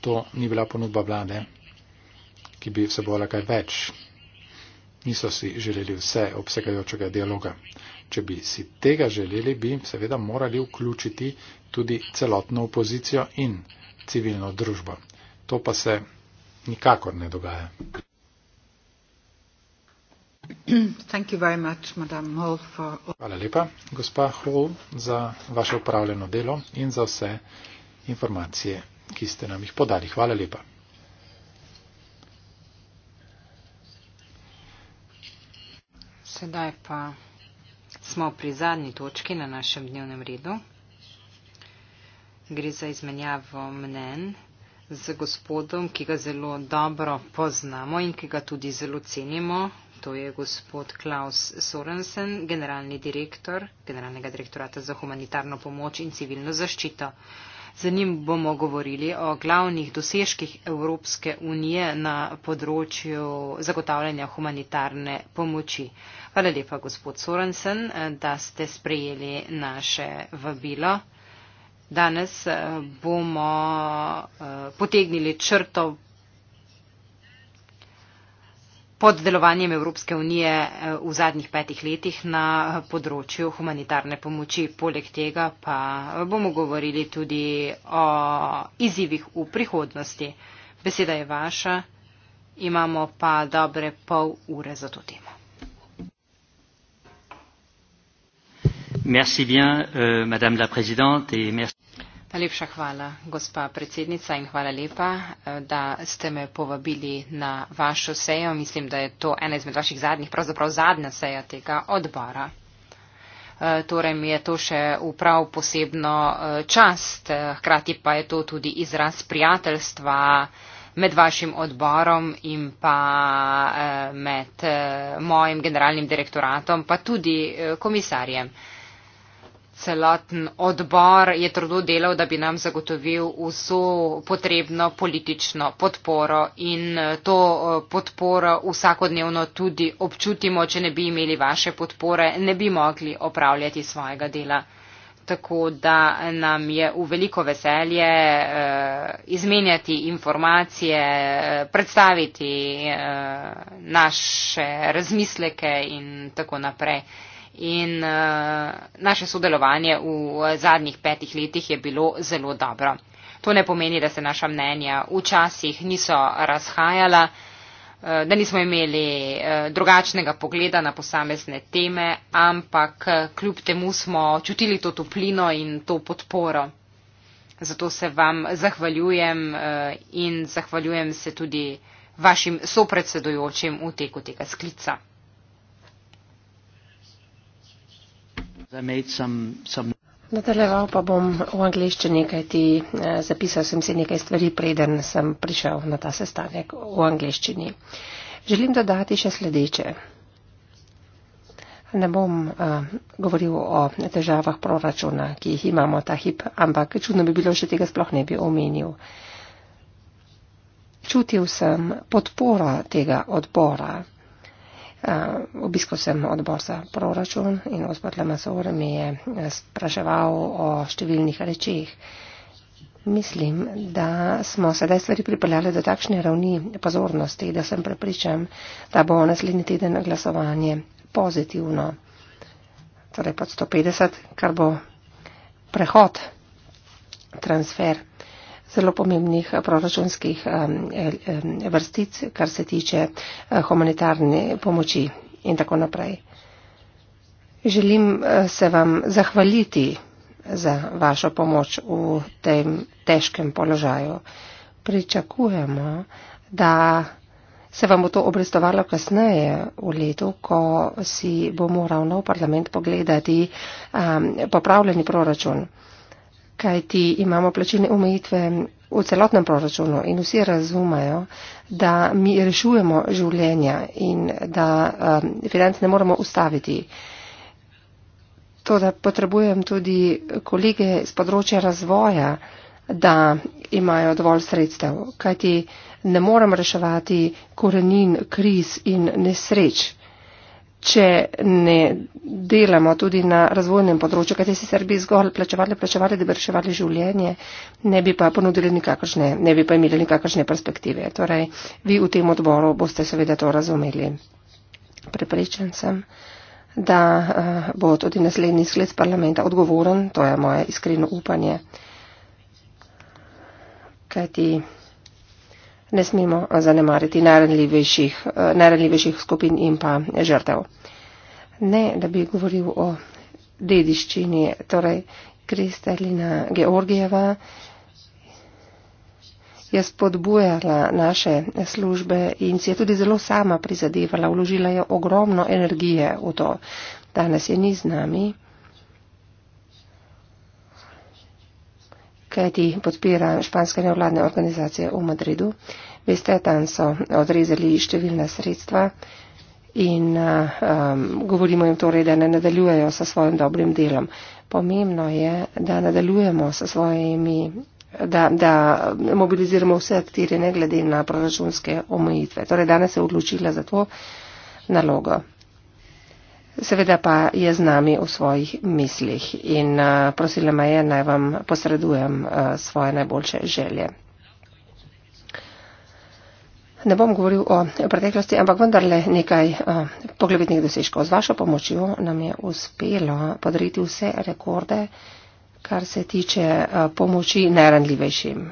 to ni bila ponudba vlade, ki bi vsebovala kaj več. Niso si želeli vse obsegajočega dialoga. Če bi si tega želeli, bi seveda morali vključiti tudi celotno opozicijo in civilno družbo. To pa se nikakor ne dogaja. Much, Hall, for... Hvala lepa, gospa Hall, za vaše upravljeno delo in za vse informacije, ki ste nam jih podali. Hvala lepa. Sedaj pa smo pri zadnji točki na našem dnevnem redu. Gre za izmenjavo mnen z gospodom, ki ga zelo dobro poznamo in ki ga tudi zelo cenimo. To je gospod Klaus Sorensen, generalni direktor generalnega direktorata za humanitarno pomoč in civilno zaščito. Z njim bomo govorili o glavnih dosežkih Evropske unije na področju zagotavljanja humanitarne pomoči. Hvala lepa, gospod Sorensen, da ste sprejeli naše vabilo. Danes eh, bomo eh, potegnili črto pod delovanjem Evropske unije eh, v zadnjih petih letih na eh, področju humanitarne pomoči. Poleg tega pa eh, bomo govorili tudi o izzivih v prihodnosti. Beseda je vaša, imamo pa dobre pol ure za to temo. Merci bien, uh, Madame la Presidente. Merci... Najlepša hvala, gospa predsednica, in hvala lepa, eh, da ste me povabili na vašo sejo. Mislim, da je to ena izmed vaših zadnjih, pravzaprav zadnja seja tega odbora. Eh, torej mi je to še uprav posebno eh, čast, hkrati pa je to tudi izraz prijateljstva med vašim odborom in pa med mojim generalnim direktoratom, pa tudi komisarjem celoten odbor je trdo delal, da bi nam zagotovil vso potrebno politično podporo in eh, to eh, podporo vsakodnevno tudi občutimo, če ne bi imeli vaše podpore, ne bi mogli opravljati svojega dela. Tako da nam je v veliko veselje eh, izmenjati informacije, eh, predstaviti eh, naše razmisleke in tako naprej in uh, naše sodelovanje v zadnjih petih letih je bilo zelo dobro. To ne pomeni, da se naša mnenja včasih niso razhajala, eh, da nismo imeli eh, drugačnega pogleda na posamezne teme, ampak kljub temu smo čutili to toplino in to podporo. Zato se vam zahvaljujem in zahvaljujem se tudi vašim sopredsedujočim v teku tega sklica. Nadaljeval pa bom v angliščini, kaj ti eh, zapisal sem si nekaj stvari, preden sem prišel na ta sestanek v angliščini. Želim dodati še sledeče. Ne bom a, eh, govoril o težavah proračuna, ki jih imamo ta hip, ampak čudno bi bilo, če tega sploh ne bi omenil. Čutil sem podporo tega odbora. Uh, obiskal sem odbor za proračun in gospod Lemasor mi je eh, spraševal o številnih rečih. Mislim, da smo sedaj stvari pripeljali do takšne ravni pozornosti, da sem prepričan, da bo naslednji teden glasovanje pozitivno. Torej pod 150, kar bo prehod, transfer zelo pomembnih eh, proračunskih eh, eh, vrstic, kar se tiče humanitarne pomoči in tako naprej. Želim se vam zahvaliti za vašo pomoč v tem težkem položaju. Pričakujemo, da se vam bo to obrestovalo kasneje v letu, ko si bo moral nov parlament pogledati um, popravljeni proračun kajti imamo plačilne omejitve v celotnem proračunu in vsi razumejo, da mi rešujemo življenja in da um, finance ne moremo ustaviti. To, da potrebujem tudi kolege z področja razvoja, da imajo dovolj sredstev, kajti ne morem reševati korenin kriz in nesreč če ne delamo tudi na razvojnem področju, kajti si Srbiji zgolj plačevali, plačevali, da bi reševali življenje, ne bi pa ponudili nikakršne, ne bi pa imeli nikakršne perspektive. Torej, vi v tem odboru boste seveda to razumeli. Prepričan sem, da eh, bo tudi naslednji sklep parlamenta odgovoren, to je moje iskreno upanje. Kajti ne smemo zanemariti najranljivejših, eh, najranljivejših skupin in pa žrtev. Ne, da bi govoril o dediščini, torej Kristalina Georgijeva je spodbujala naše službe in si je tudi zelo sama prizadevala, vložila je ogromno energije v to. Danes je ni z nami. kajti podpira španske nevladne organizacije v Madridu. Veste, tam so odrezali številna sredstva in eh, um, govorimo jim torej, da ne nadaljujejo sa svojim dobrim delom. Pomembno je, da nadaljujemo sa svojimi, da, da mobiliziramo vse aktire ne glede na proračunske omejitve. Torej, danes se je odločila za to nalogo. Seveda pa je z nami v svojih mislih in uh, prosila me je, naj vam posredujem uh, svoje najboljše želje. Ne bom govoril o preteklosti, ampak vendarle nekaj uh, eh, poglavitnih dosežkov. Z vašo pomočjo nam je uspelo podariti vse rekorde, kar se tiče uh, pomoči najranljivejšim.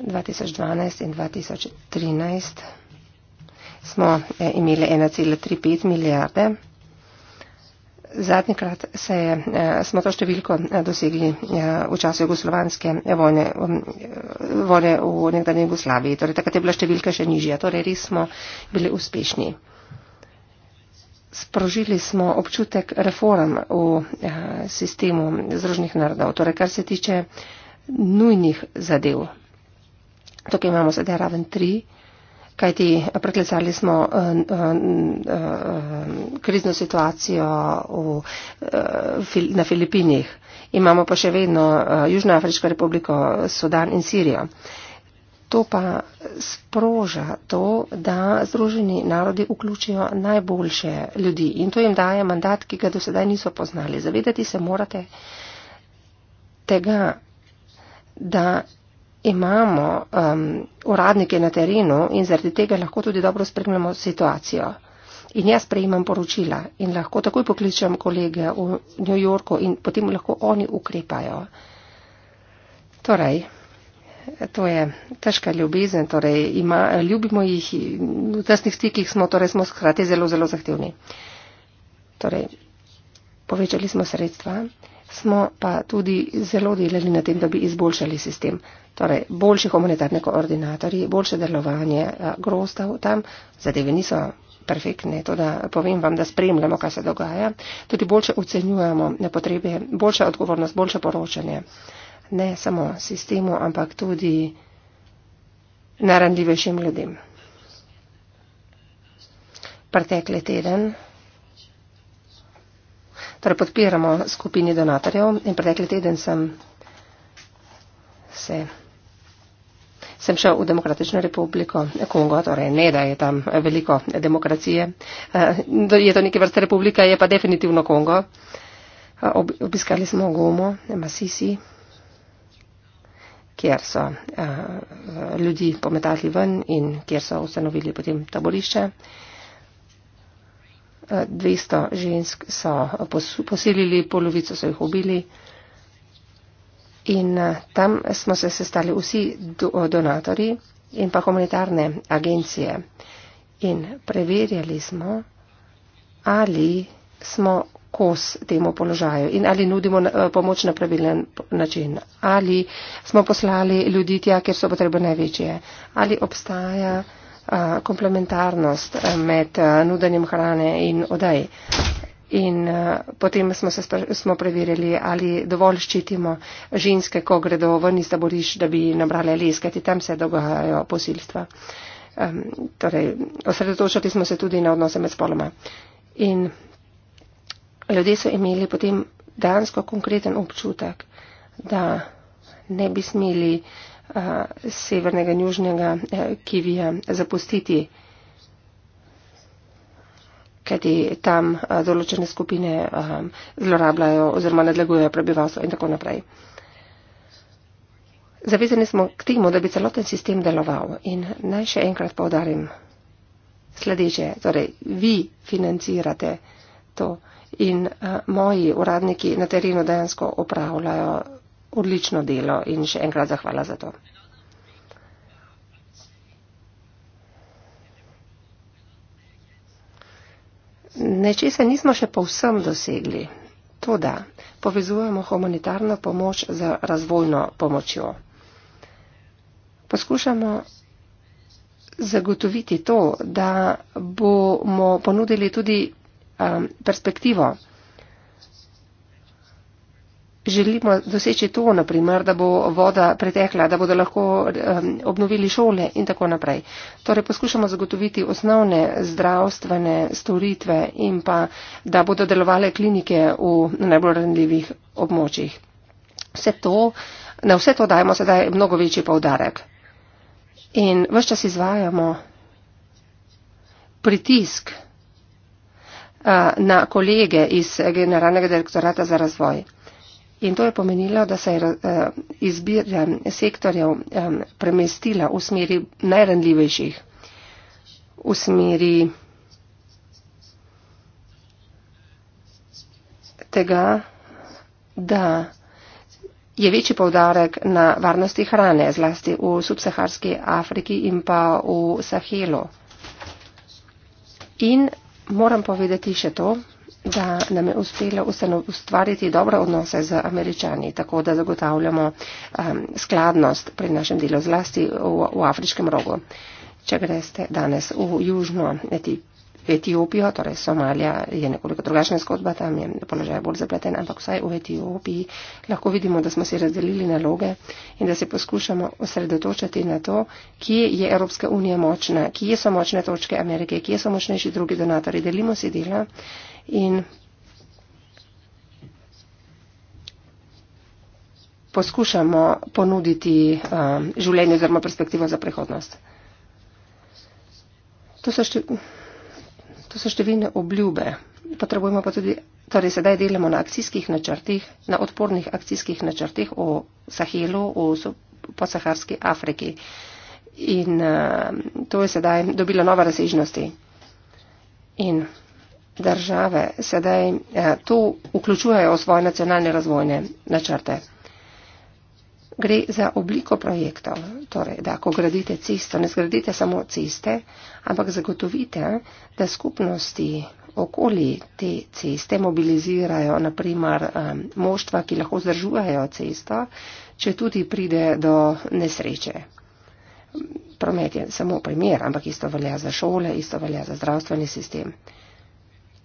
2012 in 2013 smo eh, imeli 1,35 milijarde. Zadnji krat se je, eh, smo to številko eh, dosegli v času jugoslovanske vojne, um, vojne v nekdanji Jugoslaviji. Torej, takrat je bila številka še nižja. Torej, res smo bili uspešni. Sprožili smo občutek reform v sistemu Združenih narodov, torej kar se tiče nujnih zadev. Tukaj imamo sedaj raven 3 kajti preklicali smo eh, eh, eh, krizno situacijo v, na Filipinih. Imamo pa še vedno Južnoafriško republiko, Sudan in Sirijo. To pa sproža to, da Združeni narodi vključijo najboljše ljudi in to jim daje mandat, ki ga do sedaj niso poznali. Zavedati se morate tega, da imamo um, uradnike na terenu in zaradi tega lahko tudi dobro spremljamo situacijo. In jaz prejemam poročila in lahko takoj pokličem kolege v New Yorku in potem lahko oni ukrepajo. Torej, to je težka ljubezen, torej ima, ljubimo jih, v tesnih stikih smo, torej smo skrati zelo, zelo zahtevni. Torej, povečali smo sredstva, smo pa tudi zelo delali na tem, da bi izboljšali sistem. Torej, boljši humanitarni koordinatorji, boljše delovanje eh, grostav tam, zadeve niso perfektne, to da povem vam, da spremljamo, kaj se dogaja, tudi boljše ocenjujemo na potrebe, boljša odgovornost, boljše poročanje. Ne samo sistemu, ampak tudi najrandljivejšim ljudem. Pretekli teden. Torej podpiramo skupini donatorjev in pretekli teden sem se. Sem šel v Demokratično republiko Kongo, torej ne, da je tam veliko demokracije. Eh, je to neke vrste republika, je pa definitivno Kongo. Eh, obiskali smo Gomo, Masisi, kjer so eh, ljudi pometali ven in kjer so ustanovili potem taborišče. 200 žensk so posilili, polovico so jih ubili. In eh, tam smo se sestali vsi donatori in pa humanitarne agencije. In preverjali smo, ali smo kos temu položaju in ali nudimo eh, pomoč na pravilen način, ali smo poslali ljudi tja, kjer so potrebe največje, ali obstaja. Eh, komplementarnost eh, med eh, nudanjem hrane in odej. In potem smo, se, smo preverili, ali dovolj ščitimo ženske, ko gredo ven iz taborišč, da bi nabrale les, kajti tam se dogajajo posilstva. Torej, osredotočali smo se tudi na odnose med spoloma. In ljudje so imeli potem dansko konkreten občutek, da ne bi smeli uh, Eh, severnega in južnega eh, Kivija zapustiti, kajti tam eh, določene skupine zlorabljajo oziroma nadlegujejo prebivalstvo in tako naprej. Zavezani smo k temu, da bi celoten sistem deloval in naj še enkrat povdarim sledeče, torej vi financirate to in a, moji uradniki na terenu dejansko opravljajo odlično delo in še enkrat zahvala za to. Nečesa nismo še povsem dosegli. To da, povezujemo humanitarno pomoč z razvojno pomočjo. Poskušamo zagotoviti to, da bomo ponudili tudi um, perspektivo želimo doseči to, naprimer, da bo voda pretekla, da bodo lahko um, obnovili šole in tako naprej. Torej poskušamo zagotoviti osnovne zdravstvene storitve in pa, da bodo delovale klinike v najbolj ranljivih območjih. Vse to, na vse to dajemo sedaj mnogo večji povdarek. In vse čas izvajamo pritisk uh, na kolege iz Generalnega direktorata za razvoj. In to je pomenilo, da se je eh, izbira sektorjev eh, premestila v smeri najranljivejših, v smeri tega, da je večji povdarek na varnosti hrane, zlasti v subsaharski Afriki in pa v Sahelu. In moram povedati še to, da nam je uspelo ustvariti dobre odnose z američani, tako da zagotavljamo um, skladnost pri našem delu zlasti v, v afriškem rogu. Če greste danes v južno Etiopijo, torej Somalija je nekoliko drugačna zgodba, tam je položaj bolj zapleten, ampak vsaj v Etiopiji lahko vidimo, da smo si razdelili naloge in da se poskušamo osredotočati na to, kje je Evropska unija močna, kje so močne točke Amerike, kje so močnejši drugi donatori. Delimo si dela in poskušamo ponuditi um, življenje oziroma perspektivo za prihodnost. To so, šte, to so številne obljube. Potrebujemo pa tudi, torej sedaj delamo na akcijskih načrtih, na odpornih akcijskih načrtih o Sahelu, o posaharski Afriki. In uh, to je sedaj dobilo nova razsežnosti. In države sedaj eh, tu vključujejo svoje nacionalne razvojne načrte. Gre za obliko projektov, torej, da ko gradite cesto, ne zgradite samo ceste, ampak zagotovite, da skupnosti okoli te ceste mobilizirajo naprimer eh, moštva, ki lahko zdržujejo cesto, če tudi pride do nesreče. Promet je samo primer, ampak isto velja za šole, isto velja za zdravstveni sistem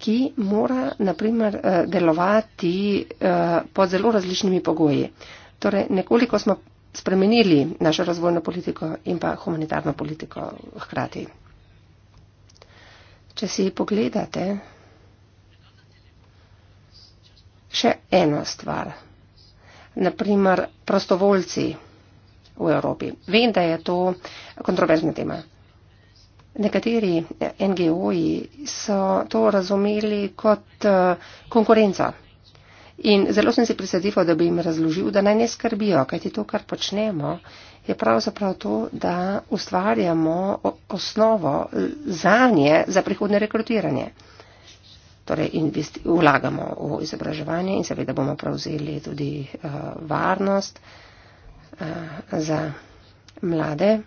ki mora naprimer eh, delovati eh, pod zelo različnimi pogoji. Torej, nekoliko smo spremenili našo razvojno politiko in pa humanitarno politiko hkrati. Če si pogledate še eno stvar, naprimer prostovoljci v Evropi. Vem, da je to kontroverzna tema. Nekateri NGO-ji so to razumeli kot eh, konkurenca. In zelo sem si prisadil, da bi jim razložil, da naj ne skrbijo, kajti to, kar počnemo, je pravzaprav to, da ustvarjamo osnovo za nje, za prihodne rekrutiranje. Torej, vlagamo v izobraževanje in seveda bomo prevzeli tudi uh, varnost uh, za mlade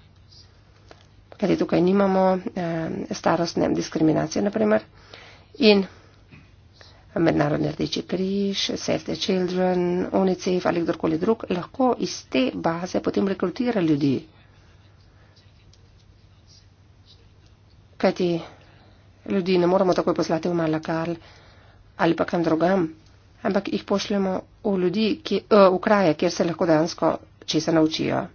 kar je tukaj nimamo, eh, starostne diskriminacije naprimer. In Mednarodni rdeči križ, Save the Children, UNICEF ali kdorkoli drug lahko iz te baze potem rekrutira ljudi. Kajti ljudi ne moramo takoj poslati v Malakal ali pa kam drugam, ampak jih pošljemo v, ljudi, ki, eh, v kraje, kjer se lahko dejansko česa naučijo.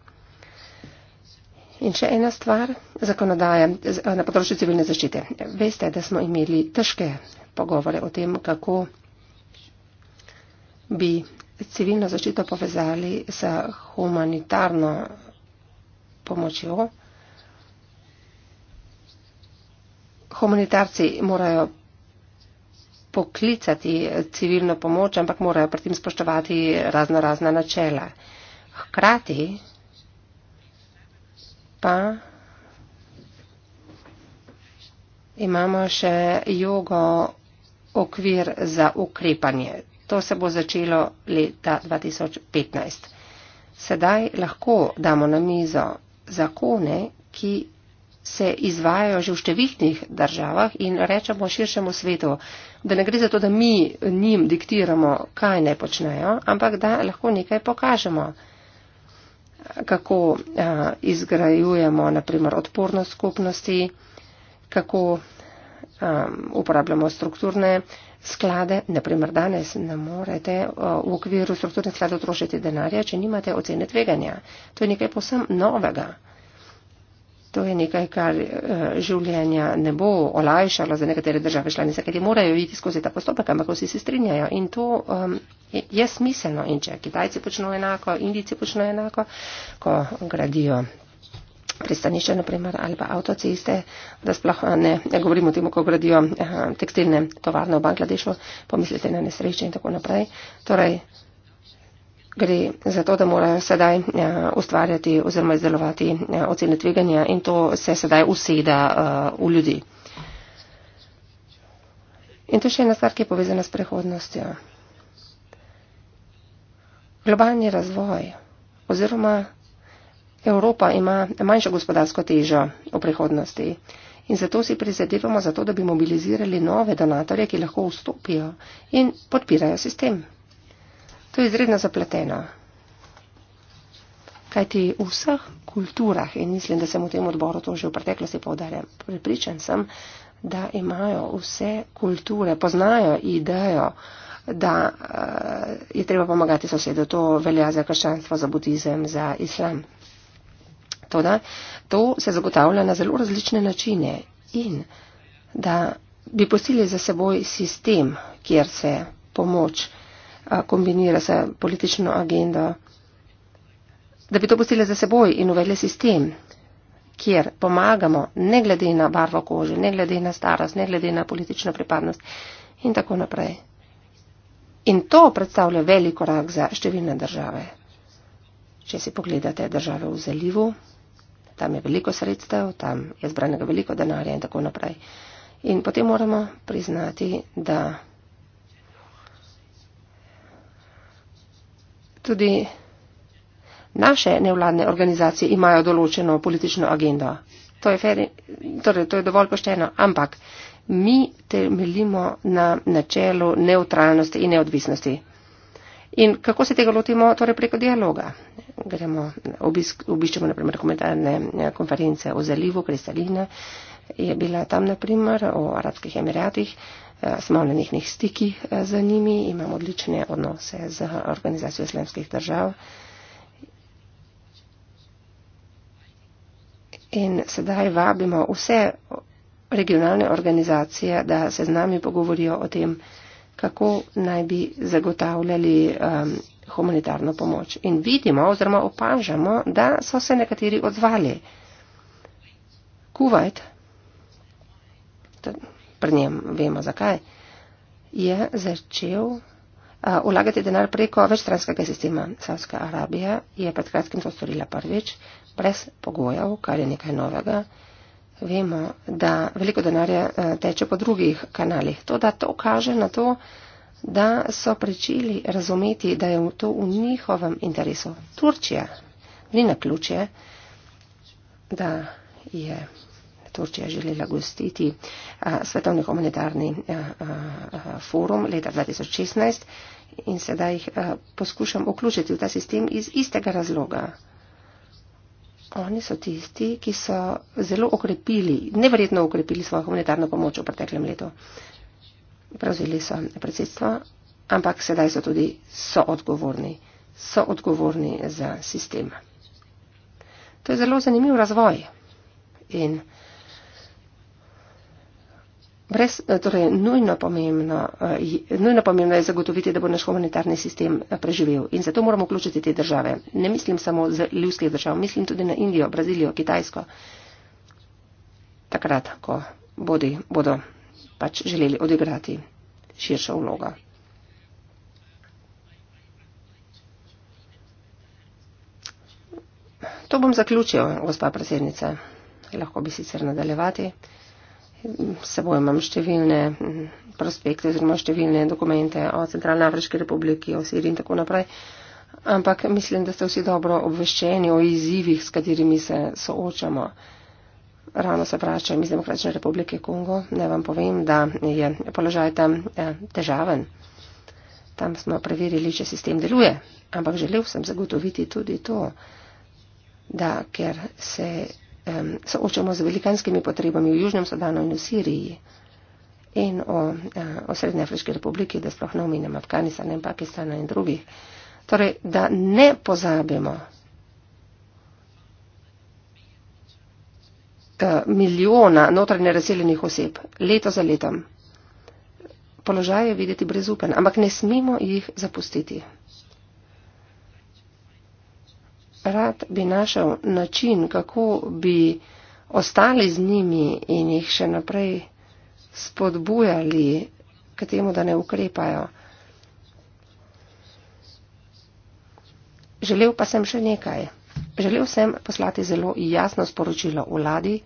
In še ena stvar, zakonodaja eh, na področju civilne zaščite. Veste, da smo imeli težke pogovore o tem, kako bi civilno zaščito povezali s humanitarno pomočjo. Humanitarci morajo poklicati civilno pomoč, ampak morajo pri tem spoštovati razno razna načela. Hkrati pa imamo še jogo okvir za ukrepanje. To se bo začelo leta 2015. Sedaj lahko damo na mizo zakone, ki se izvajajo že v številnih državah in rečemo širšemu svetu, da ne gre za to, da mi njim diktiramo, kaj ne počnejo, ampak da lahko nekaj pokažemo kako eh, izgrajujemo naprimer odpornost skupnosti, kako eh, uporabljamo strukturne sklade. Naprimer, danes ne morete eh, v okviru strukturnih skladov trošiti denarja, če nimate ocene tveganja. To je nekaj posem novega. To je nekaj, kar eh, življenja ne bo olajšalo za nekatere države članice, ker morajo iti skozi ta postopek, ampak vsi se strinjajo. In to um, je smiselno. In če Kitajci počnejo enako, Indijci počnejo enako, ko gradijo pristanišče, naprimer, ali pa avtoceste, da sploh ne, ne govorimo o tem, ko gradijo eh, tekstilne tovarne v Bangladešu, pomislite na nesreče in tako naprej. Torej, gre za to, da mora sedaj eh, ustvarjati oziroma izdelovati eh, ocene tveganja in to se sedaj useda eh, v ljudi. In to še ena stvar, ki je povezana s prehodnostjo. Globalni razvoj oziroma Evropa ima manjšo gospodarsko težo v prihodnosti in zato si prizadevamo za to, da bi mobilizirali nove donatorje, ki lahko vstopijo in podpirajo sistem. To je izredno zapleteno. Kaj ti v vseh kulturah, in mislim, da sem v tem odboru to že v preteklosti povdarjal, pripričan sem, da imajo vse kulture, poznajo idejo, da uh, je treba pomagati sosedu. To velja za krščanstvo, za budizem, za islam. Toda, to se zagotavlja na zelo različne načine in da bi postili za seboj sistem, kjer se pomoč kombinira s politično agendo, da bi to pustili za seboj in uvedli sistem, kjer pomagamo ne glede na barvo kože, ne glede na starost, ne glede na politično pripadnost in tako naprej. In to predstavlja velik korak za številne države. Če si pogledate države v zalivu, tam je veliko sredstev, tam je zbranega veliko denarja in tako naprej. In potem moramo priznati, da. tudi naše nevladne organizacije imajo določeno politično agendo. To je, feri, torej, to je dovolj pošteno, ampak mi temeljimo na načelu neutralnosti in neodvisnosti. In kako se tega lotimo? Torej preko dialoga. Gremo, obisk, obiščemo naprimer komentarne eh, konference o zalivu Kristalina, je bila tam naprimer, o Arabskih Emiratih. Eh, smo na nekih stikih eh, z njimi, imamo odlične odnose z organizacijo islamskih držav. In sedaj vabimo vse regionalne organizacije, da se z nami pogovorijo o tem, kako naj bi zagotavljali um, humanitarno pomoč. In vidimo oziroma opažamo, da so se nekateri odzvali. Kuwait, pri njem vemo zakaj, je začel vlagati denar preko večstranskega sistema. Savska Arabija je pred kratkim to storila prvič, brez pogojev, kar je nekaj novega. Vemo, da veliko denarja teče po drugih kanalih. To, da to kaže na to, da so pričeli razumeti, da je to v njihovem interesu. Turčija ni na ključje, da je. Yeah. Turčija želela gostiti svetovni humanitarni forum leta 2016 in sedaj jih poskušam vključiti v ta sistem iz istega razloga. Oni so tisti, ki so zelo okrepili, neverjetno okrepili svojo humanitarno pomoč v preteklem letu. Prevzeli so predsedstvo, ampak sedaj so tudi soodgovorni. So odgovorni za sistem. To je zelo zanimiv razvoj. In uh, Brez, eh, torej, nujno, pomembno, eh, nujno pomembno je zagotoviti, da bo naš humanitarni sistem eh, preživel in zato moramo vključiti te države. Ne mislim samo z ljudskih držav, mislim tudi na Indijo, Brazilijo, Kitajsko. Takrat, ko bodi, bodo pač želeli odigrati širšo vlogo. To bom zaključil, gospa predsednica. Lahko bi sicer nadaljevati seboj imam številne mm, prospekte oziroma številne dokumente o Centralni Afriški republiki, o Siriji in tako naprej. Ampak mislim, da ste vsi dobro obveščeni o izzivih, s katerimi se soočamo. Ravno se vračam iz Demokratične republike Kongo, ne vam povem, da je položaj tam eh, težaven. Tam smo preverili, če sistem deluje, ampak želel sem zagotoviti tudi to, da ker se soočamo z velikanskimi potrebami v Južnem Sudanu in v Siriji in o, eh, o Srednje Afriške republiki, da sploh ne omenjam Afganistana in Pakistana in drugih. Torej, da ne pozabimo eh, milijona notranje razseljenih oseb leto za letom. Položaj je videti brezupen, ampak ne smemo jih zapustiti rad bi našel način, kako bi ostali z njimi in jih še naprej spodbujali k temu, da ne ukrepajo. Želel pa sem še nekaj. Želel sem poslati zelo jasno sporočilo vladi,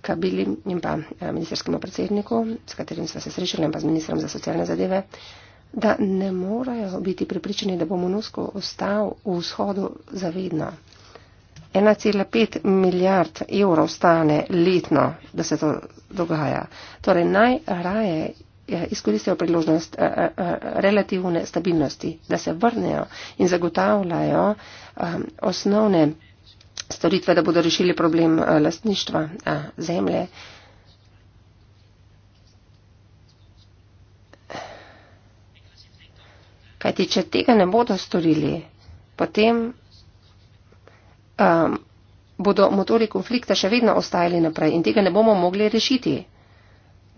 kabili in pa eh, ministerskemu predsedniku, s katerim sva se srečala in pa z ministrom za socialne zadeve, da ne morajo biti pripričani, da bo Monusko ostal v vzhodu zavedno. 1,5 milijard evrov stane letno, da se to dogaja. Torej naj raje izkoristijo priložnost eh, eh, eh, relativne stabilnosti, da se vrnejo in zagotavljajo ehm, osnovne storitve, da bodo rešili problem lastništva zemlje. Kajti, če tega ne bodo storili, potem um, bodo motori konflikta še vedno ostajali naprej in tega ne bomo mogli rešiti.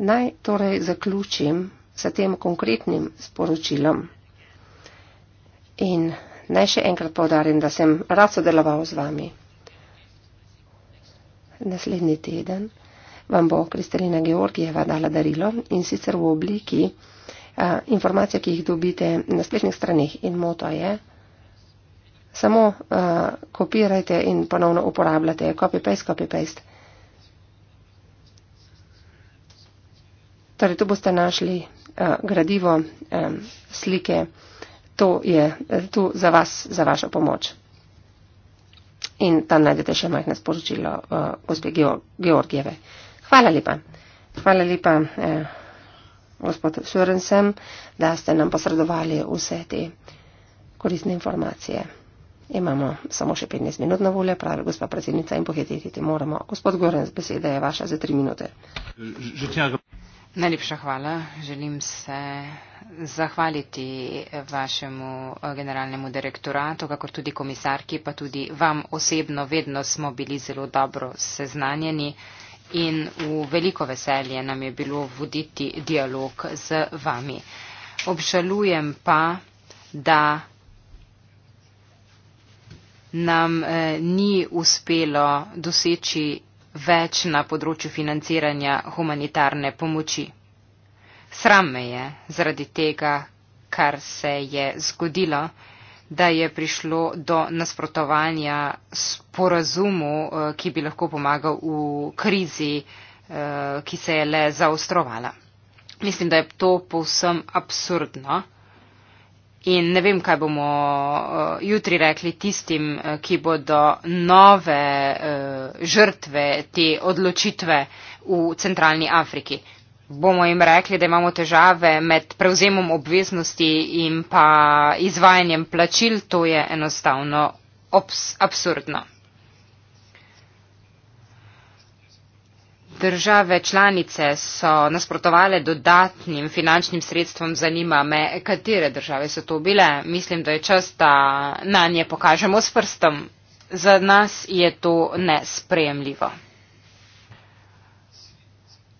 Naj torej zaključim s tem konkretnim sporočilom. In naj še enkrat povdarim, da sem rad sodeloval z vami. Naslednji teden vam bo Kristalina Georgijeva dala darilo in sicer v obliki Eh, informacije, ki jih dobite na spletnih straneh in moto je. Samo uh, kopirajte in ponovno uporabljate. Copy-paste, copy-paste. Torej, tu boste našli uh, gradivo, um, slike. To je tu za vas, za vašo pomoč. In tam najdete še majhno sporočilo uh, gospe Georgijeve. Hvala lepa. Hvala lepa. Uh, gospod Sörensen, da ste nam posredovali vse te koristne informacije. Imamo samo še 15 minut na voljo, pravi gospa predsednica, in pohititi moramo. Gospod Gorenc, beseda je vaša za tri minute. Najlepša hvala. Želim se zahvaliti vašemu eh, generalnemu direktoratu, kakor tudi komisarki, pa tudi vam osebno. Vedno smo bili zelo dobro seznanjeni in v veliko veselje nam je bilo voditi dialog z vami. Obžalujem pa, da nam eh, ni uspelo doseči več na področju financiranja humanitarne pomoči. Sram me je zaradi tega, kar se je zgodilo da je prišlo do nasprotovanja sporazumu, eh, ki bi lahko pomagal v krizi, eh, ki se je le zaostrovala. Mislim, da je to povsem absurdno in ne vem, kaj bomo eh, jutri rekli tistim, ki bodo nove žrtve te odločitve v centralni Afriki bomo jim rekli, da imamo težave med prevzemom obveznosti in pa izvajanjem plačil, to je enostavno obs, absurdno. Države članice so nasprotovale dodatnim finančnim sredstvom, zanima me, katere države so to bile. Mislim, da je čas, da na nje pokažemo s prstom. Za nas je to nesprejemljivo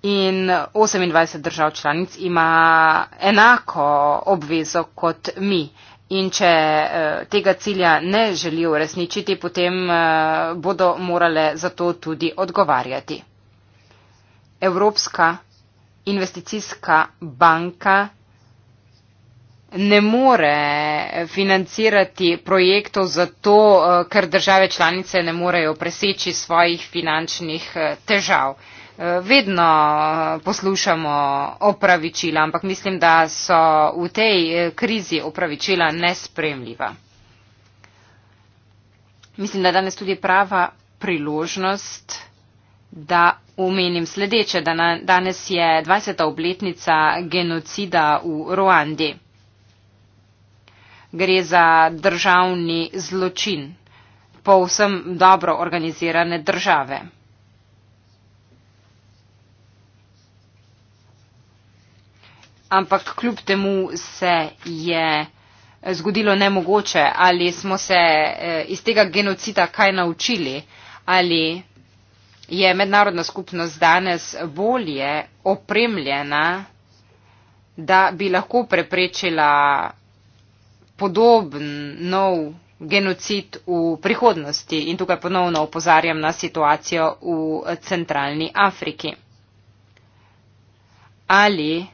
in 28 držav članic ima enako obvezo kot mi. In če eh, tega cilja ne želijo uresničiti, potem eh, bodo morale za to tudi odgovarjati. Evropska investicijska banka ne more financirati projektov zato, eh, ker države članice ne morejo preseči svojih finančnih težav. Eh, vedno eh, poslušamo opravičila, ampak mislim, da so v tej eh, krizi opravičila nespremljiva. Mislim, da je danes tudi prava priložnost, da omenim sledeče, da na, danes je 20. obletnica genocida v Ruandi. Gre za državni zločin povsem dobro organizirane države. ampak kljub temu se je eh, zgodilo nemogoče, ali smo se eh, iz tega genocida kaj naučili, ali je mednarodna skupnost danes bolje opremljena, da bi lahko preprečila podoben nov genocid v prihodnosti. In tukaj ponovno opozarjam na situacijo v eh, centralni Afriki. Ali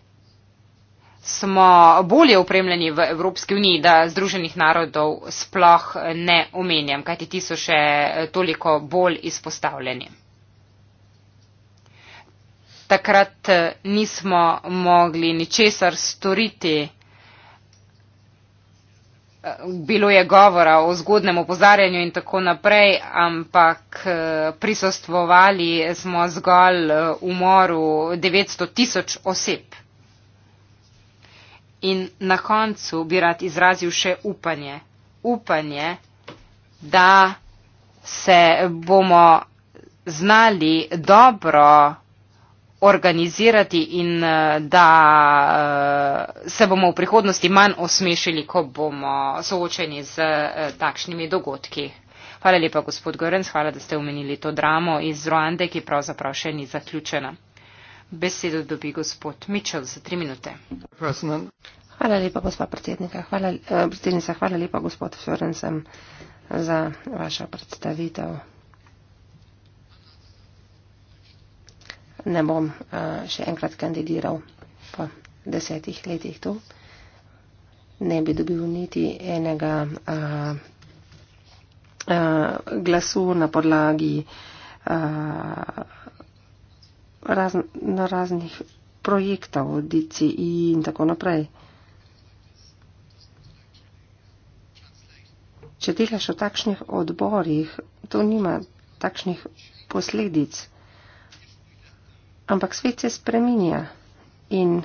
smo bolje upremljeni v Evropski uniji, da Združenih narodov sploh ne omenjam, kajti ti so še toliko bolj izpostavljeni. Takrat eh, nismo mogli ničesar storiti. Eh, bilo je govora o zgodnem opozarjanju in tako naprej, ampak eh, prisostvovali smo zgolj umoru 900 tisoč oseb. In na koncu bi rad izrazil še upanje. Upanje, da se bomo znali dobro organizirati in eh, da eh, se bomo v prihodnosti manj osmešili, ko bomo soočeni z eh, takšnimi dogodki. Hvala lepa, gospod Görens, hvala, da ste omenili to dramo iz Ruande, ki pravzaprav še ni zaključena. Besedo dobi gospod Mičel za tri minute. President. Hvala lepa, gospa predsednica. Hvala, eh, predsednica. Hvala lepa, gospod Sorensen, za vašo predstavitev. Ne bom eh, še enkrat kandidiral po desetih letih tu. Ne bi dobil niti enega eh, eh, glasu na podlagi eh, razn, raznih projektov, DCI e in tako naprej. Če delaš v takšnih odborih, to nima takšnih posledic. Ampak svet se spreminja in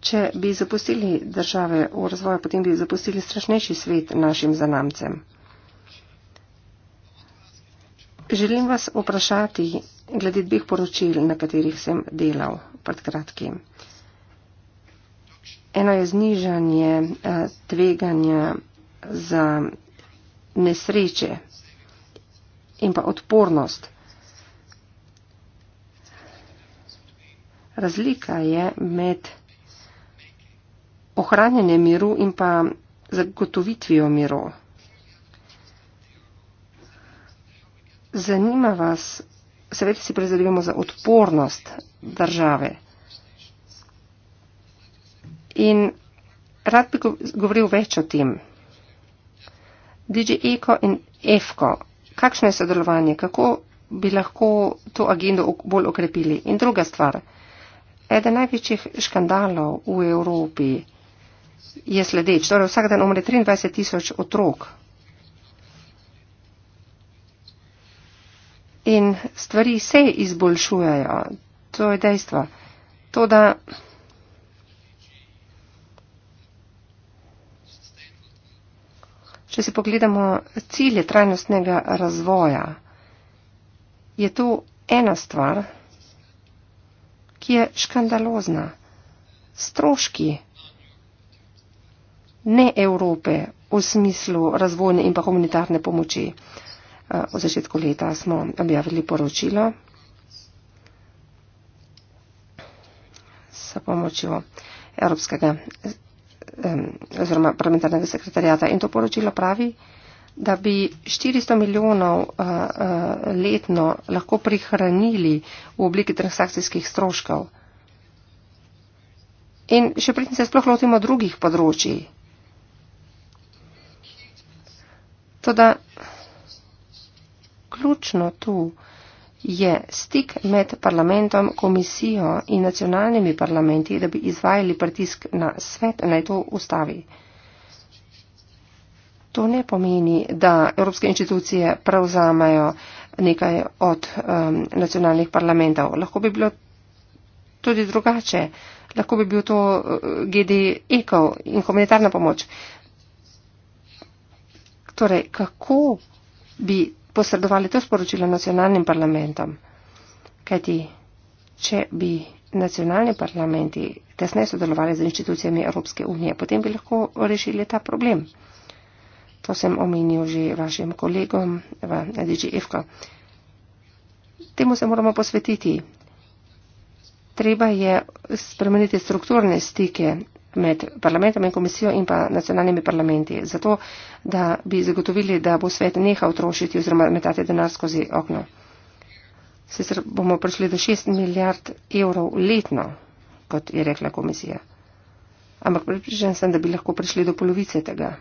če bi zapustili države v razvoju, potem bi zapustili strašnejši svet našim zanamcem. Želim vas vprašati glede dveh poročil, na katerih sem delal pred kratkim. Eno je znižanje eh, tveganja za nesreče in pa odpornost. Razlika je med ohranjanjem miru in pa zagotovitvijo miru. Zanima vas, seveda si prizadevamo za odpornost države. In rad bi govoril več o tem. DJ Eko in EFKO, kakšno je sodelovanje, kako bi lahko to agendo bolj okrepili. In druga stvar, eden največjih škandalov v Evropi je sledeč, torej vsak dan umre 23 tisoč otrok in stvari se izboljšujejo. To je dejstvo. To, da če si pogledamo cilje trajnostnega razvoja, je to ena stvar, ki je škandalozna. Stroški ne Evrope v smislu razvojne in pa humanitarne pomoči. Eh, v začetku leta smo objavili poročilo s pomočjo Evropskega oziroma parlamentarnega sekretarjata. In to poročilo pravi, da bi 400 milijonov eh, eh, letno lahko prihranili v obliki transakcijskih stroškov. In še pridem se sploh lotimo drugih področji. Toda, ključno tu je stik med parlamentom, komisijo in nacionalnimi parlamenti, da bi izvajali pritisk na svet, naj to ustavi. To ne pomeni, da evropske inštitucije prevzamejo nekaj od um, nacionalnih parlamentov. Lahko bi bilo tudi drugače. Lahko bi bil to uh, GD ECO in komunitarna pomoč. Torej, kako bi posredovali to sporočilo nacionalnim parlamentom. Kajti, če bi nacionalni parlamenti tesne sodelovali z inštitucijami Evropske unije, potem bi lahko rešili ta problem. To sem omenil že vašim kolegom v DGF-ko. Temu se moramo posvetiti. Treba je spremeniti strukturne stike med parlamentom in komisijo in pa nacionalnimi parlamenti, zato da bi zagotovili, da bo svet nehal trošiti oziroma metati denar skozi okno. Sicer bomo prišli do 6 milijard evrov letno, kot je rekla komisija. Ampak pripričan sem, da bi lahko prišli do polovice tega.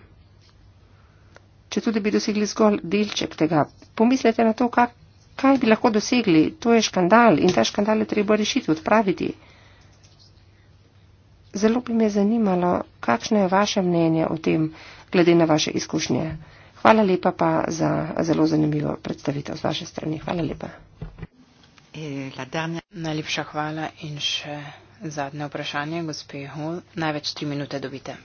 Če tudi bi dosegli zgolj delček tega, pomislite na to, kaj, kaj bi lahko dosegli. To je škandal in ta škandal je treba rešiti, odpraviti zelo bi me zanimalo, kakšno je vaše mnenje o tem, glede na vaše izkušnje. Hvala lepa pa za zelo zanimivo predstavitev z vaše strani. Hvala lepa. E, Najlepša hvala in še zadnje vprašanje, gospe Hul. Največ tri minute dobite.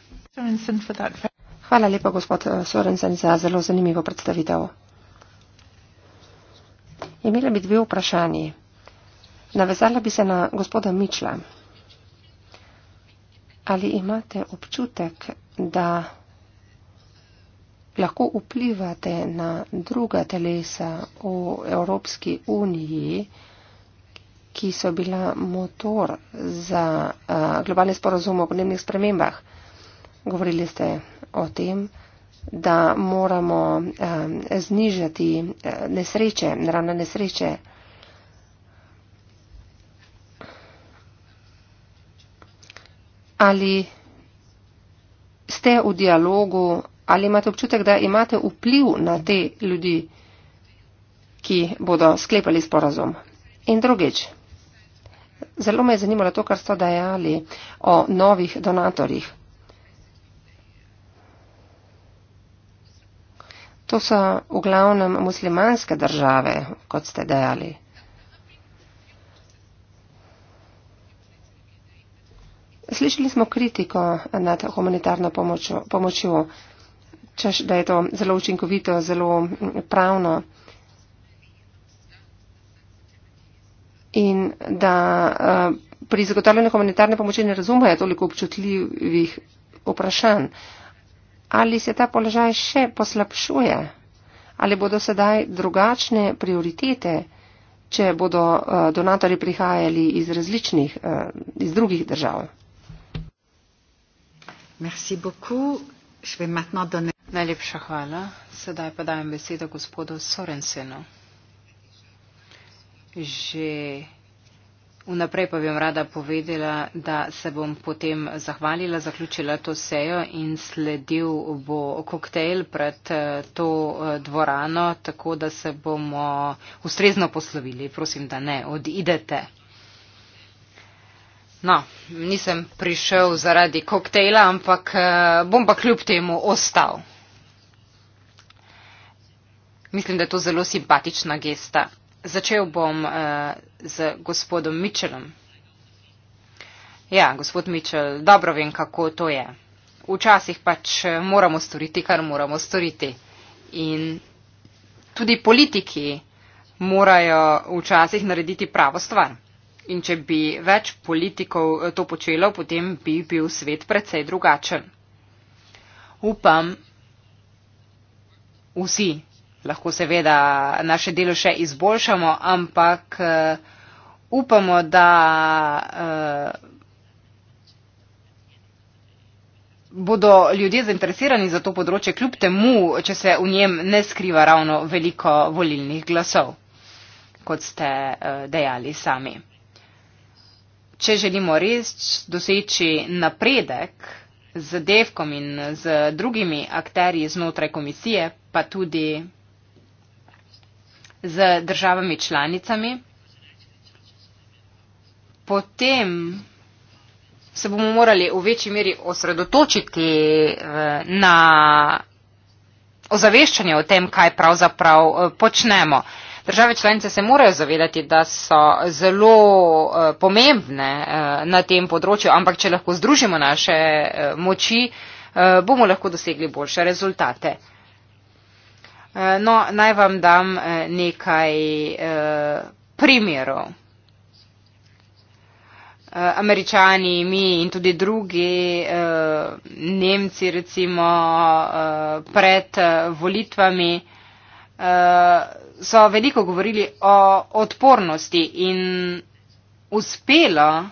Hvala lepa, gospod eh, Sorensen, za zelo zanimivo predstavitev. Imela bi dve vprašanji. Navezala bi se na gospoda Mičla. Ali imate občutek, da lahko vplivate na druga telesa v Evropski uniji, ki so bila motor za globalne sporozume o podnebnih spremembah? Govorili ste o tem, da moramo znižati nesreče, naravne nesreče. ali ste v dialogu, ali imate občutek, da imate vpliv na te ljudi, ki bodo sklepali sporazum. In drugič, zelo me je zanimalo to, kar ste dajali o novih donatorjih. To so v glavnem muslimanske države, kot ste dejali. Slišali smo kritiko nad humanitarno pomočjo, pomočjo češ, da je to zelo učinkovito, zelo mm, pravno in da eh, pri zagotavljanju humanitarne pomoči ne razumejo toliko občutljivih vprašanj. Ali se ta položaj še poslabšuje? Ali bodo sedaj drugačne prioritete, če bodo eh, donatori prihajali iz različnih, eh, iz drugih držav? Merci beaucoup. Je vais maintenant donner... Najlepša hvala. Sedaj pa dajem besedo gospodu Sorensenu. Že vnaprej pa bi vam rada povedala, da se bom potem zahvalila, zaključila to sejo in sledil bo koktejl pred eh, to eh, dvorano, tako da se bomo ustrezno poslovili. Prosim, da ne odidete. No, nisem prišel zaradi koktejla, ampak eh, bom pa kljub temu ostal. Mislim, da je to zelo simpatična gesta. Začel bom uh, z gospodom Mitchellom. Ja, gospod Mitchell, dobro vem, kako to je. Včasih pač eh, moramo storiti, kar moramo storiti. In tudi politiki morajo včasih narediti pravo stvar. In če bi več politikov eh, to počelo, potem bi bil svet precej drugačen. Upam, vsi lahko seveda naše delo še izboljšamo, ampak uh, upamo, da uh, bodo ljudje zainteresirani za to področje, kljub temu, če se v njem ne skriva ravno veliko volilnih glasov, kot ste uh, dejali sami če želimo res doseči napredek z devkom in z drugimi akterji znotraj komisije, pa tudi z državami članicami, potem se bomo morali v večji meri osredotočiti eh, na ozaveščanje o tem, kaj pravzaprav eh, počnemo. Države članice se morajo zavedati, da so zelo eh, pomembne eh, na tem področju, ampak če lahko združimo naše eh, moči, bomo lahko dosegli boljše rezultate. No, naj vam dam nekaj primerov. Američani, mi in tudi drugi, Nemci recimo, pred volitvami Eh, so veliko govorili o odpornosti in uspelo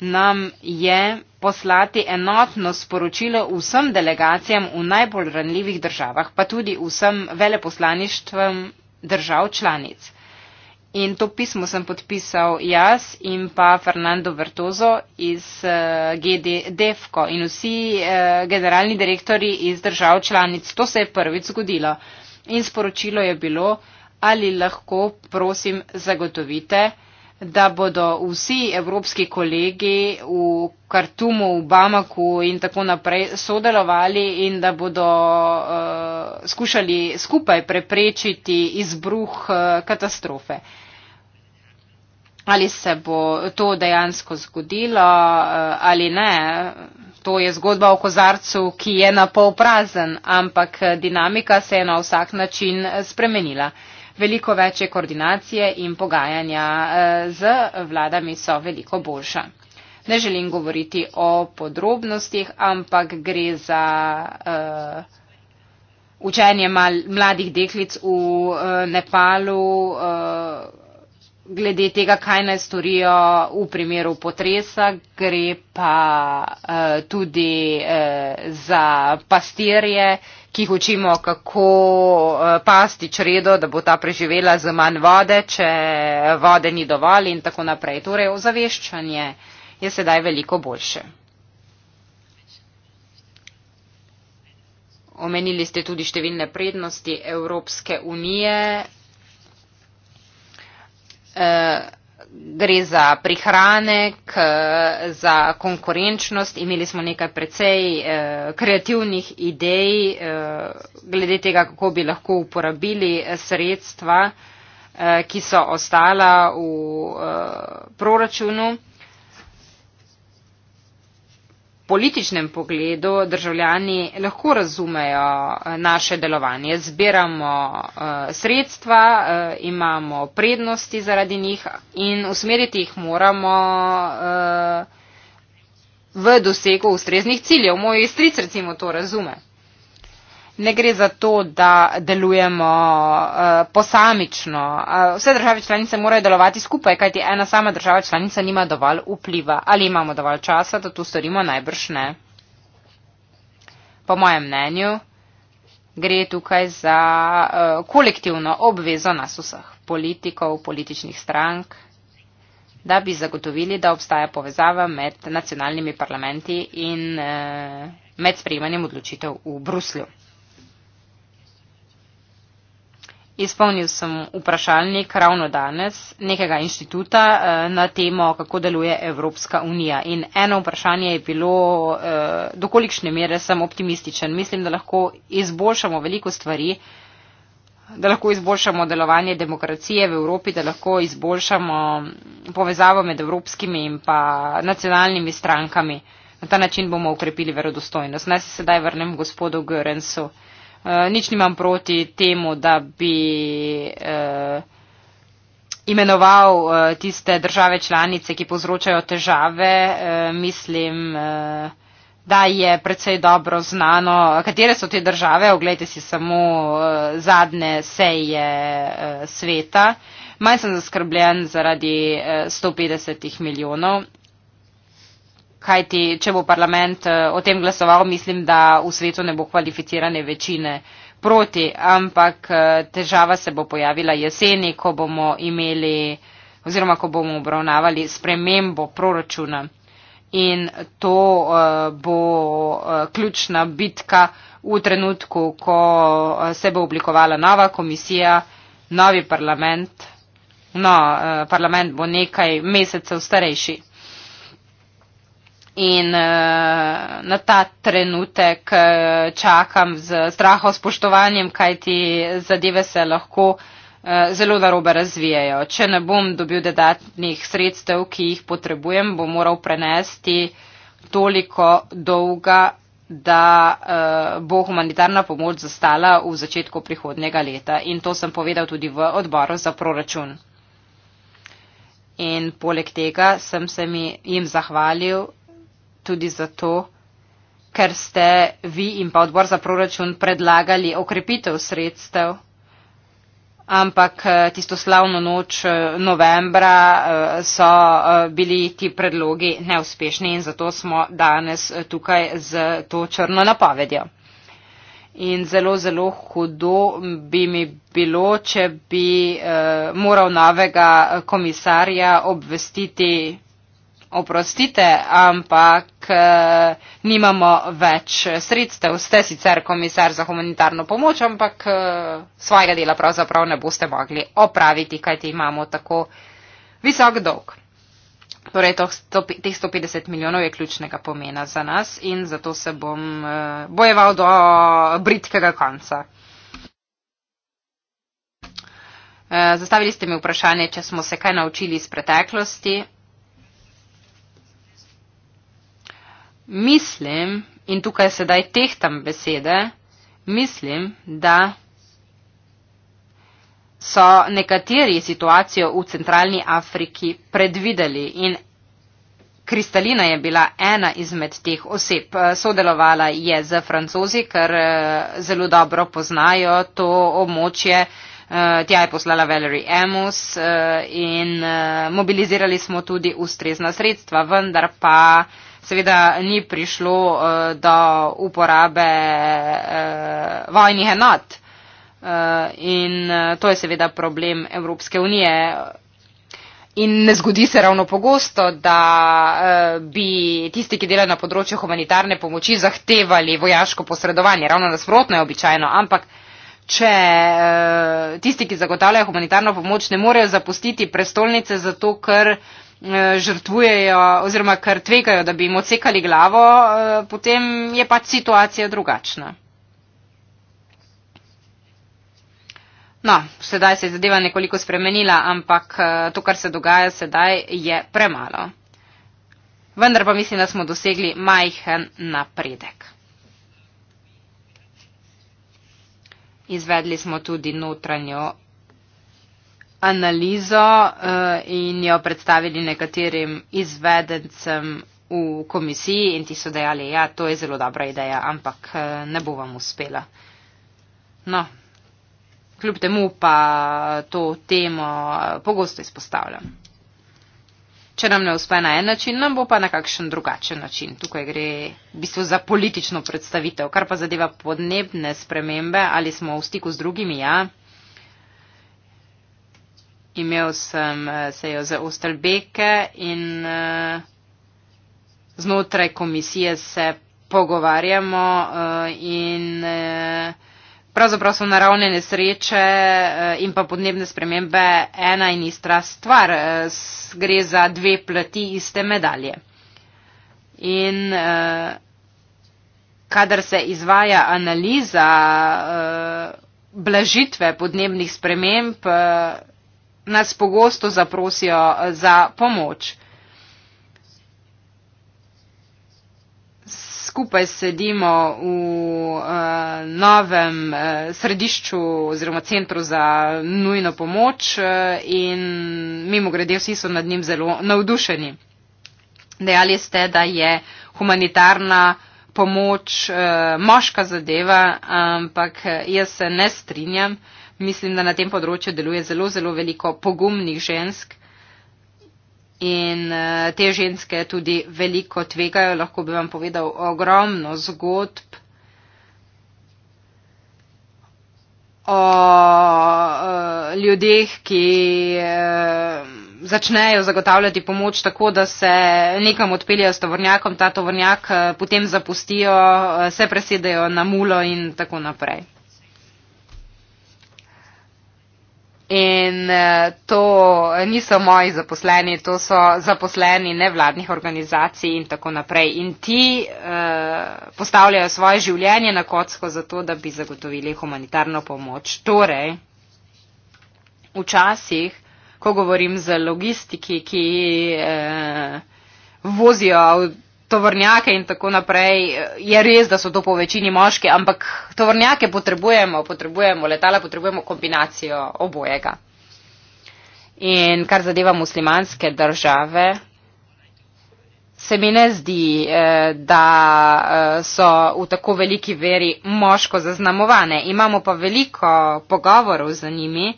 nam je poslati enotno sporočilo vsem delegacijam v najbolj ranljivih državah, pa tudi vsem veleposlaništvom držav članic. In to pismo sem podpisal jaz in pa Fernando Vertozo iz eh, GD Defko in vsi eh, generalni direktori iz držav članic. To se je prvič zgodilo in sporočilo je bilo, ali lahko prosim zagotovite, da bodo vsi evropski kolegi v Kartumu, v Bamaku in tako naprej sodelovali in da bodo uh, skušali skupaj preprečiti izbruh uh, katastrofe. Ali se bo to dejansko zgodilo uh, ali ne, to je zgodba o kozarcu, ki je na pol prazen, ampak eh, dinamika se je na vsak način eh, spremenila. Veliko večje koordinacije in pogajanja eh, z vladami so veliko boljša. Ne želim govoriti o podrobnostih, ampak gre za uh, učenje mal, mladih deklic v uh, Nepalu. Uh, glede tega, kaj naj storijo v primeru potresa, gre pa uh, tudi uh, za pastirje, ki jih učimo, kako uh, pasti čredo, da bo ta preživela z manj vode, če vode ni dovolj in tako naprej. Torej, ozaveščanje je sedaj veliko boljše. Omenili ste tudi številne prednosti Evropske unije. Eh, gre za prihranek, eh, za konkurenčnost. Imeli smo nekaj precej eh, kreativnih idej glede tega, kako bi lahko uporabili sredstva, ki so ostala v proračunu političnem pogledu državljani lahko razumejo eh, naše delovanje. Zbiramo eh, sredstva, eh, imamo prednosti zaradi njih in usmeriti jih moramo v dosegu ustreznih ciljev. Moj stric recimo to razume ne gre za to, da delujemo uh, posamično. Uh, vse države članice morajo delovati skupaj, kajti ena sama država članica nima dovolj vpliva. Ali imamo dovolj časa, da to storimo? Najbrž ne. Po mojem mnenju gre tukaj za uh, kolektivno obvezo nas vseh politikov, političnih strank da bi zagotovili, da obstaja povezava med nacionalnimi parlamenti in eh, med sprejemanjem odločitev v Bruslju. Izpolnil sem vprašalnik ravno danes nekega inštituta eh, na temo, kako deluje Evropska unija. In eno vprašanje je bilo, eh, dokolikšne mere sem optimističen. Mislim, da lahko izboljšamo veliko stvari, da lahko izboljšamo delovanje demokracije v Evropi, da lahko izboljšamo povezavo med evropskimi in pa nacionalnimi strankami. Na ta način bomo ukrepili verodostojnost. Naj se sedaj vrnem gospodu Görensu. Eh, nič nimam proti temu, da bi uh, imenoval uh, tiste države članice, ki povzročajo težave. Uh, mislim, uh, da je predvsej dobro znano, katere so te države. Oglejte si samo uh, zadnje seje uh, sveta. Manj sem zaskrbljen zaradi 150 milijonov, kajti če bo parlament eh, o tem glasoval, mislim, da v svetu ne bo kvalificirane večine proti, ampak eh, težava se bo pojavila jeseni, ko bomo imeli oziroma ko bomo obravnavali spremembo proračuna. In to eh, bo ključna bitka v trenutku, ko se bo oblikovala nova komisija, novi parlament. No, parlament bo nekaj mesecev starejši in uh, na ta trenutek eh, čakam z straho spoštovanjem, kaj ti zadeve se lahko eh, zelo narobe razvijajo. Če ne bom dobil dodatnih sredstev, ki jih potrebujem, bom moral prenesti toliko dolga, da bo humanitarna pomoč zastala v začetku prihodnjega leta. In to sem povedal tudi v odboru za proračun. In poleg tega sem se mi jim zahvalil tudi zato, ker ste vi in pa odbor za proračun predlagali okrepitev sredstev. Ampak eh, tisto slavno noč eh, novembra eh, so bili ti predlogi neuspešni in zato smo danes tukaj z to črno napovedjo. In zelo, zelo hudo bi mi bilo, če bi moral novega komisarja obvestiti oprostite, ampak e, nimamo več sredstev. Ste sicer komisar za humanitarno pomoč, ampak e, svojega dela pravzaprav ne boste mogli opraviti, kajti imamo tako visok dolg. Torej, to, teh 150 milijonov je ključnega pomena za nas in zato se bom e, bojeval do britkega konca. Zastavili ste mi vprašanje, če smo se kaj naučili iz preteklosti. Mislim, in tukaj sedaj tehtam besede, mislim, da so nekateri situacijo v centralni Afriki predvideli in Kristalina je bila ena izmed teh oseb. Sodelovala je z francozi, ker eh, zelo dobro poznajo to območje. Eh, tja je poslala Valerie Amos eh, in mobilizirali smo tudi ustrezna sredstva, vendar pa uh, seveda ni prišlo uh, do uporabe uh, vojnih enot. Uh, in uh, to je seveda problem Evropske unije. In ne zgodi se ravno pogosto, da uh, bi tisti, ki delajo na področju humanitarne pomoči, zahtevali vojaško posredovanje. Ravno nasprotno je običajno. Ampak, če uh, tisti, ki zagotavljajo humanitarno pomoč, ne morejo zapustiti prestolnice, zato ker uh, Eh, žrtvujejo oziroma kar tvegajo, da bi jim odsekali glavo, eh, potem je pač situacija drugačna. No, sedaj se je zadeva nekoliko spremenila, ampak eh, to, kar se dogaja sedaj, je premalo. Vendar pa mislim, da smo dosegli majhen napredek. Izvedli smo tudi notranjo analizo eh, in jo predstavili nekaterim izvedencem v komisiji in ti so dejali, ja, to je zelo dobra ideja, ampak eh, ne bo vam uspela. No, kljub temu pa to temo eh, pogosto izpostavljam. Če nam ne uspe na en način, nam bo pa na kakšen drugačen način. Tukaj gre v bistvu za politično predstavitev, kar pa zadeva podnebne spremembe ali smo v stiku z drugimi, ja imel sem eh, sejo za Ostelbeke in uh, znotraj komisije se pogovarjamo uh, in uh, pravzaprav so naravne nesreče uh, in pa podnebne spremembe ena in ista stvar. Uh, gre za dve plati iste medalje. In uh, kadar se izvaja analiza uh, blažitve podnebnih sprememb, uh, nas pogosto zaprosijo eh, za pomoč. Skupaj sedimo v uh, novem uh, središču oziroma centru za nujno pomoč uh, in mimo grede vsi so nad njim zelo navdušeni. Dejali ste, da je humanitarna pomoč uh, moška zadeva, ampak jaz se ne strinjam. Uh, mislim, da na tem področju deluje zelo, zelo veliko pogumnih žensk in eh, te ženske tudi veliko tvegajo. Lahko bi vam povedal ogromno zgodb o eh, ljudeh, ki eh, začnejo zagotavljati pomoč tako, da se nekam odpeljajo s tovornjakom, ta tovornjak potem zapustijo, se presedejo na mulo in tako naprej. In eh, to niso moji zaposleni, to so zaposleni nevladnih organizacij in tako naprej. In ti uh, postavljajo svoje življenje na kocko za to, da bi zagotovili humanitarno pomoč. Torej, včasih, ko govorim z logistiki, ki uh, vozijo tovornjake in tako naprej. Je res, da so to po večini moški, ampak tovornjake potrebujemo, potrebujemo letala, potrebujemo kombinacijo obojega. In kar zadeva muslimanske države, se mi ne zdi, eh, da eh, so v tako veliki veri moško zaznamovane. Imamo pa veliko pogovorov z njimi,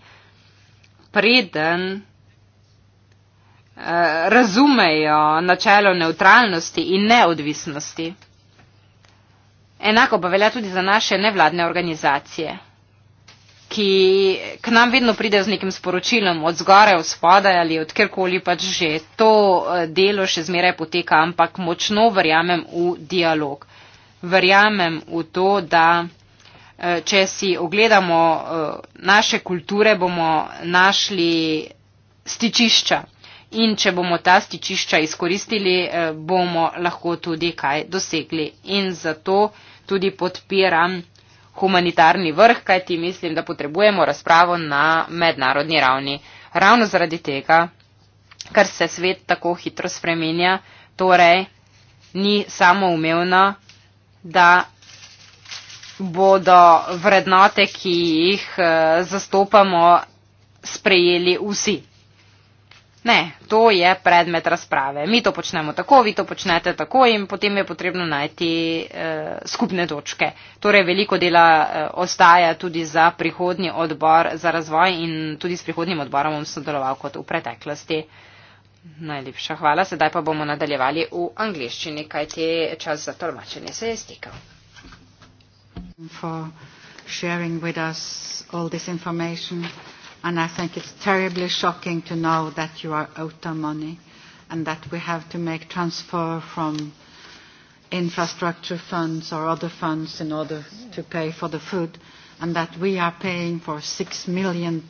preden razumejo načelo neutralnosti in neodvisnosti. Enako pa velja tudi za naše nevladne organizacije, ki k nam vedno pridejo z nekim sporočilom od zgore, od spodaj ali od kjerkoli pač že. To eh, delo še zmeraj poteka, ampak močno verjamem v dialog. Verjamem v to, da eh, če si ogledamo eh, naše kulture, bomo našli stičišča, in če bomo ta stičišča izkoristili, eh, bomo lahko tudi kaj dosegli. In zato tudi podpiram humanitarni vrh, kajti mislim, da potrebujemo razpravo na mednarodni ravni. Ravno zaradi tega, ker se svet tako hitro spremenja, torej ni samo umevno, da bodo vrednote, ki jih eh, zastopamo, sprejeli vsi. Ne, to je predmet razprave. Mi to počnemo tako, vi to počnete tako in potem je potrebno najti eh, skupne točke. Torej, veliko dela eh, ostaja tudi za prihodnji odbor za razvoj in tudi s prihodnjim odborom bom sodeloval kot v preteklosti. Najlepša hvala, sedaj pa bomo nadaljevali v angliščini, kaj ti čas za tolmačenje se je stekel. For sharing with us all this information. And I think it's terribly shocking to know that you are out of money and that we have to make transfer from infrastructure funds or other funds in order to pay for the food and that we are paying for six million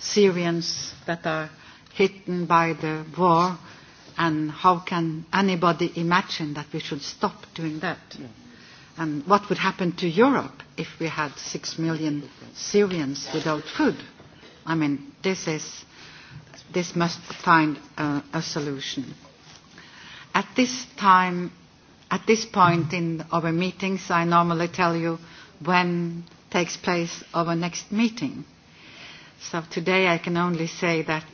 Syrians that are hit by the war and how can anybody imagine that we should stop doing that? Yeah. And what would happen to Europe if we had six million Syrians without food? I mean, this is, this must find a, a solution. At this time, at this point in our meetings, I normally tell you when takes place our next meeting. So today I can only say that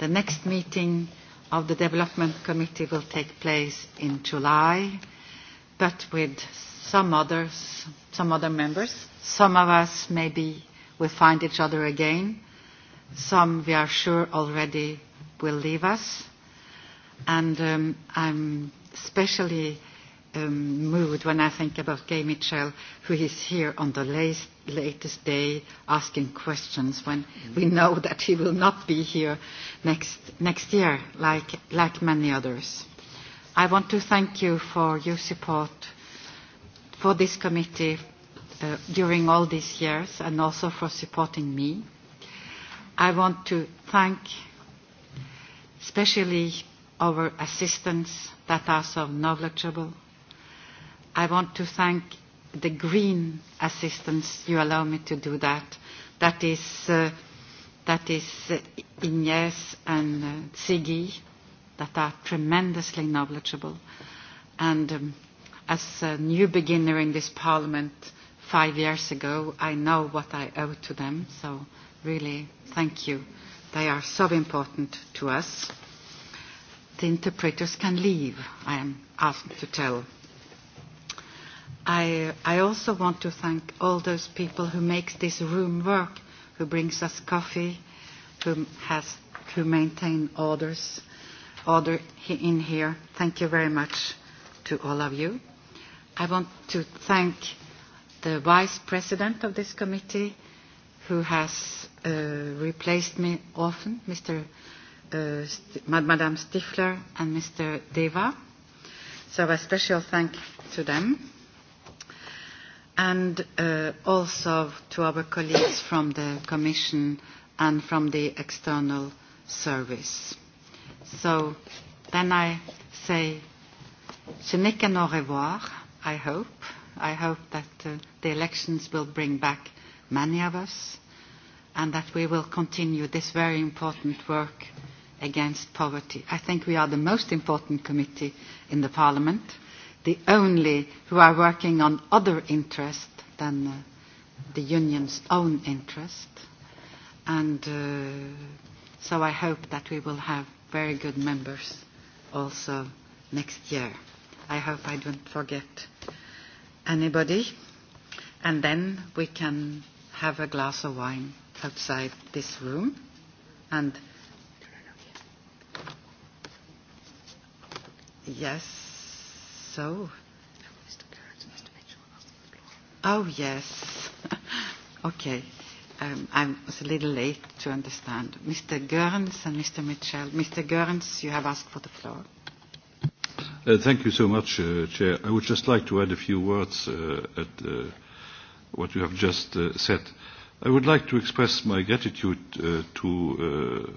the next meeting of the Development Committee will take place in July, but with some others, some other members. Some of us maybe will find each other again some we are sure already will leave us. And um, I'm especially um, moved when I think about Gay Mitchell, who is here on the late, latest day asking questions when we know that he will not be here next, next year, like, like many others. I want to thank you for your support for this committee uh, during all these years and also for supporting me. I want to thank especially our assistants that are so knowledgeable. I want to thank the green assistants, you allow me to do that. That is, uh, that is uh, Ines and uh, Ziggy, that are tremendously knowledgeable. And um, as a new beginner in this parliament five years ago, I know what I owe to them. So really thank you. They are so important to us. The interpreters can leave, I am asked to tell. I, I also want to thank all those people who make this room work, who brings us coffee, who, has, who maintain orders, order in here. Thank you very much to all of you. I want to thank the vice president of this committee who has uh, replaced me often, Mr. Uh, St Madame Stifler and Mr. Deva. So a special thank to them. And uh, also to our colleagues from the Commission and from the external service. So then I say, Ce n'est qu'un au revoir, I hope. I hope that uh, the elections will bring back many of us, and that we will continue this very important work against poverty. I think we are the most important committee in the Parliament, the only who are working on other interests than uh, the Union's own interest. And uh, so I hope that we will have very good members also next year. I hope I don't forget anybody. And then we can have a glass of wine outside this room and yes so oh yes okay um, I was a little late to understand Mr. Gerns and Mr. Mitchell Mr. Gerns you have asked for the floor uh, thank you so much uh, Chair I would just like to add a few words uh, at the uh, what you have just uh, said. I would like to express my gratitude uh, to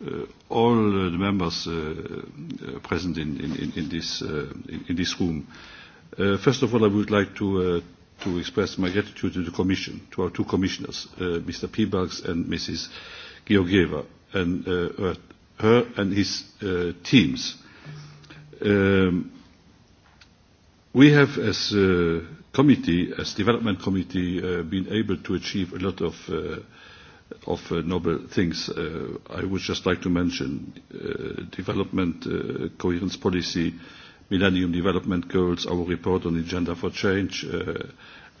uh, uh, all uh, the members uh, uh, present in, in, in, in, this, uh, in, in this room. Uh, first of all, I would like to, uh, to express my gratitude to the Commission, to our two commissioners, uh, Mr. Peebugs and Mrs. Georgieva, and uh, her and his uh, teams. Um, we have, as uh, committee, as uh, development committee, uh, been able to achieve a lot of, uh, of uh, noble things. Uh, I would just like to mention uh, development uh, coherence policy, millennium development goals, our report on agenda for change, uh,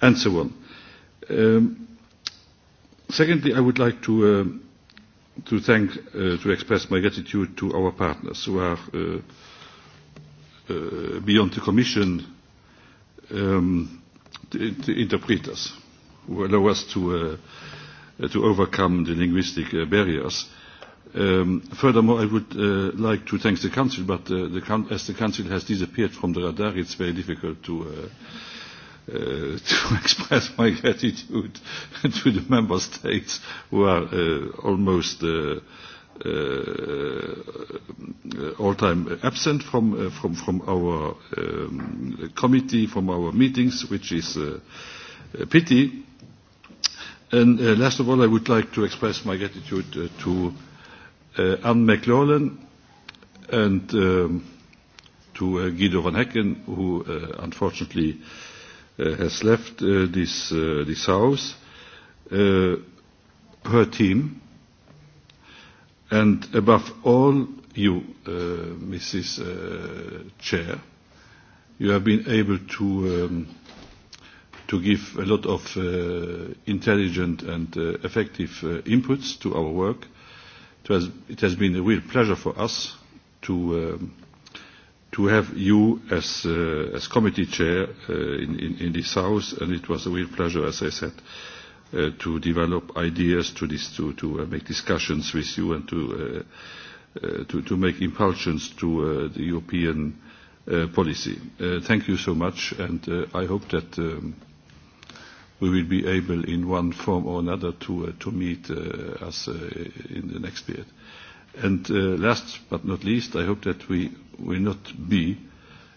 and so on. Um, secondly, I would like to, uh, to thank, uh, to express my gratitude to our partners who are uh, uh, beyond the Commission um, to interpret us, allow us to, uh, uh, to overcome the linguistic uh, barriers. Um, furthermore, I would uh, like to thank the Council, but uh, the, as the Council has disappeared from the radar, it's very difficult to, uh, uh, to express my gratitude to the Member States who are uh, almost. Uh, uh, uh all time absent from, uh, from, from our um, committee, from our meetings, which is uh, a pity. And uh, last of all, I would like to express my gratitude uh, to uh, Anne McLaughlin and um, to uh, Guido van Hecken, who uh, unfortunately uh, has left uh, this, uh, this house, uh, her team and above all you, uh, Mrs. Uh, Chair, you have been able to um, to give a lot of uh, intelligent and uh, effective uh, inputs to our work. It has, it has been a real pleasure for us to um, to have you as uh, as committee chair uh, in, in in this house, and it was a real pleasure, as I said. Uh, uh, to develop ideas, to, dis- to, to uh, make discussions with you, and to, uh, uh, to, to make impulsions to uh, the European uh, policy. Uh, thank you so much, and uh, I hope that um, we will be able, in one form or another, to, uh, to meet uh, us uh, in the next period. And uh, last but not least, I hope that we will not be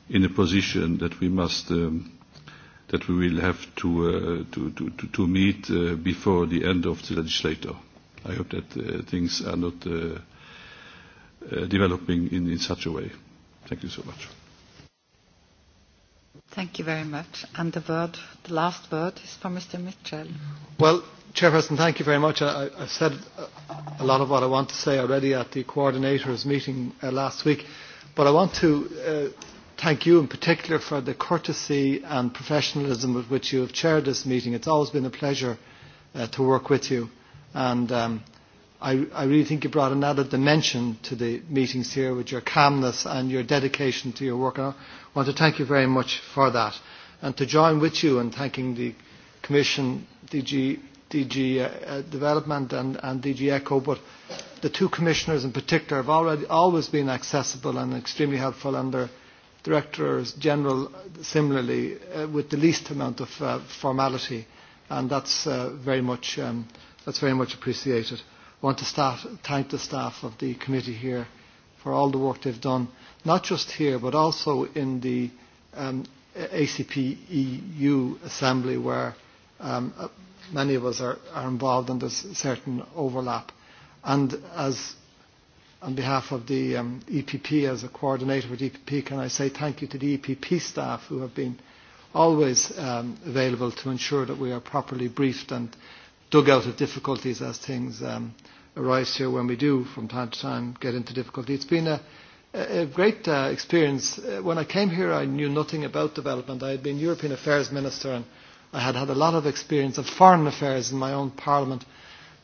in a position that we must. Um, that we will have to, uh, to, to, to, to meet uh, before the end of the legislature. I hope that uh, things are not uh, uh, developing in, in such a way. Thank you so much. Thank you very much. And the, word, the last word is for Mr. Mitchell. Well, Chairperson, thank you very much. I, I said a lot of what I want to say already at the coordinators' meeting uh, last week, but I want to uh, thank you in particular for the courtesy and professionalism with which you have chaired this meeting. It's always been a pleasure uh, to work with you. And um, I, I really think you brought another dimension to the meetings here with your calmness and your dedication to your work. And I want to thank you very much for that. And to join with you in thanking the Commission, DG, DG uh, uh, Development and, and DG ECHO, but the two commissioners in particular have already always been accessible and extremely helpful under. their directors general similarly uh, with the least amount of uh, formality and that's uh, very much um, that's very much appreciated I want to staff, thank the staff of the committee here for all the work they've done not just here but also in the um, ACP EU assembly where um, uh, many of us are, are involved and there's certain overlap and as on behalf of the um, EPP as a coordinator for the EPP, can I say thank you to the EPP staff who have been always um, available to ensure that we are properly briefed and dug out of difficulties as things um, arise here when we do from time to time get into difficulty. It's been a, a great uh, experience. Uh, when I came here, I knew nothing about development. I had been European Affairs Minister and I had had a lot of experience of foreign affairs in my own parliament.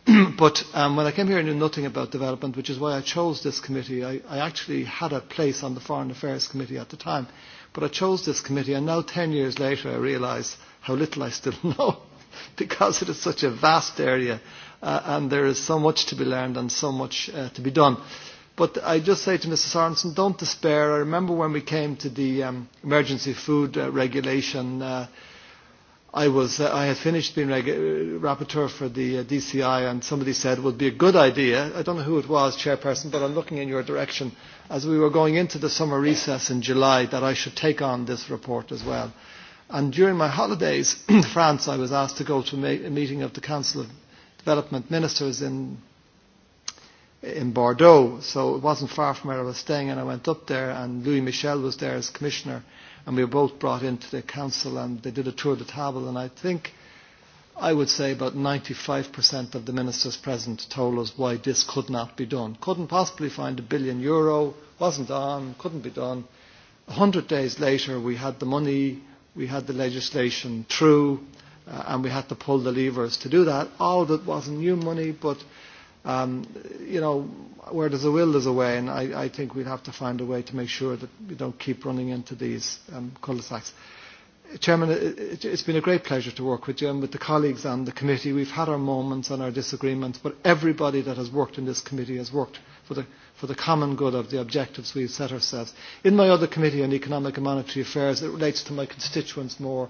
but um, when I came here, I knew nothing about development, which is why I chose this committee. I, I actually had a place on the Foreign Affairs Committee at the time, but I chose this committee, and now 10 years later, I realise how little I still know, because it is such a vast area, uh, and there is so much to be learned and so much uh, to be done. But I just say to Mr. Sorensen, don't despair. I remember when we came to the um, emergency food uh, regulation. Uh, I, was, uh, I had finished being reg- uh, rapporteur for the uh, DCI and somebody said it would be a good idea, I don't know who it was, chairperson, but I'm looking in your direction, as we were going into the summer recess in July, that I should take on this report as well. And during my holidays in France, I was asked to go to ma- a meeting of the Council of Development Ministers in, in Bordeaux. So it wasn't far from where I was staying and I went up there and Louis Michel was there as commissioner and we were both brought into the council and they did a tour of the table and I think I would say about 95% of the ministers present told us why this could not be done. Couldn't possibly find a billion euro, wasn't on, couldn't be done. A hundred days later we had the money, we had the legislation through uh, and we had to pull the levers to do that. All of it wasn't new money but uh, um, you know, where there's a will, there's a way, and I, I think we'd have to find a way to make sure that we don't keep running into these um, cul-de-sacs. Chairman, it, it, it's been a great pleasure to work with you and with the colleagues and the committee. We've had our moments and our disagreements, but everybody that has worked in this committee has worked for the, for the common good of the objectives we've set ourselves. In my other committee on economic and monetary affairs, it relates to my constituents more